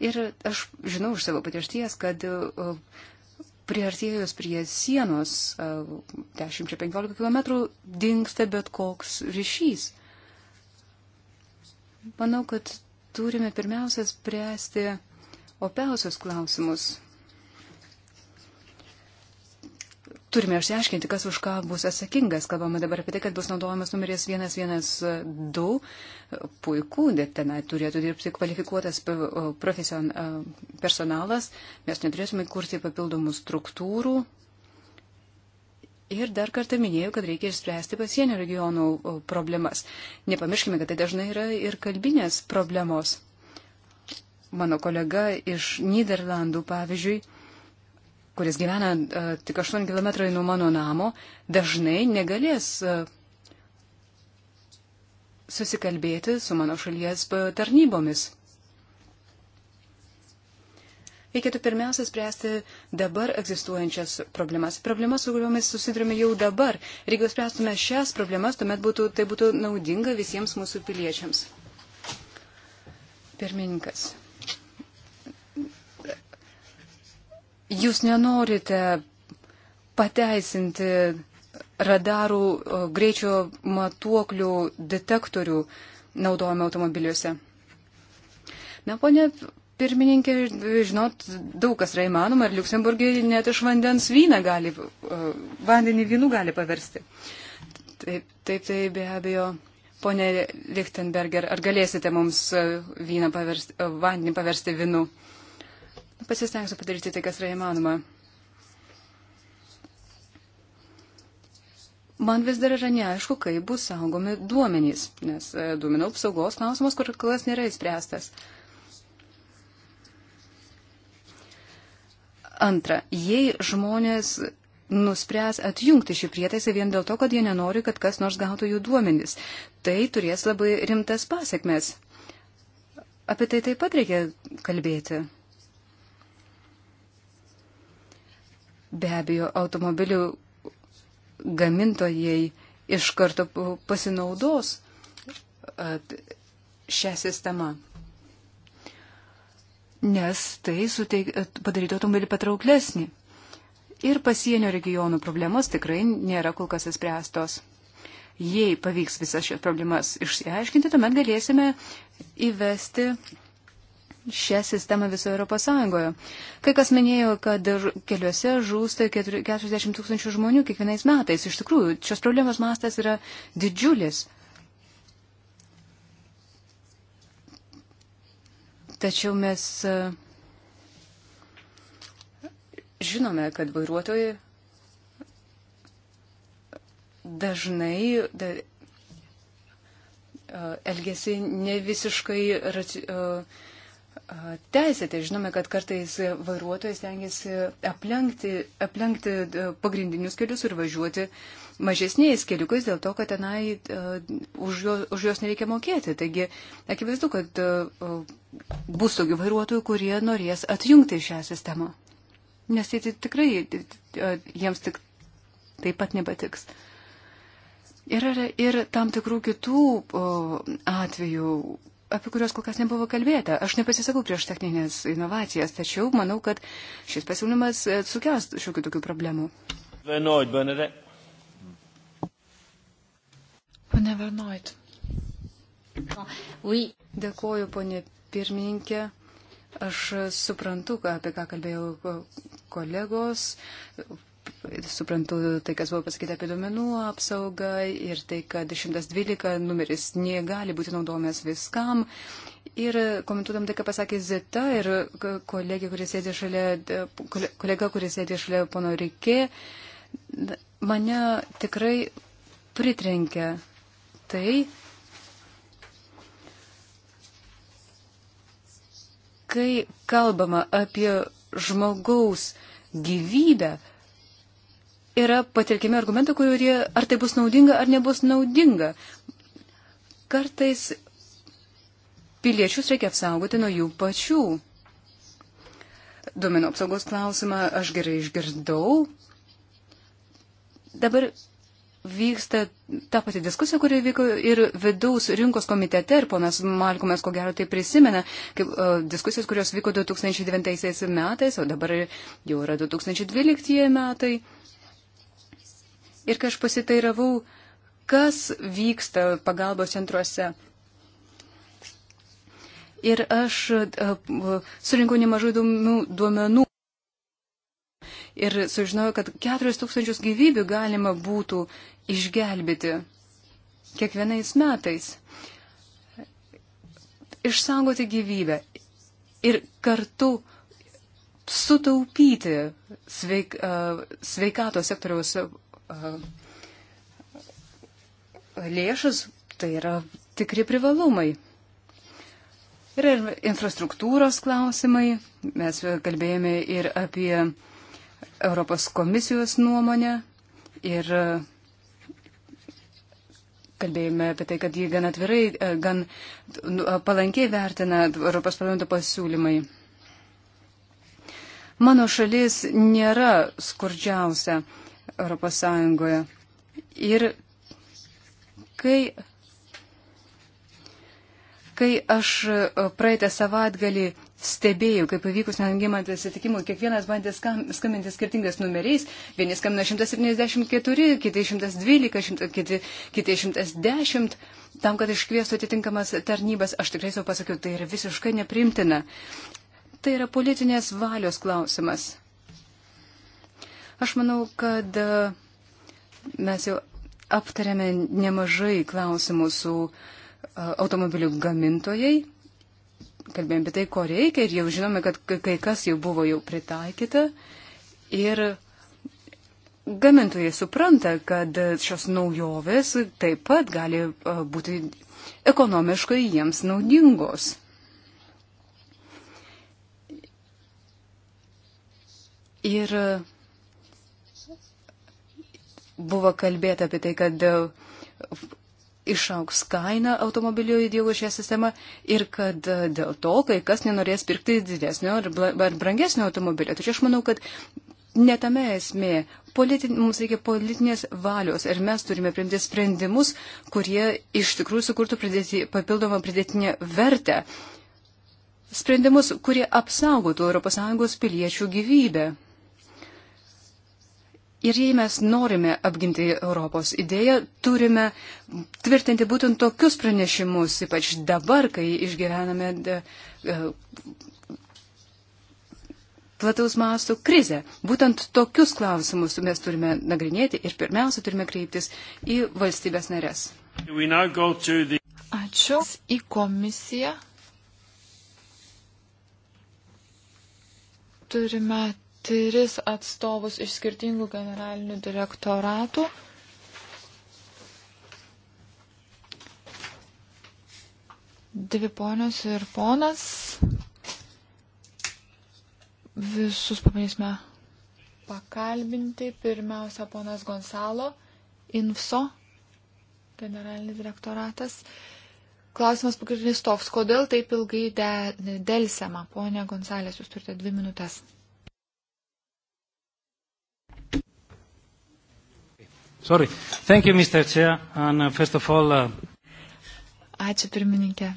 Ir aš žinau iš savo patirties, kad e, priartėjus prie sienos 10-15 km dinksta bet koks ryšys. Manau, kad turime pirmiausia spręsti opiausius klausimus. Turime išsiaiškinti, kas už ką bus atsakingas. Kalbame dabar apie tai, kad bus naudojamas numeris 112. Puiku, bet tenai turėtų dirbti kvalifikuotas profesion, personalas. Mes neturėsime kurti papildomų struktūrų. Ir dar kartą minėjau, kad reikia išspręsti pasienio regionų problemas. Nepamirškime, kad tai dažnai yra ir kalbinės problemos. Mano kolega iš Niderlandų, pavyzdžiui, kuris gyvena uh, tik 8 km nuo mano namo, dažnai negalės uh, susikalbėti su mano šalies tarnybomis reikėtų pirmiausia spręsti dabar egzistuojančias problemas. Problemas, su kuriomis susidurime jau dabar. Ir jeigu spręstume šias problemas, tuomet būtų, tai būtų naudinga visiems mūsų piliečiams. Pirmininkas. Jūs nenorite pateisinti radarų greičio matuoklių detektorių naudojame automobiliuose. Na, ponė pirmininkė, žinot, daug kas yra įmanoma ir Luksemburgė net iš vandens vyną gali, e, vandenį vynų gali paversti. Taip, taip, tai be abejo. Pone Lichtenberger, ar galėsite mums e, vyną paversti, e, vandenį paversti vynu? Pasistengsiu padaryti tai, kas yra įmanoma. Man vis dar yra neaišku, kaip bus saugomi duomenys, nes duomenų apsaugos klausimas kur kas nėra įspręstas. Uh, Antra, jei žmonės nuspręs atjungti šį prietaisą vien dėl to, kad jie nenori, kad kas nors gautų jų duomenis, tai turės labai rimtas pasiekmes. Apie tai taip pat reikia kalbėti. Be abejo, automobilių gamintojai iš karto pasinaudos šią sistemą nes tai suteik, padarytų automobilį patrauklesnį. Ir pasienio regionų problemos tikrai nėra kol kas įspręstos. Jei pavyks visas šias problemas išsiaiškinti, tuomet galėsime įvesti šią sistemą visoje Europos Sąjungoje. Kai kas minėjo, kad keliuose žūsta 40 tūkstančių žmonių kiekvienais metais. Iš tikrųjų, šios problemos mastas yra didžiulis. Tačiau mes e, žinome, kad vairuotojai dažnai e, elgesi ne visiškai e, teisėtai. Žinome, kad kartais vairuotojas tengiasi aplenkti, aplenkti pagrindinius kelius ir važiuoti uh, mažesniais keliukais dėl to, kad tenai uh, už, jo, už juos nereikia mokėti. Taigi, akivaizdu, kad uh, bus tokių vairuotojų, kurie norės atjungti šią sistemą. Nes jie tikrai, uh, jiems tik taip pat nepatiks. Yra ir, ir tam tikrų kitų uh, atvejų, apie kuriuos kol kas nebuvo kalbėta. Aš nepasisakau prieš techninės inovacijas, tačiau manau, kad šis pasiūlymas sukels šiokių tokių problemų. Benoit, Benedek. Pane Vernoit. Oui. Dėkuoju, ponė pirmininkė. Aš suprantu, apie ką kalbėjo kolegos. Suprantu tai, kas buvo pasakyta apie duomenų apsaugą ir tai, kad 112 numeris negali būti naudojamas viskam. Ir komentuodam tai, ką pasakė Zita ir kolegė, kuris sėdė šalia, kolega, kuris sėdė šalia pono Rikė, mane tikrai pritrenkė tai, kai kalbama apie žmogaus gyvybę, yra patirkime argumentai, kurie ar tai bus naudinga, ar nebus naudinga. Kartais piliečius reikia apsaugoti nuo jų pačių. Duomenų apsaugos klausimą aš gerai išgirdau. Dabar vyksta ta pati diskusija, kuri vyko ir vidaus rinkos komitete, ir ponas Malkumas, ko gero, tai prisimena, kaip uh, diskusijos, kurios vyko 2009 metais, o dabar jau yra 2012 metai. Ir kai aš pasitairavau, kas vyksta pagalbos centruose. Ir aš uh, surinkau nemažai duomenų ir sužinojau, kad 4000 gyvybių galima būtų išgelbėti kiekvienais metais. Išsaugoti gyvybę ir kartu sutaupyti sveik, uh, sveikato sektoriaus uh, lėšas, tai yra tikri privalumai. Yra ir infrastruktūros klausimai, mes kalbėjome ir apie uh, Europos komisijos nuomonę ir e, kalbėjome apie tai, kad jį gan atvirai, e, gan nu, e, palankiai vertina Europos parlamento pasiūlymai. Mano šalis nėra skurdžiausia Europos Sąjungoje. Ir kai, kai aš praeitą savaitgalį stebėjau, kaip pavykus nengimant atsitikimui, kiekvienas bandė skam, skambinti skirtingais numeriais, vieni skambino 174, kiti 112, kiti, kiti 110, tam, kad iškviestų atitinkamas tarnybas, aš tikrai savo pasakiau, tai yra visiškai neprimtina. Tai yra politinės valios klausimas. Aš manau, kad e, mes jau aptarėme nemažai klausimų su e, automobilių gamintojai, kalbėjome apie tai, ko reikia ir jau žinome, kad kai kas jau buvo jau pritaikyta. Ir gamintojai supranta, kad šios naujovės taip pat gali būti ekonomiškai jiems naudingos. Ir buvo kalbėta apie tai, kad išauks kaina automobilio įdėgo šią sistemą ir kad e, dėl to kai kas nenorės pirkti didesnio ar brangesnio automobilio. Tačiau aš manau, kad ne tame esmė. Politin, mums reikia politinės valios ir mes turime priimti sprendimus, kurie iš tikrųjų sukurtų pridėti, papildomą pridėtinę vertę. Sprendimus, kurie apsaugotų ES piliečių gyvybę. Ir jei mes norime apginti Europos idėją, turime tvirtinti būtent tokius pranešimus, ypač dabar, kai išgyvename e, e, plataus mastų krizę. Būtent tokius klausimus mes turime nagrinėti ir pirmiausia turime kreiptis į valstybės narės. Ačiū į komisiją. Turime tris atstovus iš skirtingų generalinių direktoratų. Dvi ponios ir ponas. Visus pabandysime pakalbinti. Pirmiausia, ponas Gonzalo, Info, generalinis direktoratas. Klausimas pagrindinis toks, kodėl taip ilgai dėlsiama? De, Pone Gonzalės, jūs turite dvi minutės. Sorry. Thank you, Mr. Chair. And uh, first of all. Uh... Ačiū pirmininkė.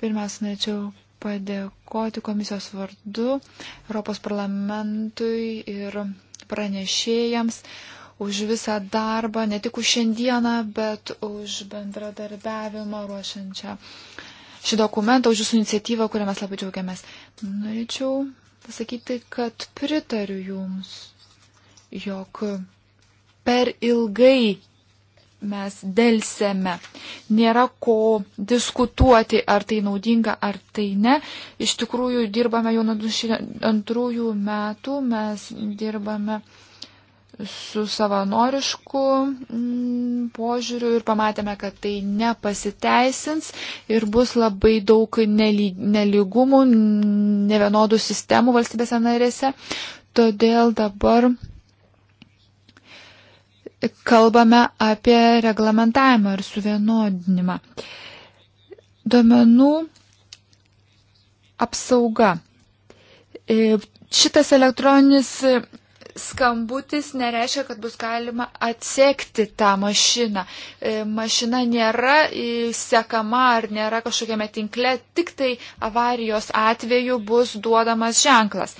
Pirmiausia, norėčiau padėkoti komisijos vardu Europos parlamentui ir pranešėjams už visą darbą, ne tik už šiandieną, bet už bendradarbiavimą ruošiančią šį dokumentą, už jūsų iniciatyvą, kurią mes labai džiaugiamės. Norėčiau pasakyti, kad pritariu jums, jog per ilgai mes dėlsėme. Nėra ko diskutuoti, ar tai naudinga, ar tai ne. Iš tikrųjų, dirbame jau nuo 2002 metų, mes dirbame su savanorišku mm, požiūriu ir pamatėme, kad tai nepasiteisins ir bus labai daug neligumų, nevienodų sistemų valstybėse narėse. Todėl dabar kalbame apie reglamentavimą ir suvienodinimą. Duomenų apsauga. E, šitas elektroninis skambutis nereiškia, kad bus galima atsekti tą mašiną. E, mašina nėra sekama ar nėra kažkokiame tinkle, tik tai avarijos atveju bus duodamas ženklas.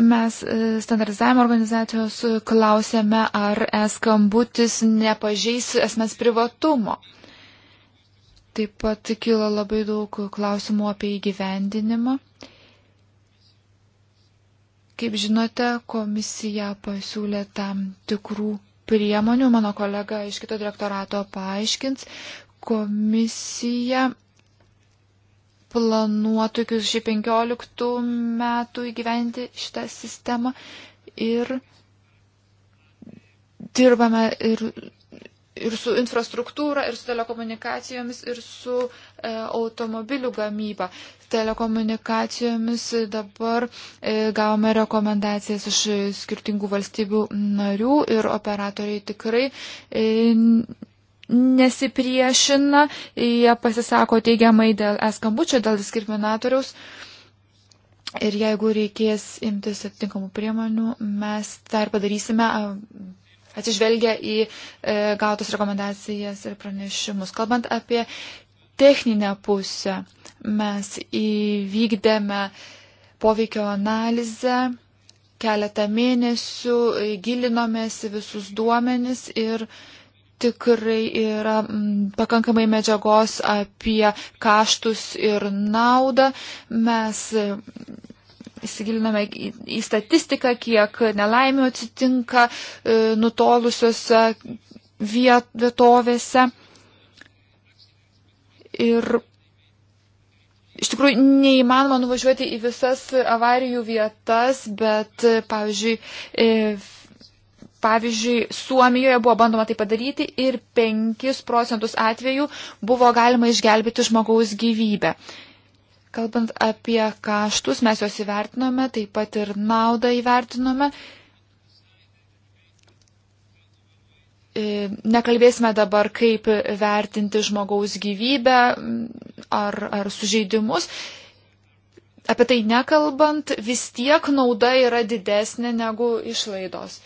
Mes e, standartizavimo organizacijos e, klausėme, ar e-skambutis nepažeis esmės privatumo. Taip pat kilo labai daug klausimų apie įgyvendinimą. Kaip žinote, komisija pasiūlė tam tikrų priemonių, mano kolega iš kito direktorato paaiškins. Komisija planuotų iki 2015 metų įgyventi šitą sistemą ir dirbame ir, ir su infrastruktūra, ir su telekomunikacijomis, ir su e, automobilių gamyba. Telekomunikacijomis dabar e, gavome rekomendacijas iš skirtingų valstybių narių ir operatoriai tikrai e, nesipriešina, jie pasisako teigiamai dėl eskambučio, dėl diskriminatoriaus. Ir jeigu reikės imtis atitinkamų priemonių, mes tą ir padarysime, atsižvelgia į e, gautas rekomendacijas ir pranešimus. Kalbant apie techninę pusę, mes įvykdėme poveikio analizę, keletą mėnesių gilinomės visus duomenis ir e, tikrai yra mm, pakankamai medžiagos apie kaštus ir naudą. Mes mm, įsigiliname į statistiką, kiek nelaimių atsitinka e, nutolusiuose vietovėse. Ir iš tikrųjų neįmanoma nuvažiuoti į visas avarijų vietas, bet, pavyzdžiui, e, Pavyzdžiui, Suomijoje buvo bandoma tai padaryti ir 5 procentus atvejų buvo galima išgelbėti žmogaus gyvybę. Kalbant apie kaštus, mes juos įvertinome, taip pat ir naudą įvertinome. E, nekalbėsime dabar, kaip vertinti žmogaus gyvybę ar, ar sužeidimus. Apie tai nekalbant, vis tiek nauda yra didesnė negu išlaidos.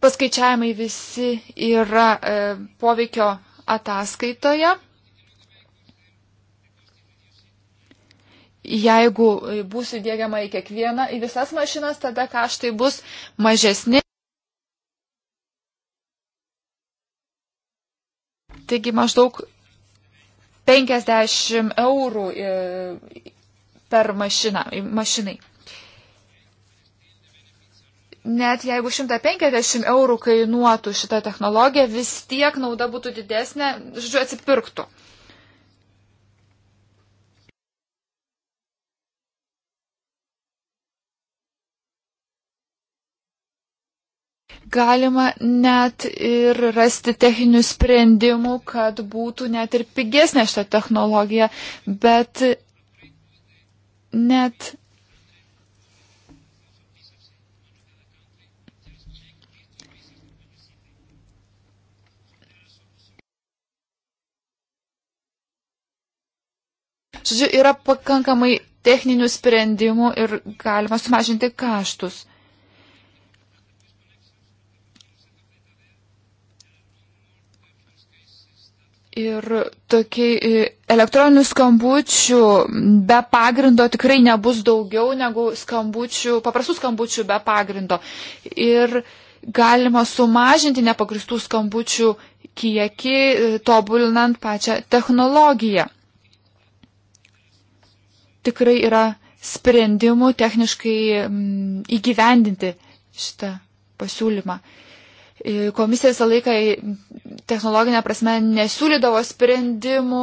Paskaičiavimai visi yra e, poveikio ataskaitoje. Jeigu bus įdėgiama į kiekvieną, į visas mašinas, tada kaštai bus mažesni. Taigi maždaug 50 eurų e, per mašiną, mašinai net jeigu 150 eurų kainuotų šitą technologiją, vis tiek nauda būtų didesnė, žodžiu, atsipirktų. Galima net ir rasti techninių sprendimų, kad būtų net ir pigesnė šitą technologiją, bet net Žodžiu, yra pakankamai techninių sprendimų ir galima sumažinti kaštus. Ir tokiai e, elektroninių skambučių be pagrindo tikrai nebus daugiau negu skambučių, paprastų skambučių be pagrindo. Ir galima sumažinti nepagristų skambučių kiekį, e, tobulinant pačią technologiją tikrai yra sprendimų techniškai mm, įgyvendinti šitą pasiūlymą. E, komisija visą laiką technologinę prasme nesiūlydavo sprendimų,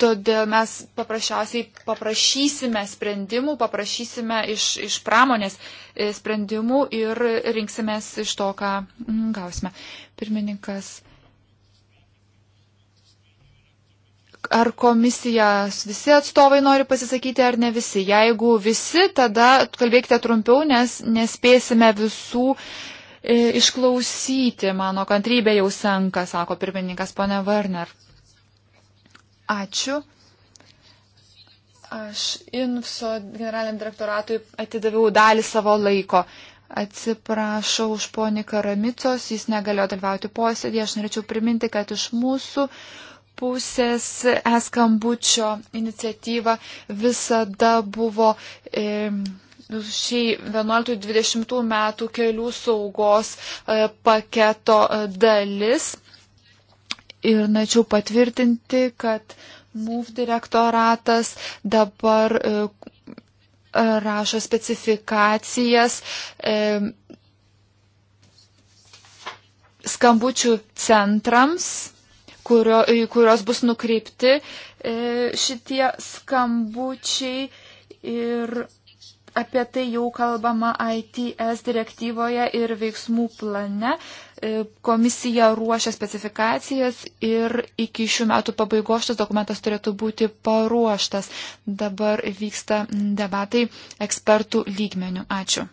todėl mes paprasčiausiai paprašysime sprendimų, paprašysime iš, iš pramonės e, sprendimų ir rinksimės iš to, ką mm, gausime. Pirmininkas ar komisijas visi atstovai nori pasisakyti ar ne visi. Jeigu visi, tada kalbėkite trumpiau, nes nespėsime visų e, išklausyti. Mano kantrybė jau senka, sako pirmininkas ponė Werner. Ačiū. Aš Infso generaliniam direktoratui atidaviau dalį savo laiko. Atsiprašau už ponį Karamicos, jis negalėjo dalyvauti posėdį. Aš norėčiau priminti, kad iš mūsų pusės eskambučio iniciatyva visada buvo e, šį 11-20 metų kelių saugos e, paketo e, dalis. Ir načiau patvirtinti, kad MUF direktoratas dabar e, rašo specifikacijas e, skambučių centrams kurio, kurios bus nukreipti e, šitie skambučiai ir apie tai jau kalbama ITS direktyvoje ir veiksmų plane. E, komisija ruošia specifikacijas ir iki šių metų pabaigos šis dokumentas turėtų būti paruoštas. Dabar vyksta debatai ekspertų lygmenių. Ačiū.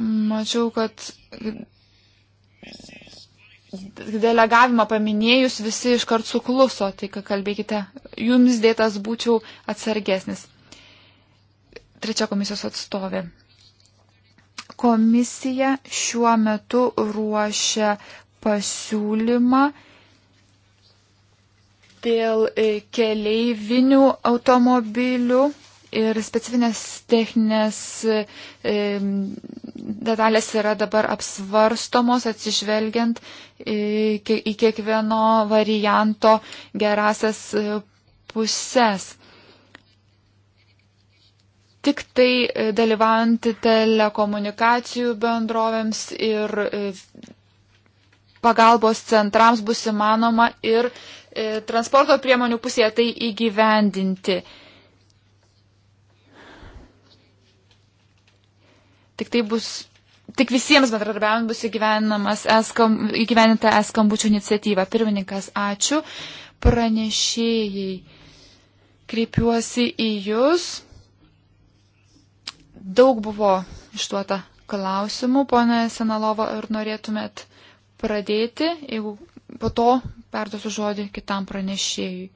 mačiau, kad delegavimą paminėjus visi iškart sukluso, tai ką kalbėkite, jums dėtas būčiau atsargesnis. Trečia komisijos atstovė. Komisija šiuo metu ruošia pasiūlymą dėl e, keleivinių automobilių ir specifinės techninės e, detalės yra dabar apsvarstomos atsižvelgiant į, į kiekvieno varianto gerasias e, puses. Tik tai e, dalyvaujant telekomunikacijų bendrovėms ir e, pagalbos centrams bus įmanoma ir transporto priemonių pusėje tai įgyvendinti. Tik tai bus. Tik visiems bendradarbiavant bus eskam, e įgyveninta eskambučio iniciatyva. Pirmininkas, ačiū. Pranešėjai, kreipiuosi į Jūs. Daug buvo išduota klausimų, ponė Senalova, ar norėtumėt pradėti, jeigu po to perduosiu žodį kitam pranešėjui.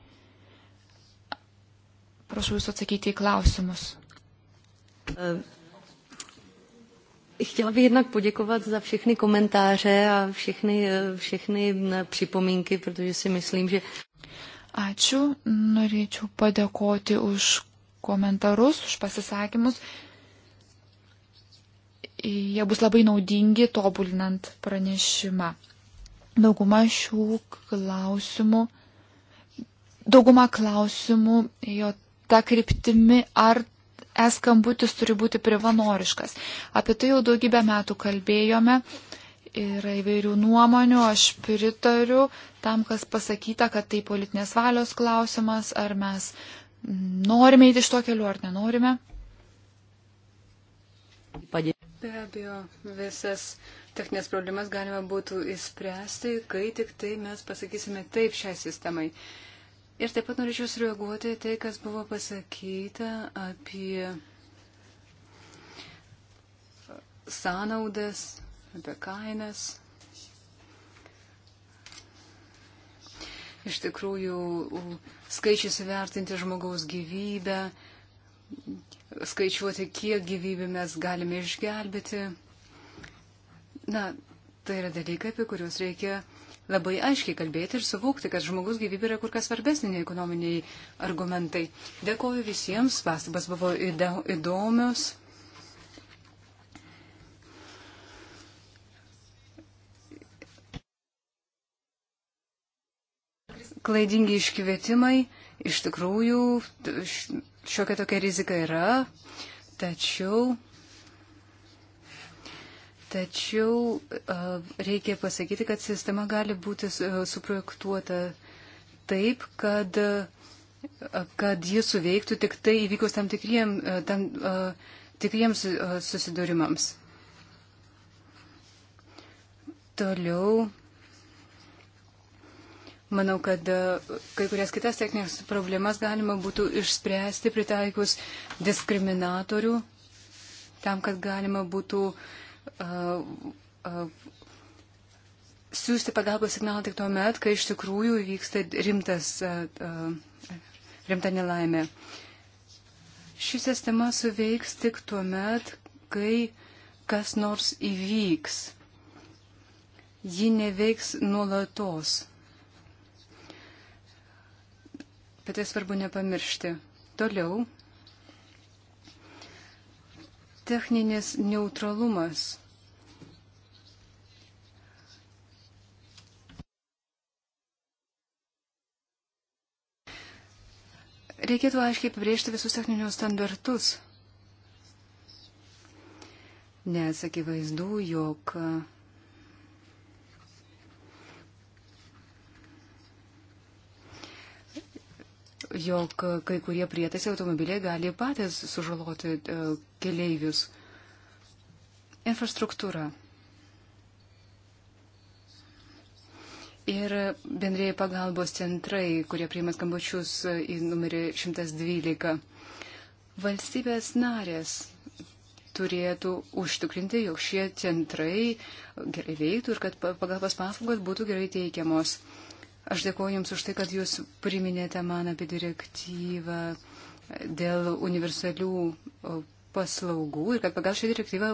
Prašau Jūs atsakyti į klausimus. Uh. Chtěla bych jednak poděkovat za všechny komentáře a všechny, všechny eh, připomínky, protože si myslím, že. Ačiū, norėčiau padėkoti už komentarus, už pasisakymus. Jie bus labai naudingi tobulinant pranešimą. Dauguma šių klausimų, dauguma klausimų jo ta kryptimi, ar eskambutis turi būti privanoriškas. Apie tai jau daugybę metų kalbėjome. Yra įvairių nuomonių, aš pritariu tam, kas pasakyta, kad tai politinės valios klausimas, ar mes norime įti iš to keliu ar nenorime. Be abejo, visas techninės problemas galima būtų įspręsti, kai tik tai mes pasakysime taip šiai sistemai. Uh, Ir taip pat norėčiau sureaguoti tai, kas buvo pasakyta apie sąnaudas, apie kainas. Iš tikrųjų, skaičius įvertinti žmogaus gyvybę, skaičiuoti, kiek gyvybių mes galime išgelbėti. Na, tai yra dalykai, apie kuriuos reikia labai aiškiai kalbėti ir suvokti, kad žmogus gyvybė yra kur kas svarbesnė nei ekonominiai argumentai. Dėkoju visiems, pastabas buvo įdomios. Klaidingi iškvietimai, iš tikrųjų, šiokia tokia rizika yra, tačiau Tačiau reikia pasakyti, kad sistema gali būti suprojektuota taip, kad, kad ji suveiktų tik tai įvykus tam, tikriem, tam tikriems susidūrimams. Toliau. Manau, kad kai kurias kitas techninės problemas galima būtų išspręsti pritaikus diskriminatorių, tam, kad galima būtų uh, siūsti pagalbos signalą tik tuo met, kai iš tikrųjų vyksta rimtas, rimta nelaimė. Ši sistema suveiks tik tuo met, kai kas nors įvyks. Ji neveiks nuolatos. Bet tai svarbu nepamiršti. Toliau techninis neutralumas. Reikėtų aiškiai apibriežti visus techninius standartus, nes akivaizdu, jog jog kai kurie prietaisai automobiliai gali patys sužaloti e, keleivius. Infrastruktūra. Ir bendrėjai pagalbos centrai, kurie priima skambučius į numerį 112. Valstybės narės turėtų užtikrinti, jog šie centrai gerai veiktų ir kad pagalbos paslaugos būtų gerai teikiamos. Aš dėkuoju Jums už tai, kad Jūs priminėte man apie direktyvą dėl universalių paslaugų ir kad pagal šią direktyvą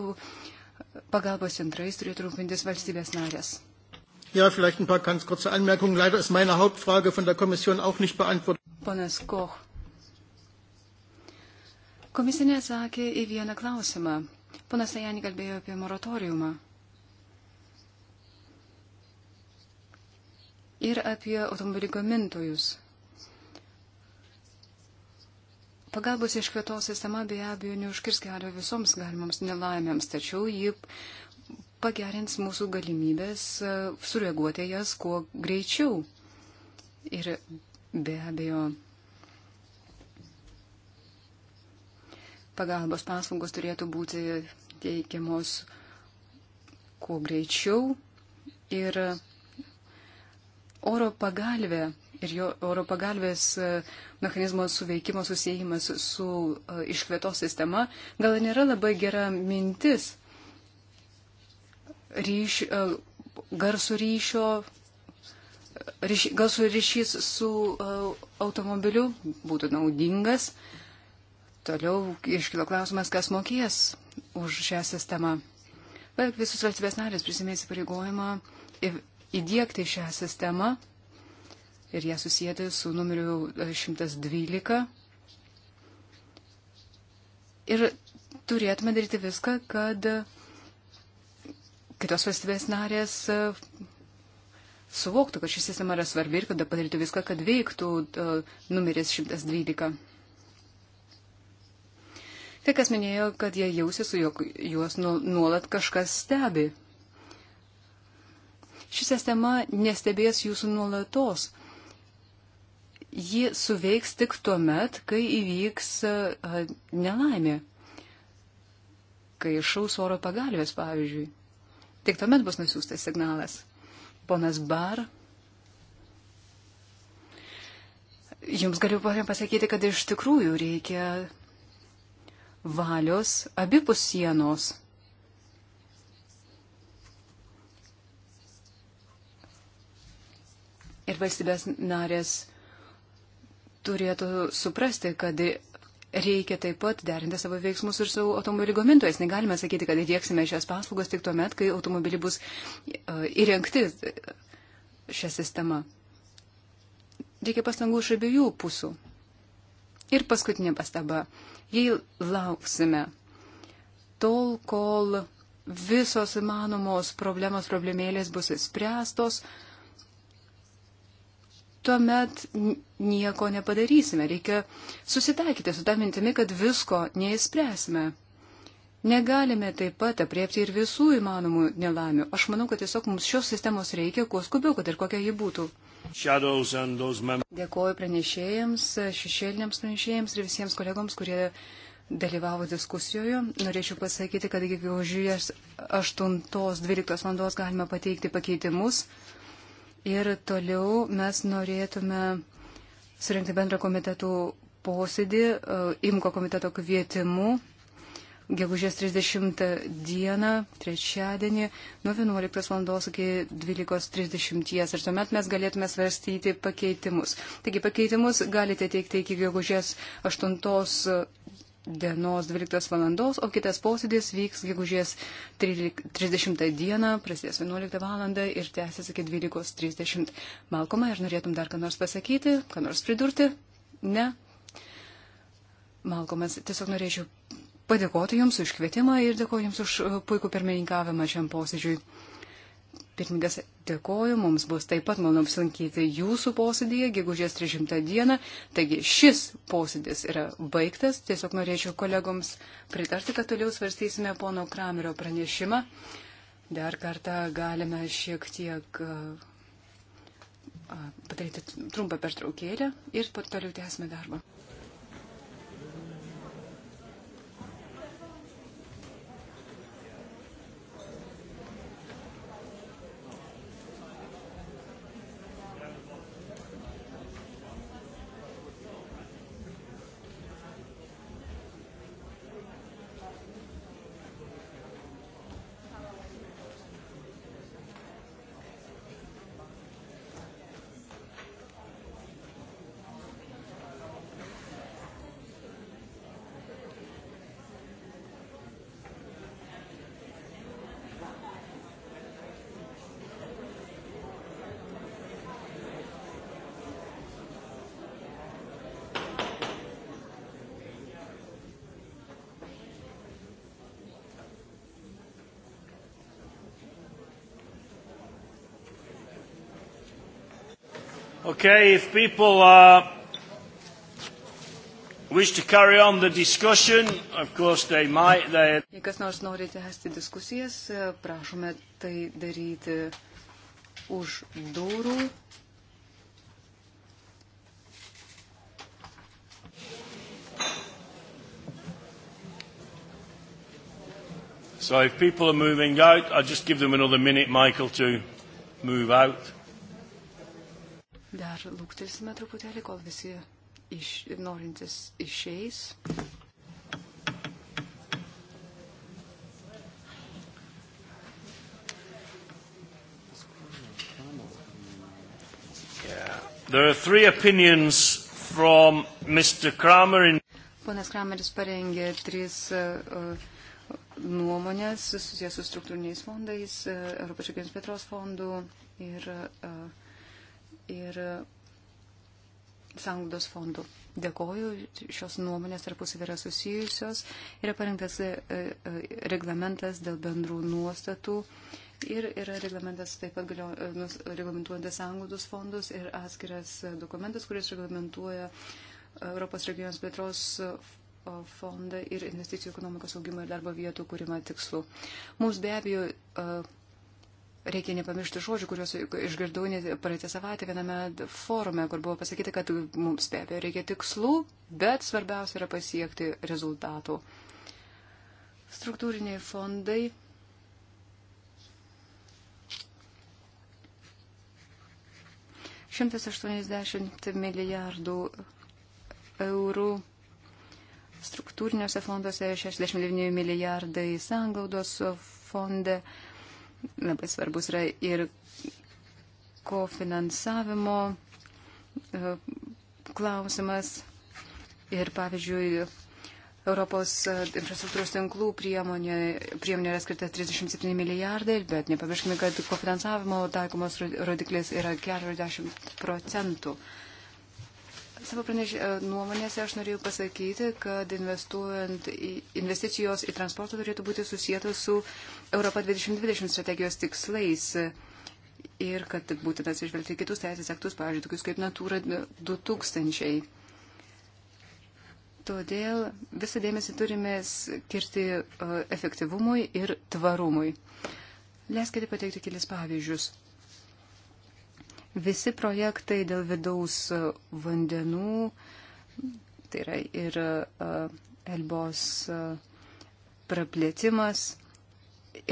pagalbos centrais turėtų rūpintis valstybės narės. Ja, vielleicht ein paar ganz kurze Anmerkungen. Leider ist meine Hauptfrage von der Kommission auch nicht beantwortet. Ponas Koch. Komisija neatsakė į vieną klausimą. Ponas Ajani kalbėjo apie moratoriumą. Ir apie automobilių gamintojus. Pagalbos iš kvietos sistema be abejo neužkirs kelio visoms galimoms nelaimėms, tačiau ji pagerins mūsų galimybės e, sureaguoti jas kuo greičiau. Ir be abejo, pagalbos paslaugos turėtų būti teikiamos kuo greičiau ir oro pagalbė ir jo oro pagalbės e, mechanizmo suveikimo susijimas su e, iškvietos sistema gal nėra labai gera mintis ryš, e, garsų ryšio. Ryš, garsų ryšys su uh, automobiliu būtų naudingas. Toliau iškilo klausimas, kas mokės už šią sistemą. Beveik visus valstybės narės prisimės įpareigojimą įdėkti šią sistemą ir ją susijęti su numeriu 112. E, ir turėtume daryti viską, kad kitos valstybės narės e, suvoktų, kad ši sistema yra svarbi ir kad padarytų viską, kad veiktų e, numeris 112. Tai kas minėjo, kad jie jausi su juos nu-, nuolat kažkas stebi. Ši sistema nestebės jūsų nuolatos ji suveiks tik tuo met, kai įvyks nelaimė, kai išaus oro pagalvės, pavyzdžiui. Tik tuomet bus nusiųstas signalas. Ponas Bar, jums galiu pasakyti, kad iš tikrųjų reikia valios abipus sienos. Ir valstybės narės turėtų suprasti, kad reikia taip pat derinti savo veiksmus ir su automobilių gamintojais. Negalime sakyti, kad įdėksime šias paslaugas tik tuo met, kai automobiliai bus e, įrengti šią sistemą. Reikia pastangų iš abiejų pusių. Ir paskutinė pastaba. Jei lauksime tol, kol visos įmanomos problemos problemėlės bus įspręstos, tuomet nieko nepadarysime. Reikia susitaikyti su tą mintimi, kad visko neįspręsime. Negalime taip pat apriepti ir visų įmanomų nelaimių. Aš manau, kad tiesiog mums šios sistemos reikia kuo skubiau, kad ir kokia ji būtų. Dėkoju pranešėjams, šešėliniams pranešėjams ir visiems kolegoms, kurie dalyvavo diskusijoje. Norėčiau pasakyti, kad iki gegužės 8.12 val. galima pateikti pakeitimus. Ir toliau mes norėtume surinkti bendrą komitetų posėdį e, IMKO komiteto kvietimu gegužės 30 dieną, trečiadienį, nuo 11 val. iki 12.30 ir tuomet mes galėtume svarstyti pakeitimus. Taigi pakeitimus galite teikti iki gegužės 8 dienos 12 valandos, o kitas posėdis vyks gegužės 30 dieną, prasidės 11 valandą ir tęsis iki 12.30. Malkoma, ar norėtum dar ką nors pasakyti, ką nors pridurti? Ne. Malkomas, tiesiog norėčiau padėkoti Jums už kvietimą ir dėkoju Jums už puikų pirmininkavimą šiam posėdžiui. Pirmininkas dėkoju, mums bus taip pat malonu apsilankyti jūsų posėdėje, gegužės 30 dieną. Taigi šis posėdis yra baigtas. Tiesiog norėčiau kolegoms pritarti, kad toliau svarstysime pono Kramerio pranešimą. Dar kartą galime šiek tiek padaryti trumpą pertraukėlę ir toliau tęsime darbą. Okay, if people uh, wish to carry on the discussion, of course they might. They... Jei kas nors nori tęsti diskusijas, prašome tai daryti už durų. So if people are moving out, I'll just give them another minute, Michael, to move out. Dar lūktelsime truputėlį, kol visi iš, norintis išeis. There are three opinions from Mr. Kramer. In Ponas Krameris parengė tris uh, uh, nuomonės susijęs su struktūriniais fondais, uh, Europos Žemės plėtros fondų ir uh, ir sanglaudos fondų. Dėkoju, šios nuomonės tarpusavį yra susijusios, yra parengtas e, e, reglamentas dėl bendrų nuostatų ir yra reglamentas taip pat galio, e, reglamentuojantis sanglaudos fondus ir atskiras dokumentas, kuris reglamentuoja Europos regionos plėtros fondą ir investicijų ekonomikos augimo ir darbo vietų kūrimą tikslu. Mums be abejo Reikia nepamiršti žodžių, kuriuos išgirdau praeitą savaitę viename forume, kur buvo pasakyta, kad mums be abejo reikia tikslų, bet svarbiausia yra pasiekti rezultatų. Struktūriniai fondai. Šimtas aštuoniasdešimt milijardų eurų struktūriniuose fonduose, 69 milijardai sangaudos fonde. Labai svarbus yra ir kofinansavimo e, klausimas ir, pavyzdžiui, Europos e, infrastruktūros tinklų priemonė, priemonė yra skirta 37 milijardai, bet nepamirškime, kad kofinansavimo taikomos rodiklis yra 40 procentų. Uh, Savo praneš, e, nuomonėse aš norėjau pasakyti, kad į, investicijos į transportą turėtų būti susijętos su Europa 2020 strategijos tikslais ir kad būtent atsižvelgti kitus teisės aktus, pavyzdžiui, tokius kaip Natūra 2000. Todėl visą dėmesį turime skirti e, efektyvumui ir tvarumui. Leiskite pateikti kelis pavyzdžius. Visi projektai dėl vidaus vandenų, tai yra ir Elbos praplėtimas,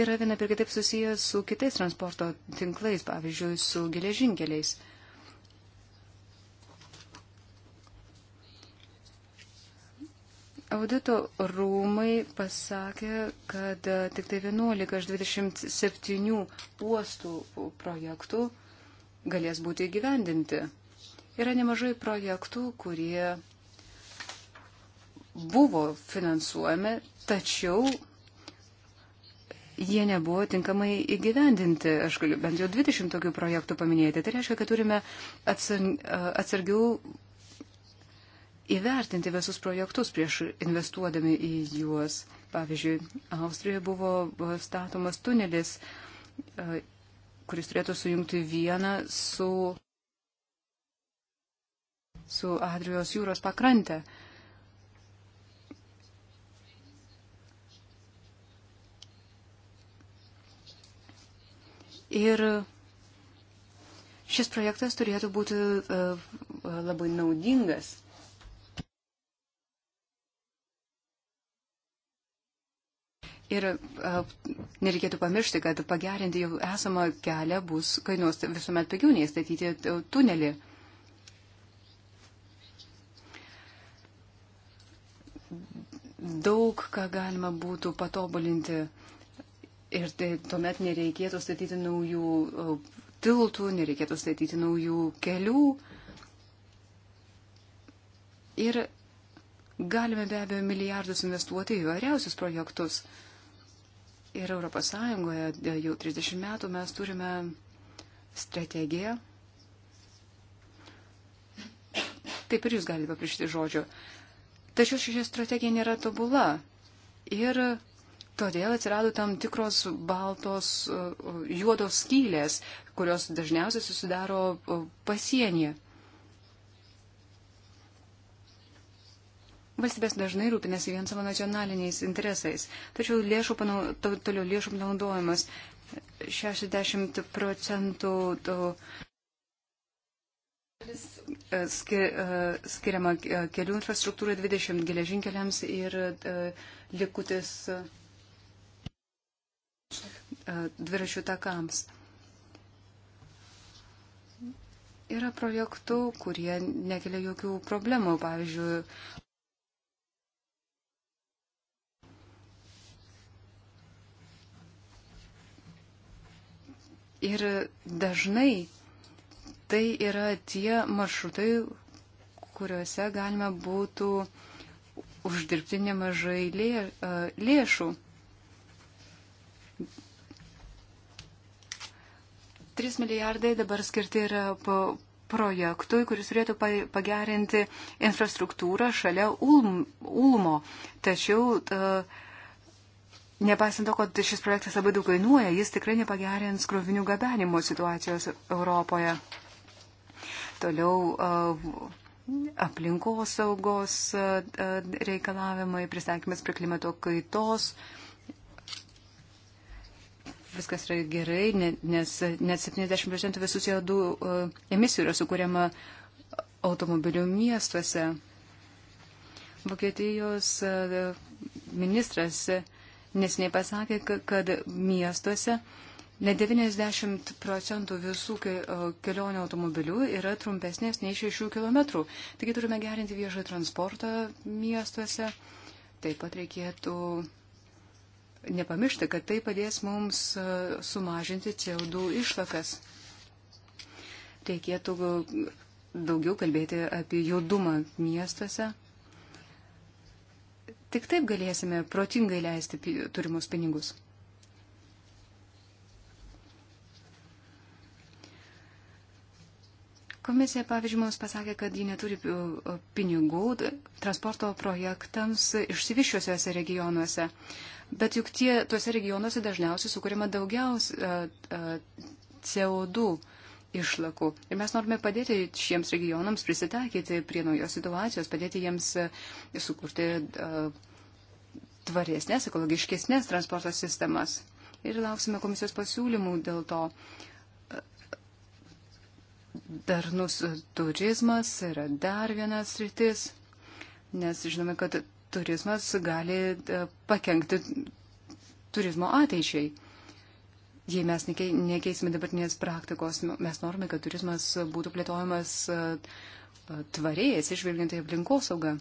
yra viena per kitaip susijęs su kitais transporto tinklais, pavyzdžiui, su geležinkeliais. Audito rūmai pasakė, kad tik tai 11 iš 27 uostų projektų galės būti įgyvendinti. Yra nemažai projektų, kurie buvo finansuojami, tačiau jie nebuvo tinkamai įgyvendinti. Aš galiu bent jau 20 tokių projektų paminėti. Tai reiškia, kad turime atsargiau įvertinti visus projektus prieš investuodami į juos. Pavyzdžiui, Austrijoje buvo statomas tunelis kuris turėtų sujungti vieną su, su Adrijos jūros pakrantę. Ir šis projektas turėtų būti uh, labai naudingas Ir a, nereikėtų pamiršti, kad pagerinti jau esamą kelią bus kainuos visuomet pigiau nei statyti tunelį. Daug ką galima būtų patobulinti ir tai tuomet nereikėtų statyti naujų tiltų, nereikėtų statyti naujų kelių. Ir galime be abejo milijardus investuoti į vairiausius projektus. Ir Europos Sąjungoje jau 30 metų mes turime strategiją. Taip ir jūs galite paprašyti žodžio. Tačiau ši strategija nėra tobula. Ir todėl atsirado tam tikros baltos, juodos skylės, kurios dažniausiai susidaro pasienyje. Valstybės dažnai rūpinasi vien savo nacionaliniais interesais, tačiau lėšų panau, to, toliau lėšų panaudojimas 60 procentų to, e, skir, e, skiriama e, kelių infrastruktūrai, 20 geležinkeliams ir likutis dviračių takams yra projektų, kurie nekelia jokių problemų. Pavyzdžiui, Ir dažnai tai yra tie maršrutai, kuriuose galima būtų uždirbti nemažai lė, e, lėšų. 3 milijardai dabar skirti yra projektui, kuris turėtų pagerinti infrastruktūrą šalia Ulm, Ulmo. Tačiau uh, Nepaisant to, kad šis projektas labai daug kainuoja, jis tikrai nepagerins krovinių gabenimo situacijos Europoje. Toliau aplinkos saugos reikalavimai, pristatymas prie klimato kaitos. Viskas yra gerai, nes net 70 procentų visų CO2 emisijų yra sukūriama automobilių miestuose. Vokietijos ministras nes nepasakė, kad miestuose ne 90 procentų visų kelionių automobilių yra trumpesnės nei 6 km. Taigi turime gerinti viešą transportą miestuose. Taip pat reikėtų nepamiršti, kad tai padės mums sumažinti CO2 išlakas. Reikėtų daugiau kalbėti apie judumą miestuose. Tik taip galėsime protingai leisti turimus pinigus. Komisija, pavyzdžiui, mums pasakė, kad ji neturi pinigų transporto projektams išsivyščiuosiuose regionuose. Bet juk tie, tuose regionuose dažniausiai sukuriama daugiausia CO2. Uh, uh, išlakų. Ir mes norime padėti šiems regionams prisitaikyti prie naujos situacijos, padėti jiems e, sukurti e, tvaresnės, ekologiškesnės transporto sistemas. Ir lauksime komisijos pasiūlymų dėl to. Darnus turizmas yra dar vienas rytis, nes žinome, kad turizmas gali e, pakengti turizmo ateičiai jei mes nekeisime dabartinės praktikos, mes norime, kad turizmas būtų plėtojamas tvariai, atsižvelgiant į aplinkosaugą.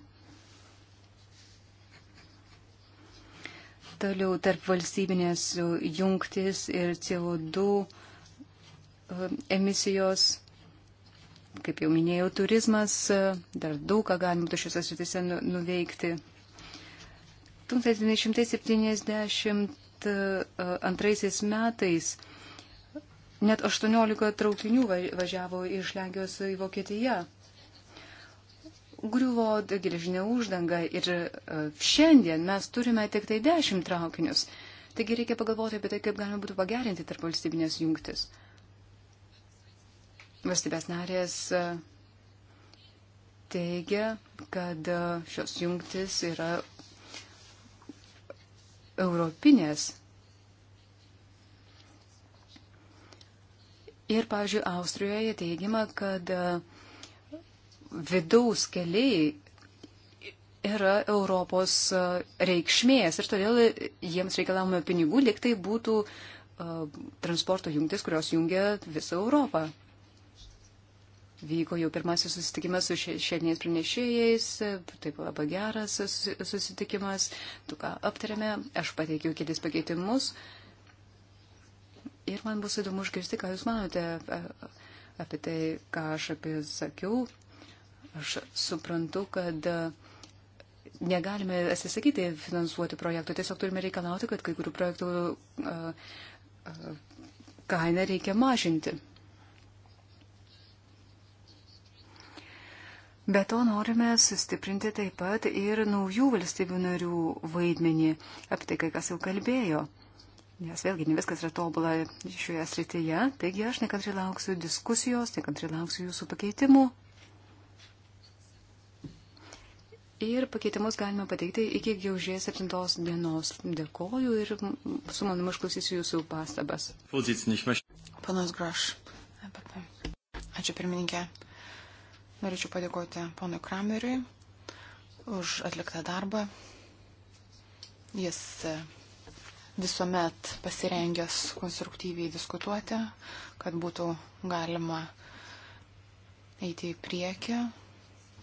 Toliau tarp valstybinės jungtis ir CO2 emisijos. Kaip jau minėjau, turizmas, dar daug ką galima būtų šiuose srityse nu-, nuveikti. 1970 E, antraisiais metais net 18 traukinių važiavo iš Lenkijos į Vokietiją. Griuvo geležinė uždanga ir e, šiandien mes turime tik tai 10 traukinius. Taigi reikia pagalvoti apie tai, kaip galima būtų pagerinti tarp valstybinės jungtis. Valstybės narės e, teigia, kad šios jungtis yra europinės. Ir, pavyzdžiui, Austrijoje teigiama, kad e, vidaus keliai yra Europos e, reikšmės ir todėl jiems reikalavome pinigų, liktai būtų e, transporto jungtis, kurios jungia visą Europą. Vyko jau pirmasis susitikimas su šiandieniais pranešėjais, tai buvo labai geras susitikimas, tu ką aptarėme, aš pateikiau kėdės pakeitimus ir man bus įdomu išgirsti, ką Jūs manote apie tai, ką aš apie tai sakiau. Aš suprantu, kad negalime atsisakyti finansuoti projektų, tiesiog turime reikalauti, kad kai kurių projektų kaina reikia mažinti. Be to norime sustiprinti taip pat ir naujų valstybių narių vaidmenį, apie tai kai kas jau kalbėjo. Nes vėlgi ne viskas yra tobula šioje srityje, taigi aš nekantri lauksiu diskusijos, nekantri lauksiu jūsų pakeitimų. Ir pakeitimus galime pateikti iki gegužės 7 dienos. Dėkoju ir su manimi išklausysiu jūsų pastabas. Panas Graš. Ačiū pirmininkė. Norėčiau padėkoti ponui Krameriui už atliktą darbą. Jis visuomet pasirengęs konstruktyviai diskutuoti, kad būtų galima eiti į priekį.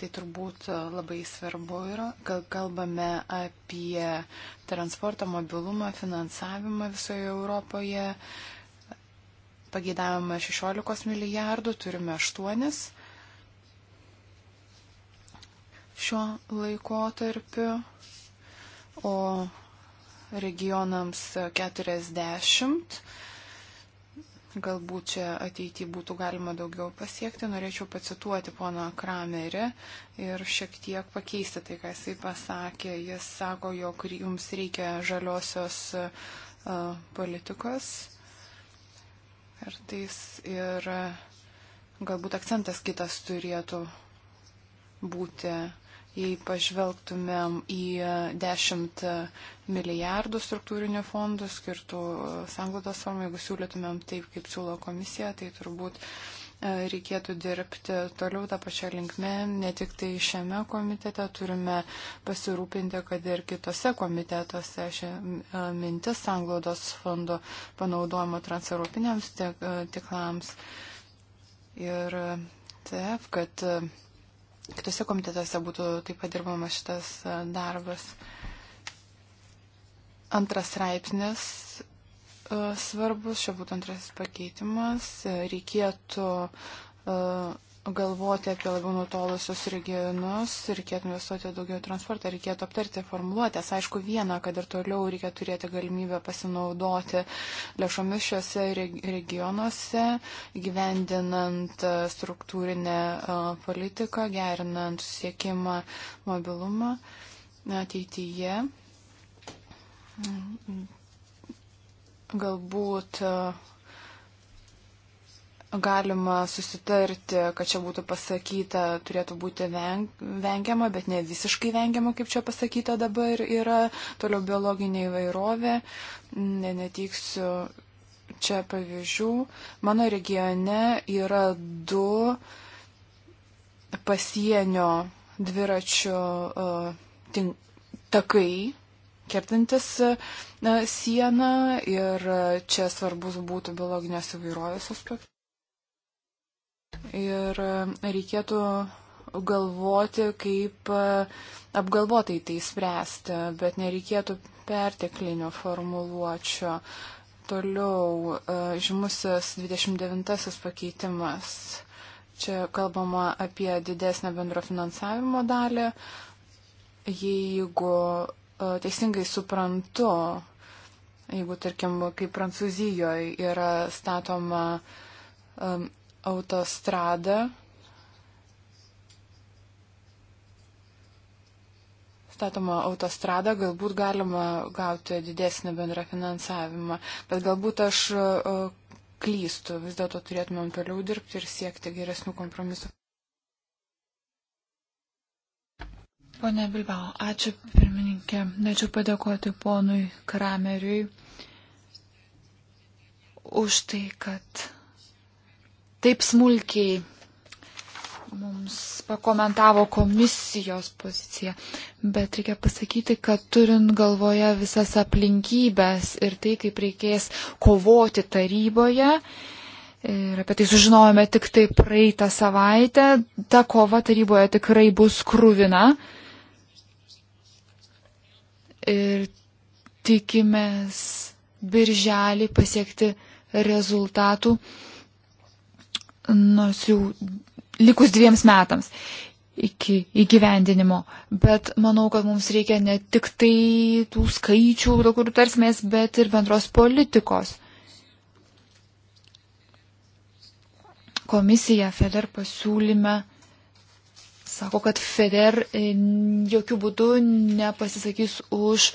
Tai turbūt labai svarbu yra, kad kalbame apie transporto mobilumą, finansavimą visoje Europoje. Pageidavome 16 milijardų, turime 8 šiuo laikotarpiu, o regionams 40. Galbūt čia ateityje būtų galima daugiau pasiekti. Norėčiau pacituoti poną Kramerį ir šiek tiek pakeisti tai, ką jisai pasakė. Jis sako, jog jums reikia žaliosios uh, politikos. Ir tais ir galbūt akcentas kitas turėtų būti uh, Jei pažvelgtumėm į 10 milijardų struktūrinių fondų skirtų e, sanglados formai, jeigu siūlytumėm taip, kaip siūlo komisija, tai turbūt e, reikėtų dirbti toliau tą pačią linkmę. Ne tik tai šiame komitete turime pasirūpinti, kad ir kitose komitetuose ši e, mintis sanglodos fondo panaudojimo transeuropiniams tiklams. Ir TF, kad kitose komitetuose būtų taip pat dirbamas šitas e, darbas. Antras straipsnis e, svarbus, čia būtų antras pakeitimas, e, reikėtų galvoti apie labiau nutolusius regionus, reikėtų investuoti daugiau transportą, reikėtų aptarti formuluotės. Aišku, viena, kad ir toliau reikia turėti galimybę pasinaudoti lėšomis šiuose regionuose, gyvendinant e, struktūrinę e, politiką, gerinant susiekimą mobilumą ateityje. Mm, mm. Galbūt uh, galima susitarti, kad čia būtų pasakyta, turėtų būti vengiama, bet ne visiškai vengiama, kaip čia pasakyta dabar yra, toliau biologinė įvairovė, ne, neteiksiu čia pavyzdžių. Mano regione yra du pasienio dviračių uh, takai, kertantis e, sieną ir e, čia svarbus būtų biologinės įvairovės aspektas. Ir e, reikėtų galvoti, kaip e, apgalvotai tai spręsti, bet nereikėtų perteklinio formuluočio. Toliau e, žymusis 29 pakeitimas. Čia kalbama apie didesnę bendro finansavimo dalį. Jeigu teisingai suprantu, jeigu tarkim, kaip Prancūzijoje yra statoma autostradą statoma autostrada, galbūt galima gauti didesnį bendrą finansavimą, bet galbūt aš e, klystu, vis dėlto turėtumėm toliau dirbti ir siekti geresnių kompromisų. Pone Bilbao, ačiū pirmininkė. Norėčiau padėkoti ponui Krameriui už tai, kad taip smulkiai mums pakomentavo komisijos poziciją, bet reikia pasakyti, kad turint galvoje visas aplinkybės ir tai, kaip reikės kovoti taryboje, ir apie tai sužinojome tik tai praeitą savaitę, ta kova taryboje tikrai bus krūvina. Ir tikimės birželį pasiekti rezultatų nors jau likus dviems metams iki įgyvendinimo. Bet manau, kad mums reikia ne tik tai tų skaičių, dėl kurių tarsimės, bet ir bendros politikos. Komisija Feder pasiūlyme sako, kad Feder e, jokių būdų nepasisakys už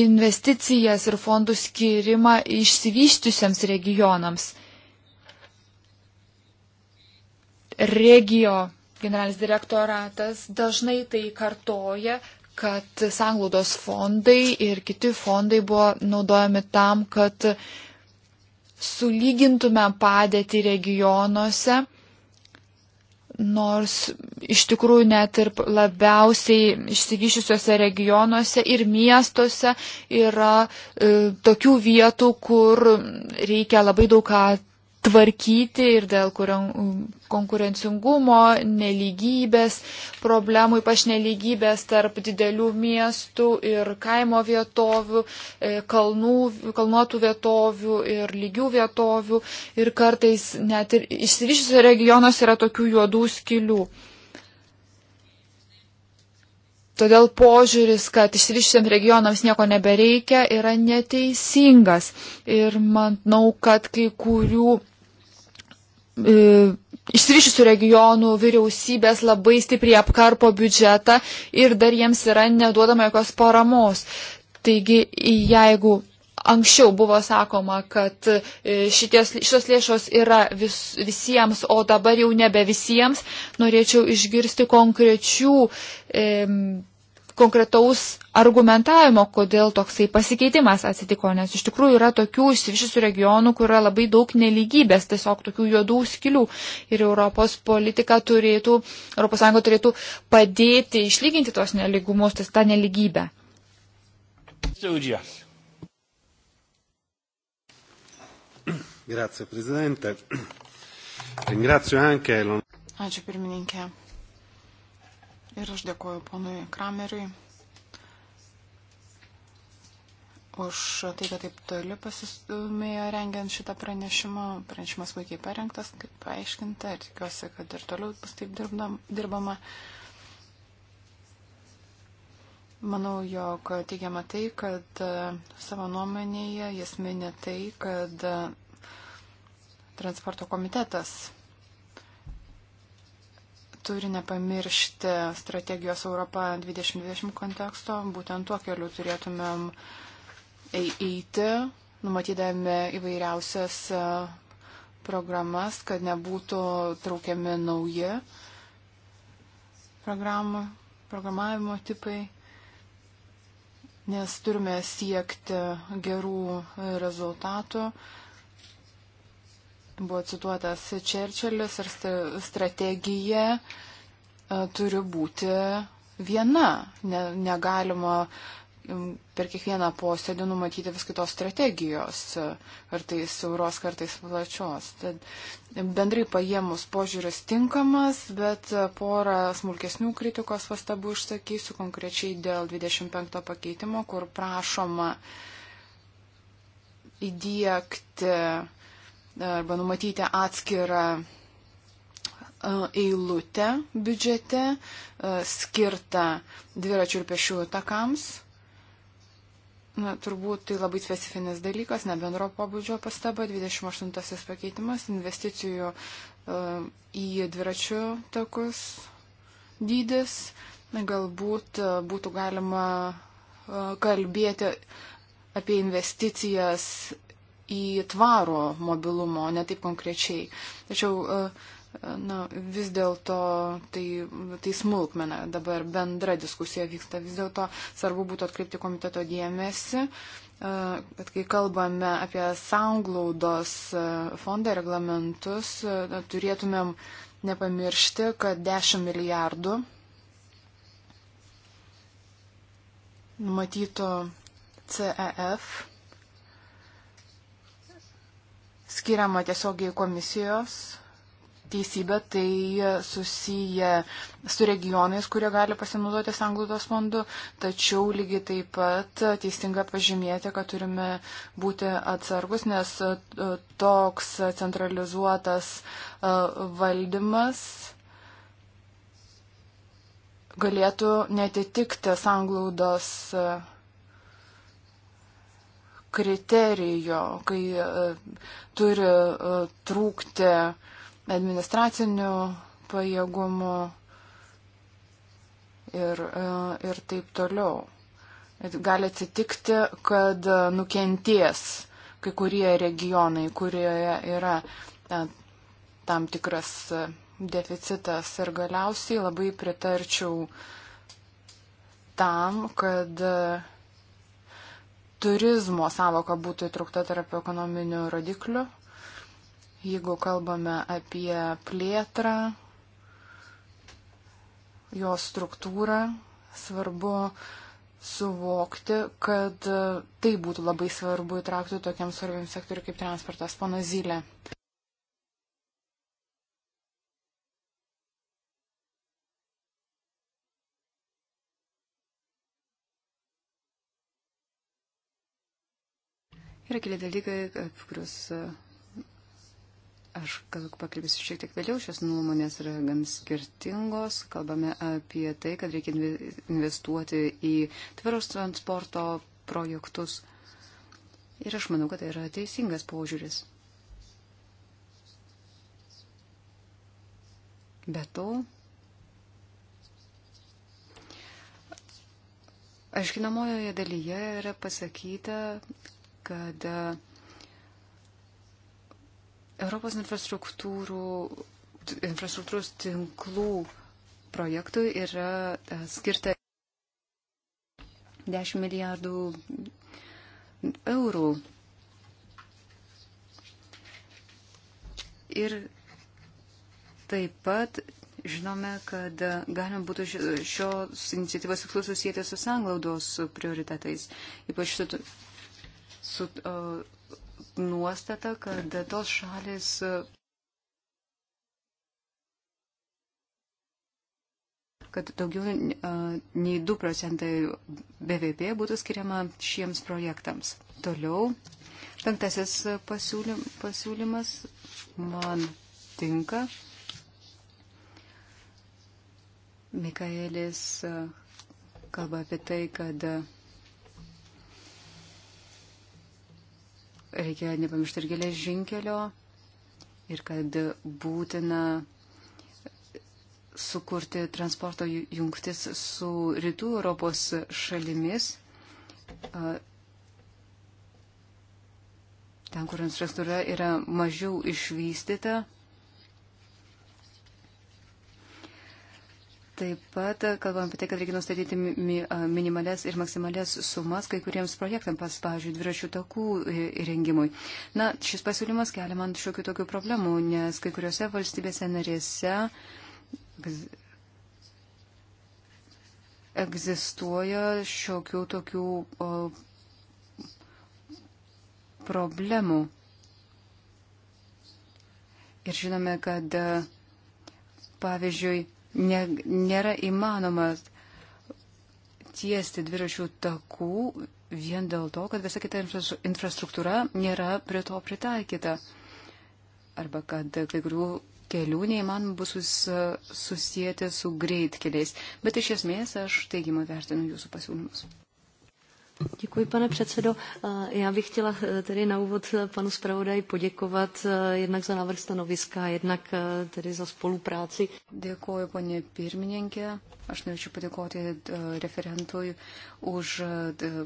investicijas ir fondų skirimą išsivyščiusiems regionams. regio generalinis direktoratas dažnai tai kartoja, kad sanglaudos fondai ir kiti fondai buvo naudojami tam, kad sulygintume padėtį regionuose, nors iš tikrųjų net ir labiausiai išsigišiusiuose regionuose ir miestuose yra e, tokių vietų, kur reikia labai daug ką tvarkyti ir dėl mm, konkurencingumo, neligybės, problemų ypač neligybės tarp didelių miestų ir kaimo vietovių, e, kalnų, kalnuotų vietovių ir lygių vietovių ir kartais net ir išsivyščiusios regionos yra tokių juodų skilių. Todėl požiūris, kad išsivyščiams regionams nieko nebereikia, yra neteisingas. Ir manau, kad kai kurių E, išsivyšusių regionų vyriausybės labai stipriai apkarpo biudžetą ir dar jiems yra neduodama jokios paramos. Taigi, jeigu anksčiau buvo sakoma, kad e, šities, šios lėšos yra vis, visiems, o dabar jau nebe visiems, norėčiau išgirsti konkrečių. E, konkretaus argumentavimo, kodėl toksai pasikeitimas atsitiko, nes iš tikrųjų yra tokių išsivyšusių regionų, kur yra labai daug neligybės, tiesiog tokių juodų skilių ir Europos politika turėtų, ES turėtų padėti išlyginti tos neligumus, tas tą neligybę. Saudžias. Grazie, prezidente. Ringrazio anche. Ačiū pirmininkė. Ir aš dėkoju ponui Krameriui už tai, kad taip toli pasistumėjo rengiant šitą pranešimą. Pranešimas puikiai parengtas, kaip paaiškinta, ir tikiuosi, kad ir toliau bus taip dirbdam, dirbama. Manau, jog teigiama tai, kad e, savo nuomenėje jis minė tai, kad e, transporto komitetas turi nepamiršti strategijos Europa 2020 konteksto. Būtent tuo keliu turėtumėm eiti, numatydami įvairiausias e, programas, kad nebūtų traukiami nauji programų, programavimo tipai, nes turime siekti gerų rezultatų Buvo cituotas Čerčilis ir strategija e, turi būti viena. Ne, negalima per kiekvieną posėdį numatyti vis kitos strategijos, e, kartais siauros, kartais plačios. Tad bendrai paėmus požiūris tinkamas, bet porą smulkesnių kritikos pastabų išsakysiu konkrečiai dėl 25 pakeitimo, kur prašoma įdėkti arba numatyti atskirą e, eilutę biudžete e, skirtą dviračių ir pešiųjų takams. Na, turbūt tai labai specifinis dalykas, ne bendro pobūdžio pastaba, 28 pakeitimas, investicijų uh, į dviračių takus dydis, na, galbūt uh, būtų galima uh, kalbėti apie investicijas į tvaro mobilumo, ne taip konkrečiai. Tačiau e, e, na, vis dėlto tai, tai smulkmena dabar bendra diskusija vyksta. Vis dėlto svarbu būtų atkreipti komiteto dėmesį, e, kad kai kalbame apie sanglaudos fondą reglamentus, turėtumėm nepamiršti, kad 10 milijardų numatyto CEF skiriama tiesiogiai komisijos. Teisybė tai susiję su regionais, kurie gali pasinaudoti sanglaudos fondu, tačiau lygiai taip pat teisinga pažymėti, kad turime būti atsargus, nes e, toks centralizuotas e, valdymas galėtų netitikti sanglaudos e, kriterijo, kai e, turi e, trūkti administracinių pajėgumų ir, e, ir taip toliau. Gali atsitikti, kad nukenties kai kurie regionai, kurioje yra tam tikras deficitas ir galiausiai labai pritarčiau tam, kad uh, turizmo savoka būtų įtraukta tarp ekonominių rodiklių. Jeigu kalbame apie plėtrą, jos struktūrą, svarbu suvokti, kad tai būtų labai svarbu įtraukti tokiam svarbiam sektoriu kaip transportas. Pana Zylė. Yra keli dalykai, kuriuos e, aš gal pakalbėsiu šiek tiek vėliau. Šios nuomonės yra gan skirtingos. Kalbame apie tai, kad reikia investuoti į tvaros transporto projektus. Ir aš manau, kad tai yra teisingas požiūris. Be to, aiškinamojoje dalyje yra pasakyta, kad e, Europos infrastruktūros tinklų projektui yra e, skirta 10 milijardų eurų. Ir taip pat žinome, kad galima būtų šios iniciatyvos tikslus susijęti su sanglaudos prioritetais, ypač su su uh, nuostata, kad tos šalis. kad daugiau uh, nei 2 procentai BVP būtų skiriama šiems projektams. Toliau, penktasis pasiūlym, pasiūlymas man tinka. Mikaelis kalba apie tai, kad uh, reikia nepamiršti ir geležinkelio ir kad būtina sukurti transporto jungtis su rytų Europos šalimis, ten, kur infrastruktūra yra mažiau išvystyta. Taip pat kalbam apie tai, kad reikia nustatyti minimales ir maksimales sumas kai kuriems projektams, pavyzdžiui, dviračių takų įrengimui. Na, šis pasiūlymas kelia man šiokių tokių problemų, nes kai kuriuose valstybėse narėse egzistuoja šiokių tokių o, problemų. Ir žinome, kad pavyzdžiui, ne, nėra įmanomas tiesti dviračių takų vien dėl to, kad visa kita infrastruktūra nėra prie to pritaikyta. Arba kad kai kurių kelių neįmanoma bus sus, susijęti su greitkeliais. Bet iš esmės aš teigiamai vertinu jūsų pasiūlymus. Děkuji, pane předsedo. Eh, já bych chtěla eh, tedy na úvod eh, panu zpravodaji poděkovat jednak za návrh stanoviska, jednak tedy za spolupráci. Dėkuoju, ponė pirmininkė. Aš norėčiau padėkoti referentui už e,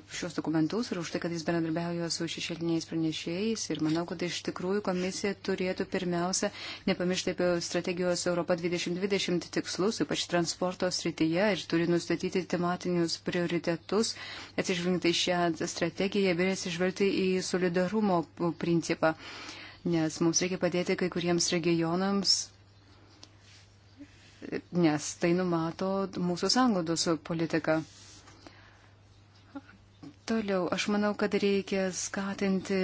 šios dokumentus ir už tai, kad jis bendradarbiauja su šešėliniais pranešėjais. Ir manau, kad iš tikrųjų komisija turėtų pirmiausia nepamiršti apie strategijos Europa 2020 tikslus, ypač transporto srityje, ir turi nustatyti tematinius prioritetus, atsižvelgti į šią strategiją ir atsižvelgti į solidarumo principą. Nes mums reikia padėti kai kuriems regionams nes tai numato mūsų sąnaudos politika. Toliau, aš manau, kad reikia skatinti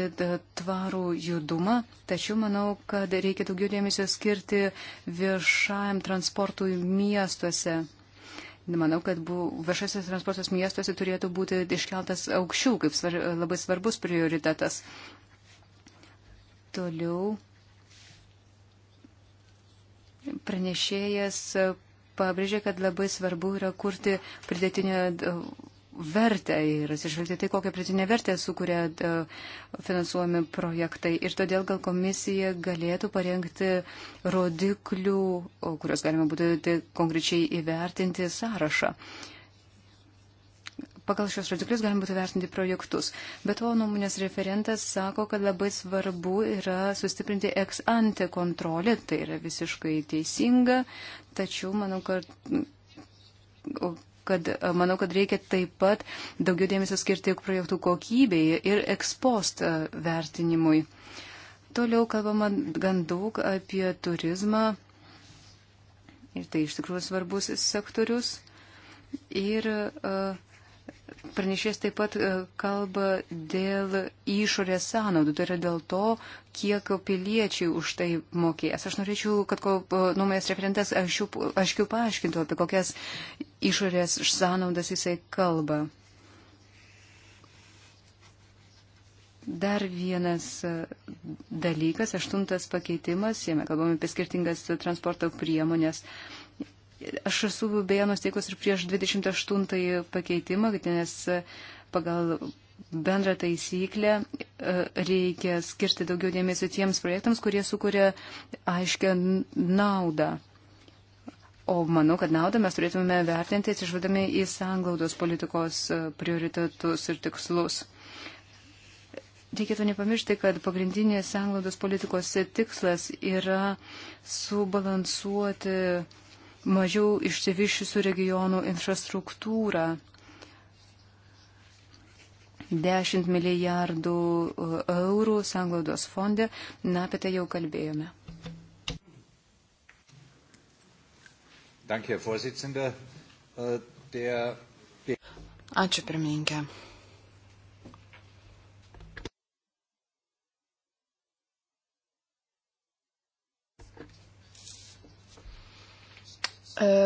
tvarų judumą, tačiau manau, kad reikia daugiau dėmesio skirti viešajam transportui miestuose. Manau, kad bu, viešasis transportas miestuose turėtų būti iškeltas aukščiau, kaip svar, labai svarbus prioritetas. Toliau pranešėjas pabrėžė, kad labai svarbu yra kurti pridėtinę vertę ir atsižvelgti tai, kokią pritinę vertę sukuria e, finansuojami projektai. Ir todėl gal komisija galėtų parengti rodiklių, kurios galima būtų tai, konkrečiai įvertinti sąrašą. Pagal šios rodiklius galima būtų vertinti projektus. Bet to nuomonės referentas sako, kad labai svarbu yra sustiprinti ex ante kontrolę. Tai yra visiškai teisinga. Tačiau manau, kad kad e, manau, kad reikia taip pat daugiau dėmesio skirti projektų kokybei ir ekspost e, vertinimui. Toliau kalbama gan daug apie turizmą ir tai iš tikrųjų svarbus sektorius. Ir uh, Pranešės taip pat e, kalba dėl išorės sąnaudų, tai yra dėl to, kiek piliečiai už tai mokės. Aš norėčiau, kad e, nuomonės referentas aiškiau paaiškintų, apie kokias išorės sąnaudas jisai kalba. Dar vienas e, dalykas, aštuntas pakeitimas, jame kalbame apie skirtingas transporto priemonės. Uh, Aš esu beje nusteikus ir prieš 28 pakeitimą, nes pagal bendrą taisyklę e, reikia skirti daugiau dėmesio tiems projektams, kurie sukuria aiškę naudą. O manau, kad naudą mes turėtume vertinti atsižvedami į sanglaudos politikos e, prioritetus ir tikslus. Reikėtų nepamiršti, kad pagrindinės sanglaudos politikos tikslas yra subalansuoti mažiau išsivyščiusių regionų infrastruktūrą. 10 milijardų e, eurų sanglaudos fonde, na apie tai jau kalbėjome. Danke, Herr Vorsitzender. Äh, der Ačiū pirmininkė.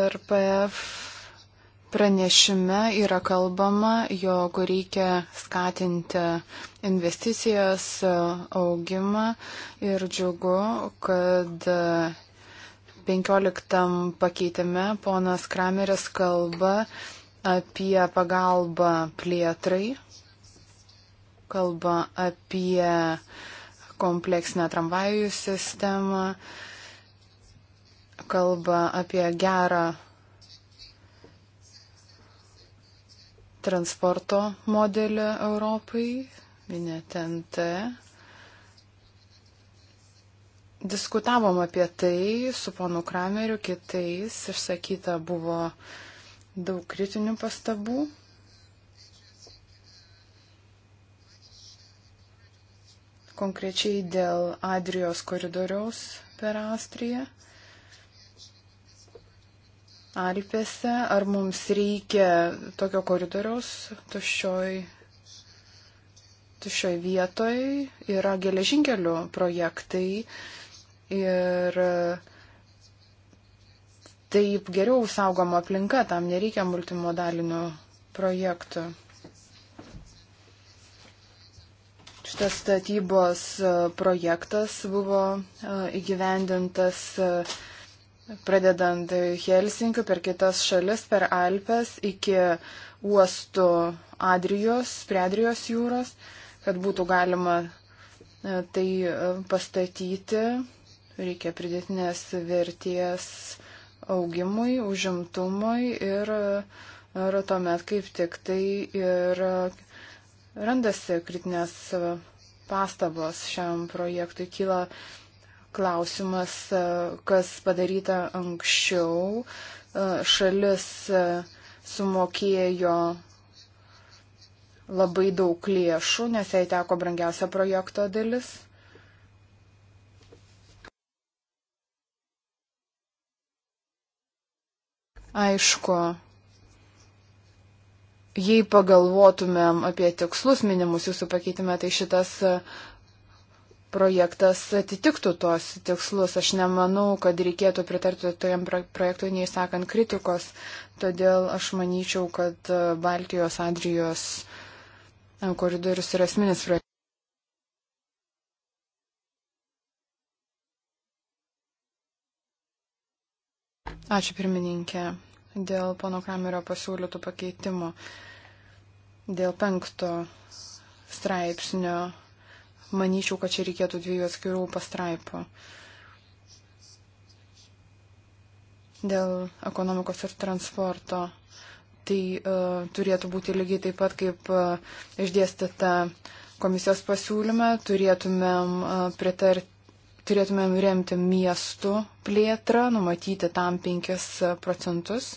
RPF pranešime yra kalbama, jog reikia skatinti investicijas, augimą ir džiugu, kad 15 pakeitime ponas Krameris kalba apie pagalbą plėtrai, kalba apie kompleksinę tramvajų sistemą, kalba apie gerą transporto modelį Europai, minėte NT. Diskutavom apie tai su ponu Krameriu, kitais išsakyta buvo daug kritinių pastabų. Konkrečiai dėl Adrijos koridoriaus per Austriją. Alpėse, ar mums reikia tokio koridoriaus tuščioj, tuščioj vietoj, yra geležinkelių projektai ir taip geriau saugoma aplinka, tam nereikia multimodalinio projektų. Šitas statybos projektas buvo e, įgyvendintas uh, pradedant Helsinkiu per kitas šalis, per Alpes iki uostų Adrijos, prie Adrijos jūros, kad būtų galima e, tai e, pastatyti, reikia pridėtinės verties augimui, užimtumui ir, e, ir tuomet kaip tik tai ir randasi kritinės pastabos šiam projektui, kyla klausimas, e, kas padaryta anksčiau. E, šalis e, sumokėjo labai daug lėšų, nes jai teko brangiausia projekto dalis. Aišku, jei pagalvotumėm apie tikslus minimus jūsų pakeitime, tai šitas projektas atitiktų tuos tikslus. Aš nemanau, kad reikėtų pritarti tojam projektui, neįsakant kritikos. Todėl aš manyčiau, kad e, Baltijos Adrijos e, koridorius yra esminis projektas. Ačiū pirmininkė dėl pono Kramerio pasiūlytų pakeitimų. Dėl penkto straipsnio manyčiau, kad čia reikėtų dviejų atskirų pastraipų. Dėl ekonomikos ir transporto. Tai uh, turėtų būti lygiai taip pat, kaip uh, išdėstyta komisijos pasiūlyme, turėtumėm uh, e, pritarti turėtumėm remti miestų plėtrą, numatyti tam 5 procentus.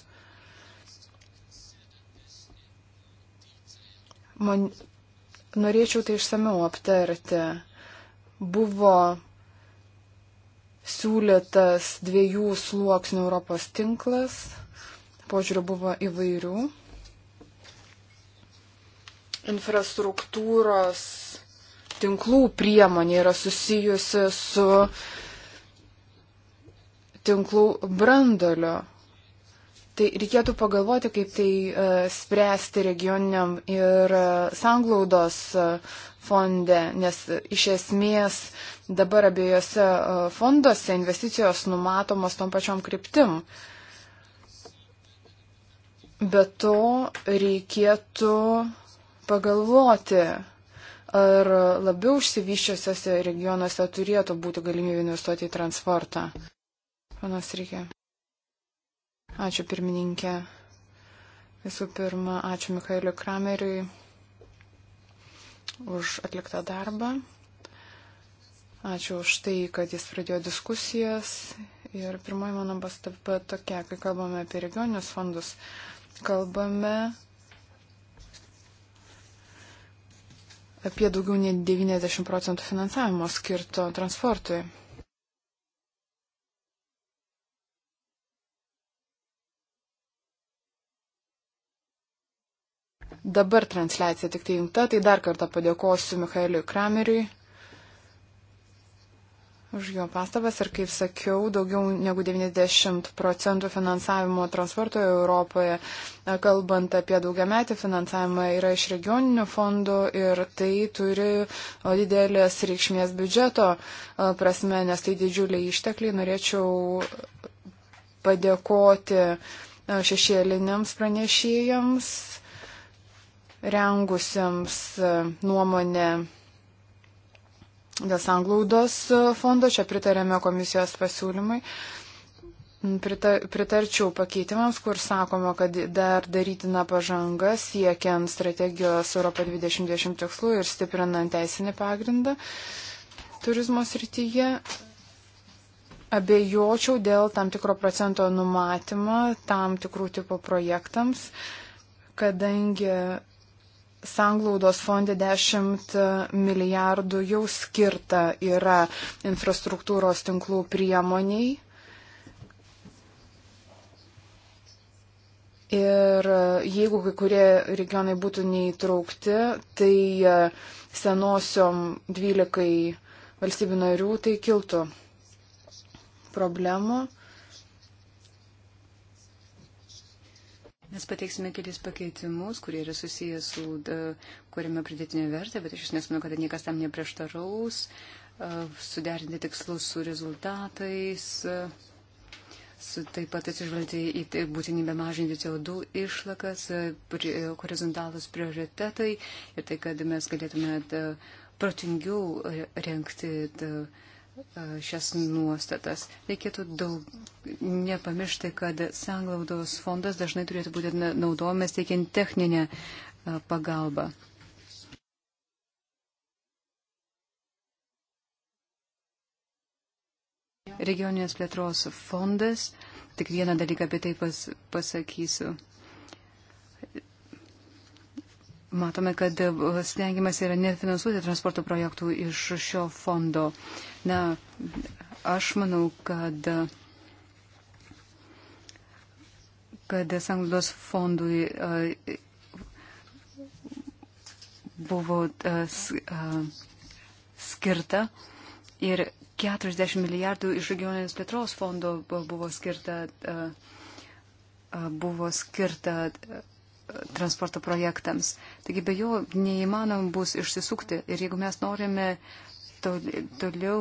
Man, norėčiau tai išsameu aptarti. Buvo siūlytas dviejų sluoksnių Europos tinklas, požiūrių buvo įvairių. Infrastruktūros tinklų priemonė yra susijusi su tinklų brandolio Tai reikėtų pagalvoti, kaip tai uh, spręsti regioniniam ir uh, sanglaudos uh, fonde, nes iš esmės dabar abiejose uh, fonduose investicijos numatomos tom pačiom kryptim. Be to reikėtų pagalvoti, ar labiau užsivyščiosiuose regionuose turėtų būti galimybė investuoti į transportą. Panas reikia. Ačiū pirmininkė. Visų pirma, ačiū Mikaeliu Krameriui už atliktą darbą. Ačiū už tai, kad jis pradėjo diskusijas. Ir pirmoji mano pastaba tokia, kai kalbame apie regioninius fondus, kalbame apie daugiau nei 90 procentų finansavimo skirto transportui. Dabar transliacija tik tai jungta, tai dar kartą padėkosiu Michaeliui Krameriui už jo pastabas ir, kaip sakiau, daugiau negu 90 procentų finansavimo transporto Europoje, e, kalbant apie daugiametį finansavimą, yra iš regioninių fondų ir tai turi didelės reikšmės biudžeto e, prasme, nes tai didžiuliai ištekliai. Norėčiau padėkoti e, šešėliniams pranešėjams rengusiams e, nuomonę dėl sanglaudos e, fondo. Čia pritarėme komisijos pasiūlymui. Mm, pritarčiau pakeitimams, kur sakoma, kad dar darytina pažanga siekiant strategijos Europą 2020 tikslų ir stiprinant teisinį pagrindą turizmo srityje. Abejočiau dėl tam tikro procento numatymą tam tikrų tipų projektams, kadangi Sanglaudos fonde 10 milijardų jau skirta yra infrastruktūros tinklų priemoniai. Ir jeigu kai kurie regionai būtų neįtraukti, tai e, senosiom 12 valstybių narių tai kiltų problemų. Mes pateiksime kelis pakeitimus, kurie yra susijęs su kūrime pridėtinė vertė, bet aš jūs nesmanau, kad niekas tam neprieštaraus, suderinti tikslus su rezultatais, su, taip pat atsižvelgti į tai, būtinybę mažinti CO2 išlakas, horizontalus prioritetai ir tai, kad mes galėtume protingiau renkti. Da, šias nuostatas. Reikėtų daug nepamiršti, kad sanglaudos fondas dažnai turėtų būti naudojamas teikiant techninę pagalbą. Regioninės plėtros fondas, tik vieną dalyką apie tai pas, pasakysiu. Matome, kad e, stengiamas yra nefinansuoti transporto projektų iš šio fondo. Na, aš manau, kad, kad sanglaudos fondui e, buvo e, skirta ir 40 milijardų iš regioninės plėtros fondo buvo skirta, buvo skirta transporto projektams. Taigi be jo neįmanom bus išsisukti. Ir jeigu mes norime toliau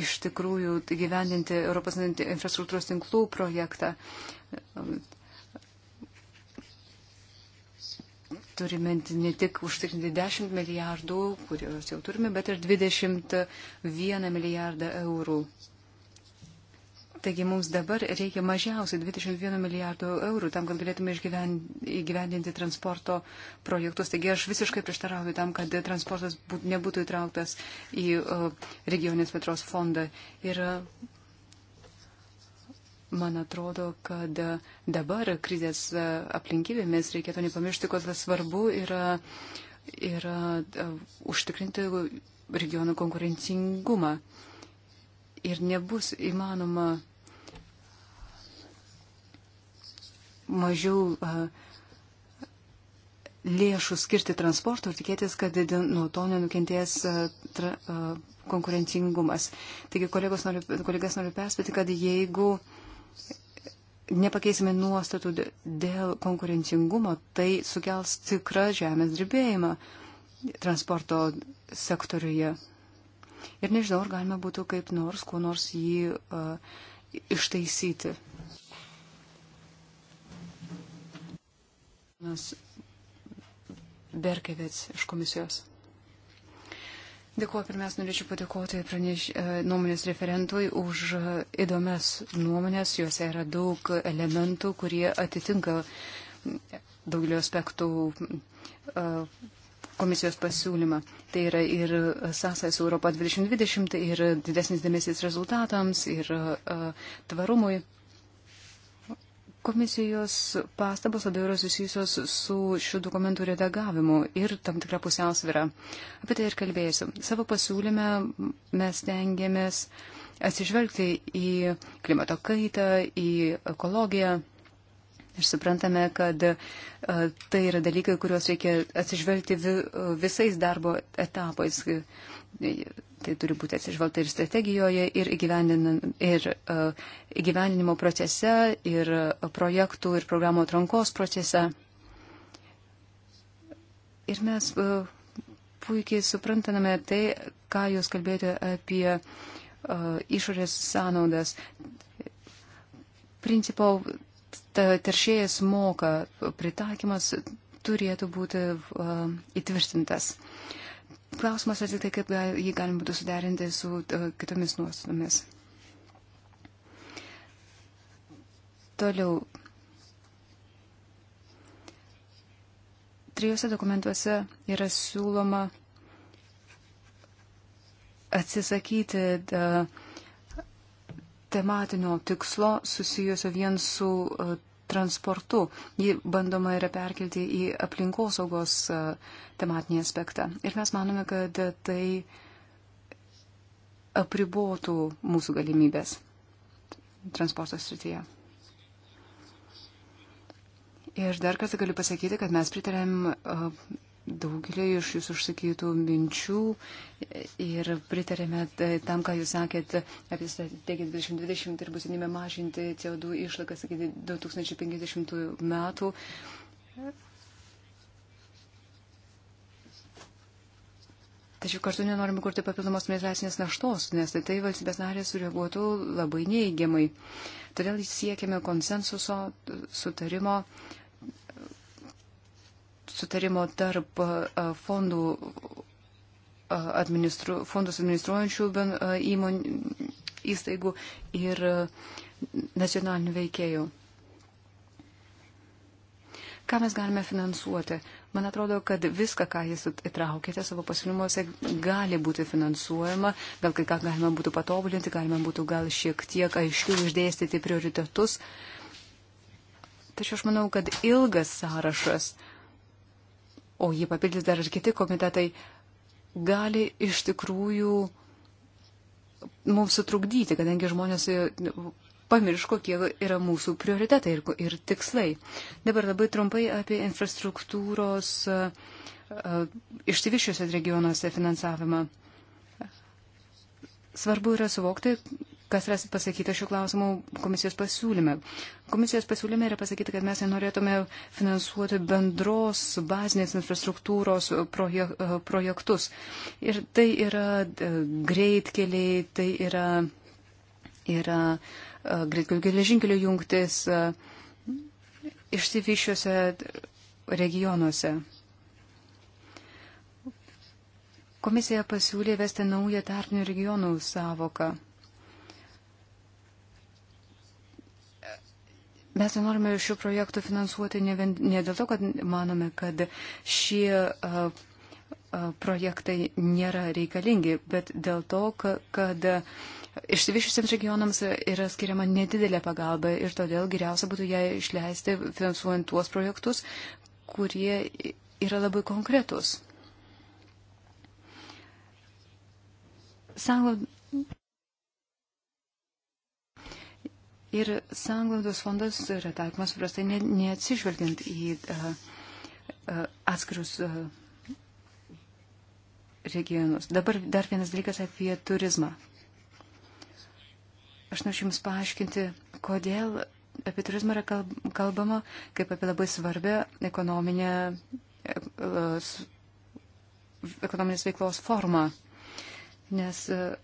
iš tikrųjų gyvendinti Europos infrastruktūros tinklų projektą, turime ne tik užtikrinti 10 milijardų, kuriuos jau turime, bet ir 21 milijardą eurų. Taigi mums dabar reikia mažiausiai 21 milijardų eurų tam, kad galėtume įgyvendinti transporto projektus. Taigi aš visiškai prieštarauju tam, kad transportas būt, nebūtų įtrauktas į uh, regionės metros fondą. Ir uh, man atrodo, kad dabar krizės uh, aplinkybėmis reikėtų nepamiršti, kad svarbu yra, yra uh, užtikrinti regionų konkurencingumą. Ir nebus įmanoma mažiau e, lėšų skirti transportui ir tikėtis, kad nuo to nenukentės e, tra, e, konkurencingumas. Taigi kolegos noriu, kolegas noriu perspėti, kad jeigu nepakeisime nuostatų dėl konkurencingumo, tai sukels tikrą žemės drebėjimą transporto sektoriuje. Ir nežinau, ar galima būtų kaip nors, kuo nors jį uh, ištaisyti. Nas Berkevets iš komisijos. Dėkuoju, pirmiausia, norėčiau padėkoti praneš, e, nuomonės referentui už e, įdomias nuomonės. Juose yra daug elementų, kurie atitinka daugelio aspektų e, komisijos pasiūlymą. Tai yra ir sąsai su Europa 2020, tai ir didesnis dėmesys rezultatams, ir tvarumui. Komisijos pastabos labiau yra susijusios su šių dokumentų redagavimu ir tam tikra pusiausvyrą. Apie tai ir kalbėsiu. Savo pasiūlyme mes tengiamės atsižvelgti į klimato kaitą, į ekologiją. Ir suprantame, kad e, tai yra dalykai, kuriuos reikia atsižvelgti visais darbo etapais tai turi būti atsižvelgta ir strategijoje, ir, ir uh, e, įgyvendinimo procese, ir uh, projektų, ir programų atrankos procese. Ir mes uh, puikiai suprantame tai, ką jūs kalbėjote apie uh, išorės sąnaudas. Principo teršėjas moka, pritaikymas turėtų būti uh, įtvirtintas. Klausimas yra tik tai, kaip jį galima būtų suderinti su e, kitomis nuostatomis. Toliau. Trijose dokumentuose yra siūloma atsisakyti da, e, tematinio tikslo susijusio vien su uh, transportu. Ji bandoma yra perkelti į aplinkosaugos e, tematinį aspektą. Ir mes manome, kad tai apribotų mūsų galimybės transporto srityje. Ir dar kartą galiu pasakyti, kad mes pritarėm e, daugelį iš jūsų užsakytų minčių ir pritarėme tam, ką jūs sakėt apie strategiją 2020 ir būsinime mažinti CO2 išlakas iki 2050 metų. Tačiau kartu nenorime kurti papildomos administracinės naštos, nes tai, tai valstybės narės sureaguotų labai neįgiamai. Todėl siekime konsensuso, sutarimo, uh, sutarimo tarp fondų administru, fondus administruojančių įmonių įstaigų ir nacionalinių veikėjų. Ką mes galime finansuoti? Man atrodo, kad viską, ką jūs įtraukėte savo pasiūlymuose, gali būti finansuojama, gal kai ką galima būtų patobulinti, galima būtų gal šiek tiek aiškiau išdėstyti prioritetus. Tačiau aš manau, kad ilgas sąrašas uh, o jį papildys dar ir kiti komitetai, gali iš tikrųjų mums sutrukdyti, kadangi žmonės e, pamirš, kokie yra mūsų prioritetai ir, ir tikslai. Dabar labai trumpai apie infrastruktūros e, e, išsivyščiuose regionuose finansavimą. Svarbu yra suvokti, kas yra pasakyta šiuo klausimu komisijos pasiūlyme. Komisijos pasiūlyme yra pasakyta, kad mes norėtume finansuoti bendros bazinės infrastruktūros projek projektus. Ir tai yra e, greitkeliai, tai yra, yra e, greitkelių geležinkelio jungtis e, išsivyščiuose regionuose. Komisija pasiūlė vesti naują tarpinių regionų savoką. Mes nenorime šių projektų finansuoti ne, vien, ne dėl to, kad manome, kad šie a, a, projektai nėra reikalingi, bet dėl to, kad, kad Išsivyšusiems regionams yra skiriama nedidelė pagalba ir todėl geriausia būtų ją išleisti finansuojant tuos projektus, kurie yra labai konkretus. Sanglo, Ir sanglaudos fondas yra taikomas prastai ne, neatsižvelgiant į uh, uh, atskirus uh, regionus. Dabar dar vienas dalykas apie turizmą. Aš noriu Jums paaiškinti, kodėl apie turizmą yra kalbama kaip apie labai svarbę ekonominę, ekonominės veiklos formą. Nes uh,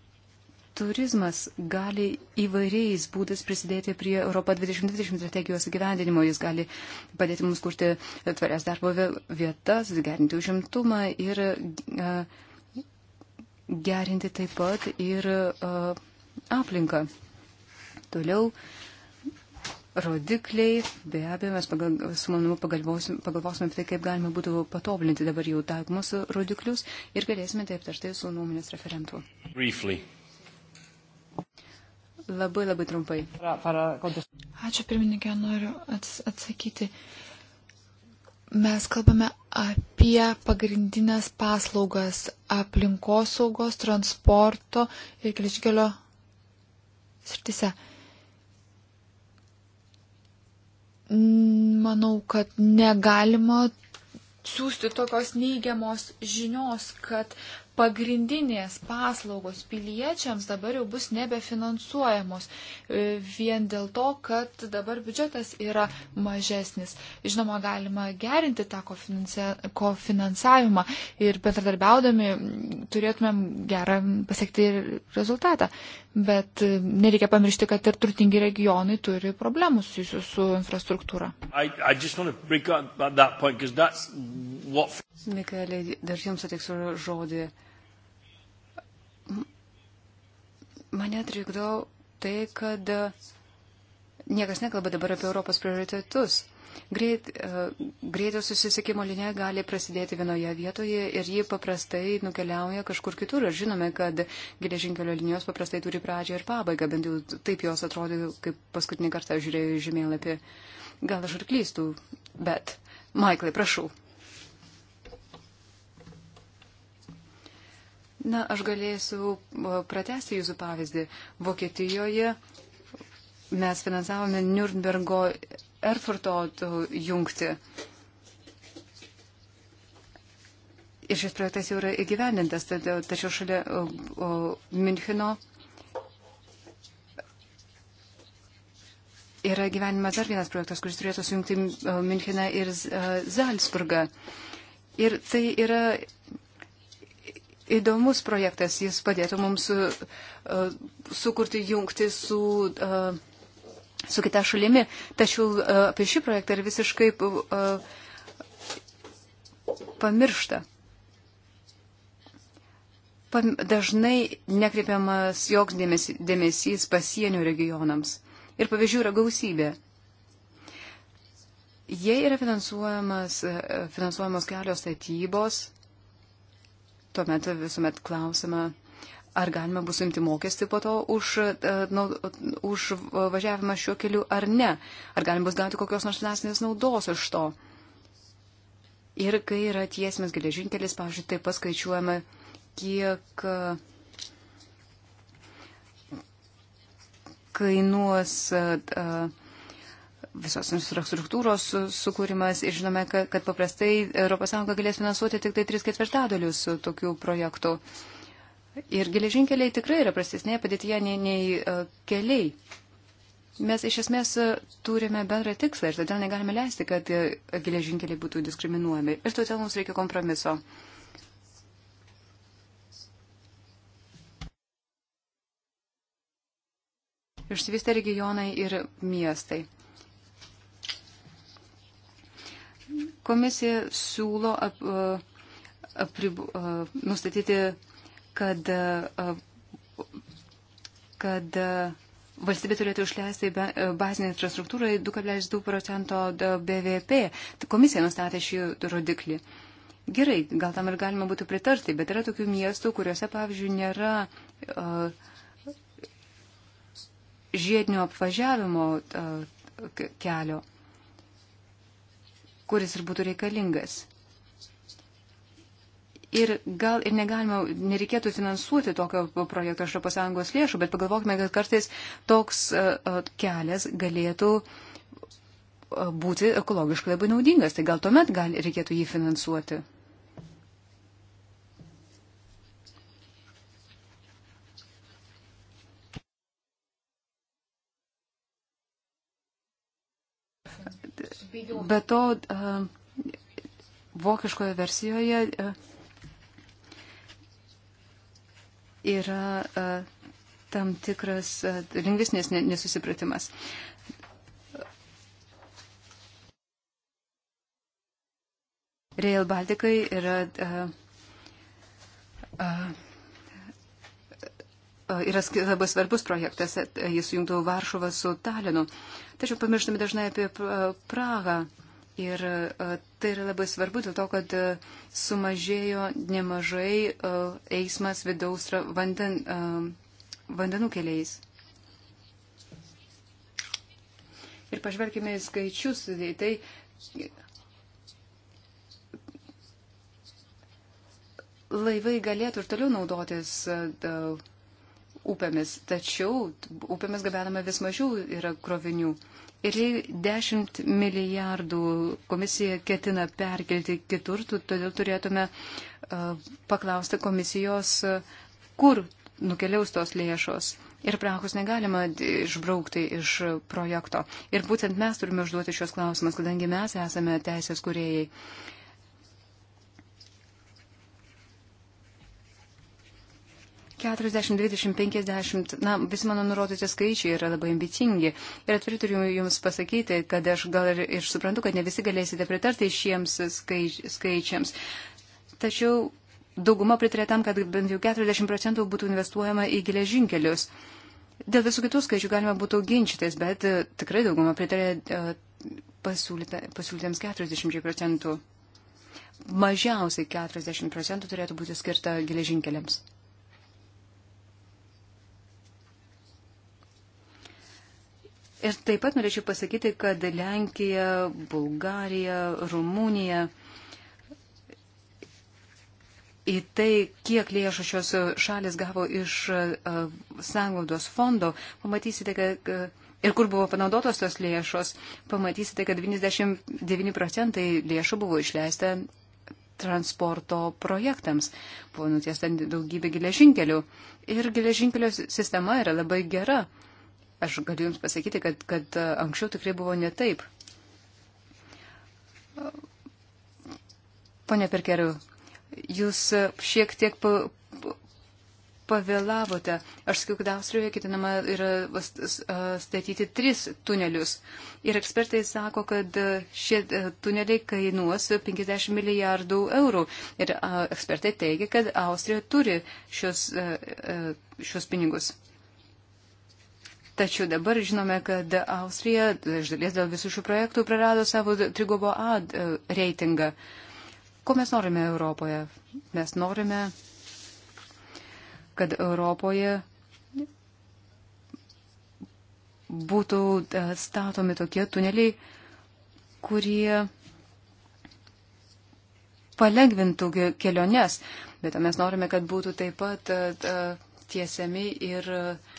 Turizmas gali įvairiais būdais prisidėti prie Europo 2020 strategijos gyvendinimo. Jis gali padėti mums kurti tvarias darbo vietas, gerinti užimtumą ir gerinti taip pat ir aplinką. Toliau rodikliai, be abejo, mes pagal, su manimu pagalvosim, pagalvosime apie tai, kaip galima būtų patobulinti dabar jau taikomus rodiklius ir galėsime taip tarštai su nuomonės referentu. Briefly. Labai labai trumpai. Ačiū pirmininkė, noriu atsakyti. Mes kalbame apie pagrindinės paslaugas aplinkosaugos, transporto ir geležkelio srityse. Manau, kad negalima siūsti tokios neigiamos žinios, kad pagrindinės paslaugos piliečiams dabar jau bus nebefinansuojamos e, vien dėl to, kad dabar biudžetas yra mažesnis. Žinoma, galima gerinti tą kofinansavimą ir bendradarbiaudami turėtumėm gerą pasiekti ir rezultatą. Bet e, nereikia pamiršti, kad ir turtingi regionai turi problemų susijusių su infrastruktūra. I, I Mikaelė, dar jums ateiksiu žodį mane trikdo tai, kad e, niekas nekalba dabar apie Europos prioritetus. Greit, e, greito susisiekimo linija gali prasidėti vienoje vietoje ir ji paprastai nukeliauja kažkur kitur. Ir žinome, kad geležinkelio linijos paprastai turi pradžią ir pabaigą, bent jau taip jos atrodo, kaip paskutinį kartą žiūrėjau žemėlapį. Gal aš ir klystu, bet. Maiklai, prašau. Na, aš galėsiu pratesti jūsų pavyzdį. Vokietijoje mes finansavome Nürnbergo Erfurto jungti. Ir šis projektas jau yra įgyvendintas, tačiau šalia Münchino yra gyvenimas dar vienas projektas, kuris turėtų sujungti Münchiną ir Zalzburgą. Ir tai yra įdomus projektas, jis padėtų mums su, e, uh, e, sukurti jungti su, uh, su kita šalimi. Tačiau uh, apie šį projektą yra visiškai pamiršta. Pam, dažnai nekreipiamas joks dėmesys, dėmesys pasienio regionams. Ir pavyzdžių yra gausybė. Jei yra finansuojamas, finansuojamos kelios statybos, tuomet visuomet klausima, ar galima bus imti mokestį po to už, e, na, už važiavimą šiuo keliu ar ne, ar galima bus gauti kokios nors finansinės naudos iš to. Ir kai yra tiesmės geležinkelis, pavyzdžiui, taip paskaičiuojama, kiek e, kainuos. Uh, visos infrastruktūros sukūrimas ir žinome, kad, kad paprastai ES galės finansuoti tik tai 3 ketvirtadalius tokių projektų. Ir geležinkeliai tikrai yra prastesnėje padėtyje nei, nei e, keliai. Mes iš esmės e, turime bendrą tikslą ir todėl negalime leisti, kad e, geležinkeliai būtų diskriminuojami. Ir todėl mums reikia kompromiso. Išsivystę regionai ir miestai. Komisija siūlo ap, aprib, nustatyti, kad, kad valstybė turėtų išleisti bazinį infrastruktūrą 2,2 procento BVP. Tai komisija nustatė šį rodiklį. Gerai, gal tam ir galima būtų pritarti, bet yra tokių miestų, kuriuose, pavyzdžiui, nėra uh, žiedinio apvažiavimo uh, kelio kuris ir būtų reikalingas. Ir gal ir negalima, nereikėtų finansuoti tokio projekto iš Europos Sąjungos lėšų, bet pagalvokime, kad kartais toks e, e, kelias galėtų e, būti ekologiškai labai naudingas, tai gal tuomet gal reikėtų jį finansuoti. Be to, vokiškoje versijoje yra tam tikras lingvisnės nesusipratimas. Rail Baltikai yra uh, uh, E, yra labai svarbus projektas, e, jis jungtų Varšuvą su Talinu. Tačiau pamirštame dažnai apie e, Prahą. Ir tai yra labai svarbu dėl to, kad sumažėjo nemažai eismas vidaus vanden, vandenų keliais. Ir pažvelkime į skaičius, tai laivai galėtų ir toliau naudotis. Uh, upėmis, tačiau upėmis gabenama vis mažiau yra krovinių. Ir jei 10 milijardų komisija ketina perkelti kitur, todėl turėtume paklausti komisijos, kur nukeliaus tos lėšos. Ir prahus negalima išbraukti iš projekto. Ir būtent mes turime užduoti šios klausimus, kadangi mes esame teisės kuriejai. Uh, 40, 20, 50, na, visi mano nurodyti skaičiai yra labai ambicingi. Ir atvirai turiu Jums pasakyti, kad aš gal ir, ir suprantu, kad ne visi galėsite pritarti šiems skaič, skaičiams. Tačiau dauguma pritarė tam, kad bent jau 40 procentų būtų investuojama į geležinkelius. Dėl visų kitų skaičių galima būtų ginčytis, bet e, tikrai dauguma pritarė e, pasiūlytiems 40 procentų. Mažiausiai 40 procentų turėtų būti skirta geležinkeliams. Ir taip pat norėčiau pasakyti, kad Lenkija, Bulgarija, Rumunija į tai, kiek lėšų šios šalis gavo iš sąnglaudos fondo, pamatysite, kad ir kur buvo panaudotos tos lėšos, pamatysite, kad 99 procentai lėšų buvo išleista transporto projektams. Buvo nutiesta daugybė geležinkelių. Ir geležinkelio sistema yra labai gera. Aš galiu Jums pasakyti, kad, kad e, anksčiau tikrai buvo ne taip. Pone Perkeriu, Jūs šiek tiek pa, pavėlavote. Aš sakiau, kad Austrijoje ketinama yra statyti tris tunelius. Ir ekspertai sako, kad šie e, tuneliai kainuos 50 milijardų eurų. Ir ekspertai teigia, kad Austrija turi šios, e, šios pinigus. Tačiau dabar žinome, kad Austrija iš dalies dėl visų šių projektų prarado savo trigubo A e, reitingą. Ko mes norime Europoje? Mes norime, kad Europoje būtų e, statomi tokie tuneliai, kurie palengvintų keliones, bet mes norime, kad būtų taip pat e, tiesiami ir uh,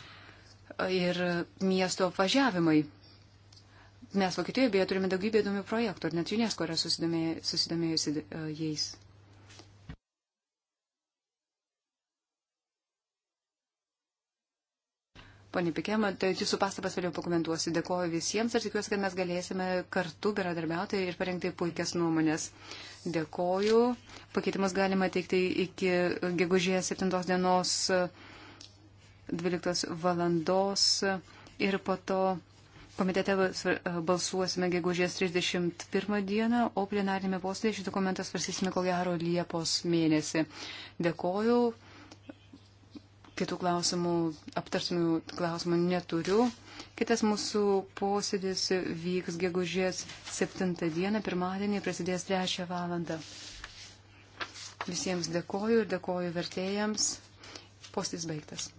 ir miesto apvažiavimai. Mes Vokietijoje beje turime daugybę įdomių projektų, ir net UNESCO yra susidomėjusi e, jais. Pane Pikėma, tai jūsų pastabas vėliau pakomentuosiu. Dėkoju visiems ir tikiuosi, kad mes galėsime kartu bendradarbiauti ir parengti puikias nuomonės. Dėkoju. Pakeitimus galima teikti iki gegužės 7 dienos. 12 valandos ir po to komitete balsuosime gegužės 31 dieną, o plenarinėme posėdėje šį dokumentą svarsysime ko gero Liepos mėnesį. Dėkoju. Kitų klausimų, aptarsimų klausimų neturiu. Kitas mūsų posėdis vyks gegužės 7 dieną, pirmadienį prasidės 3 valandą. Visiems dėkoju ir dėkoju vertėjams. Postis baigtas.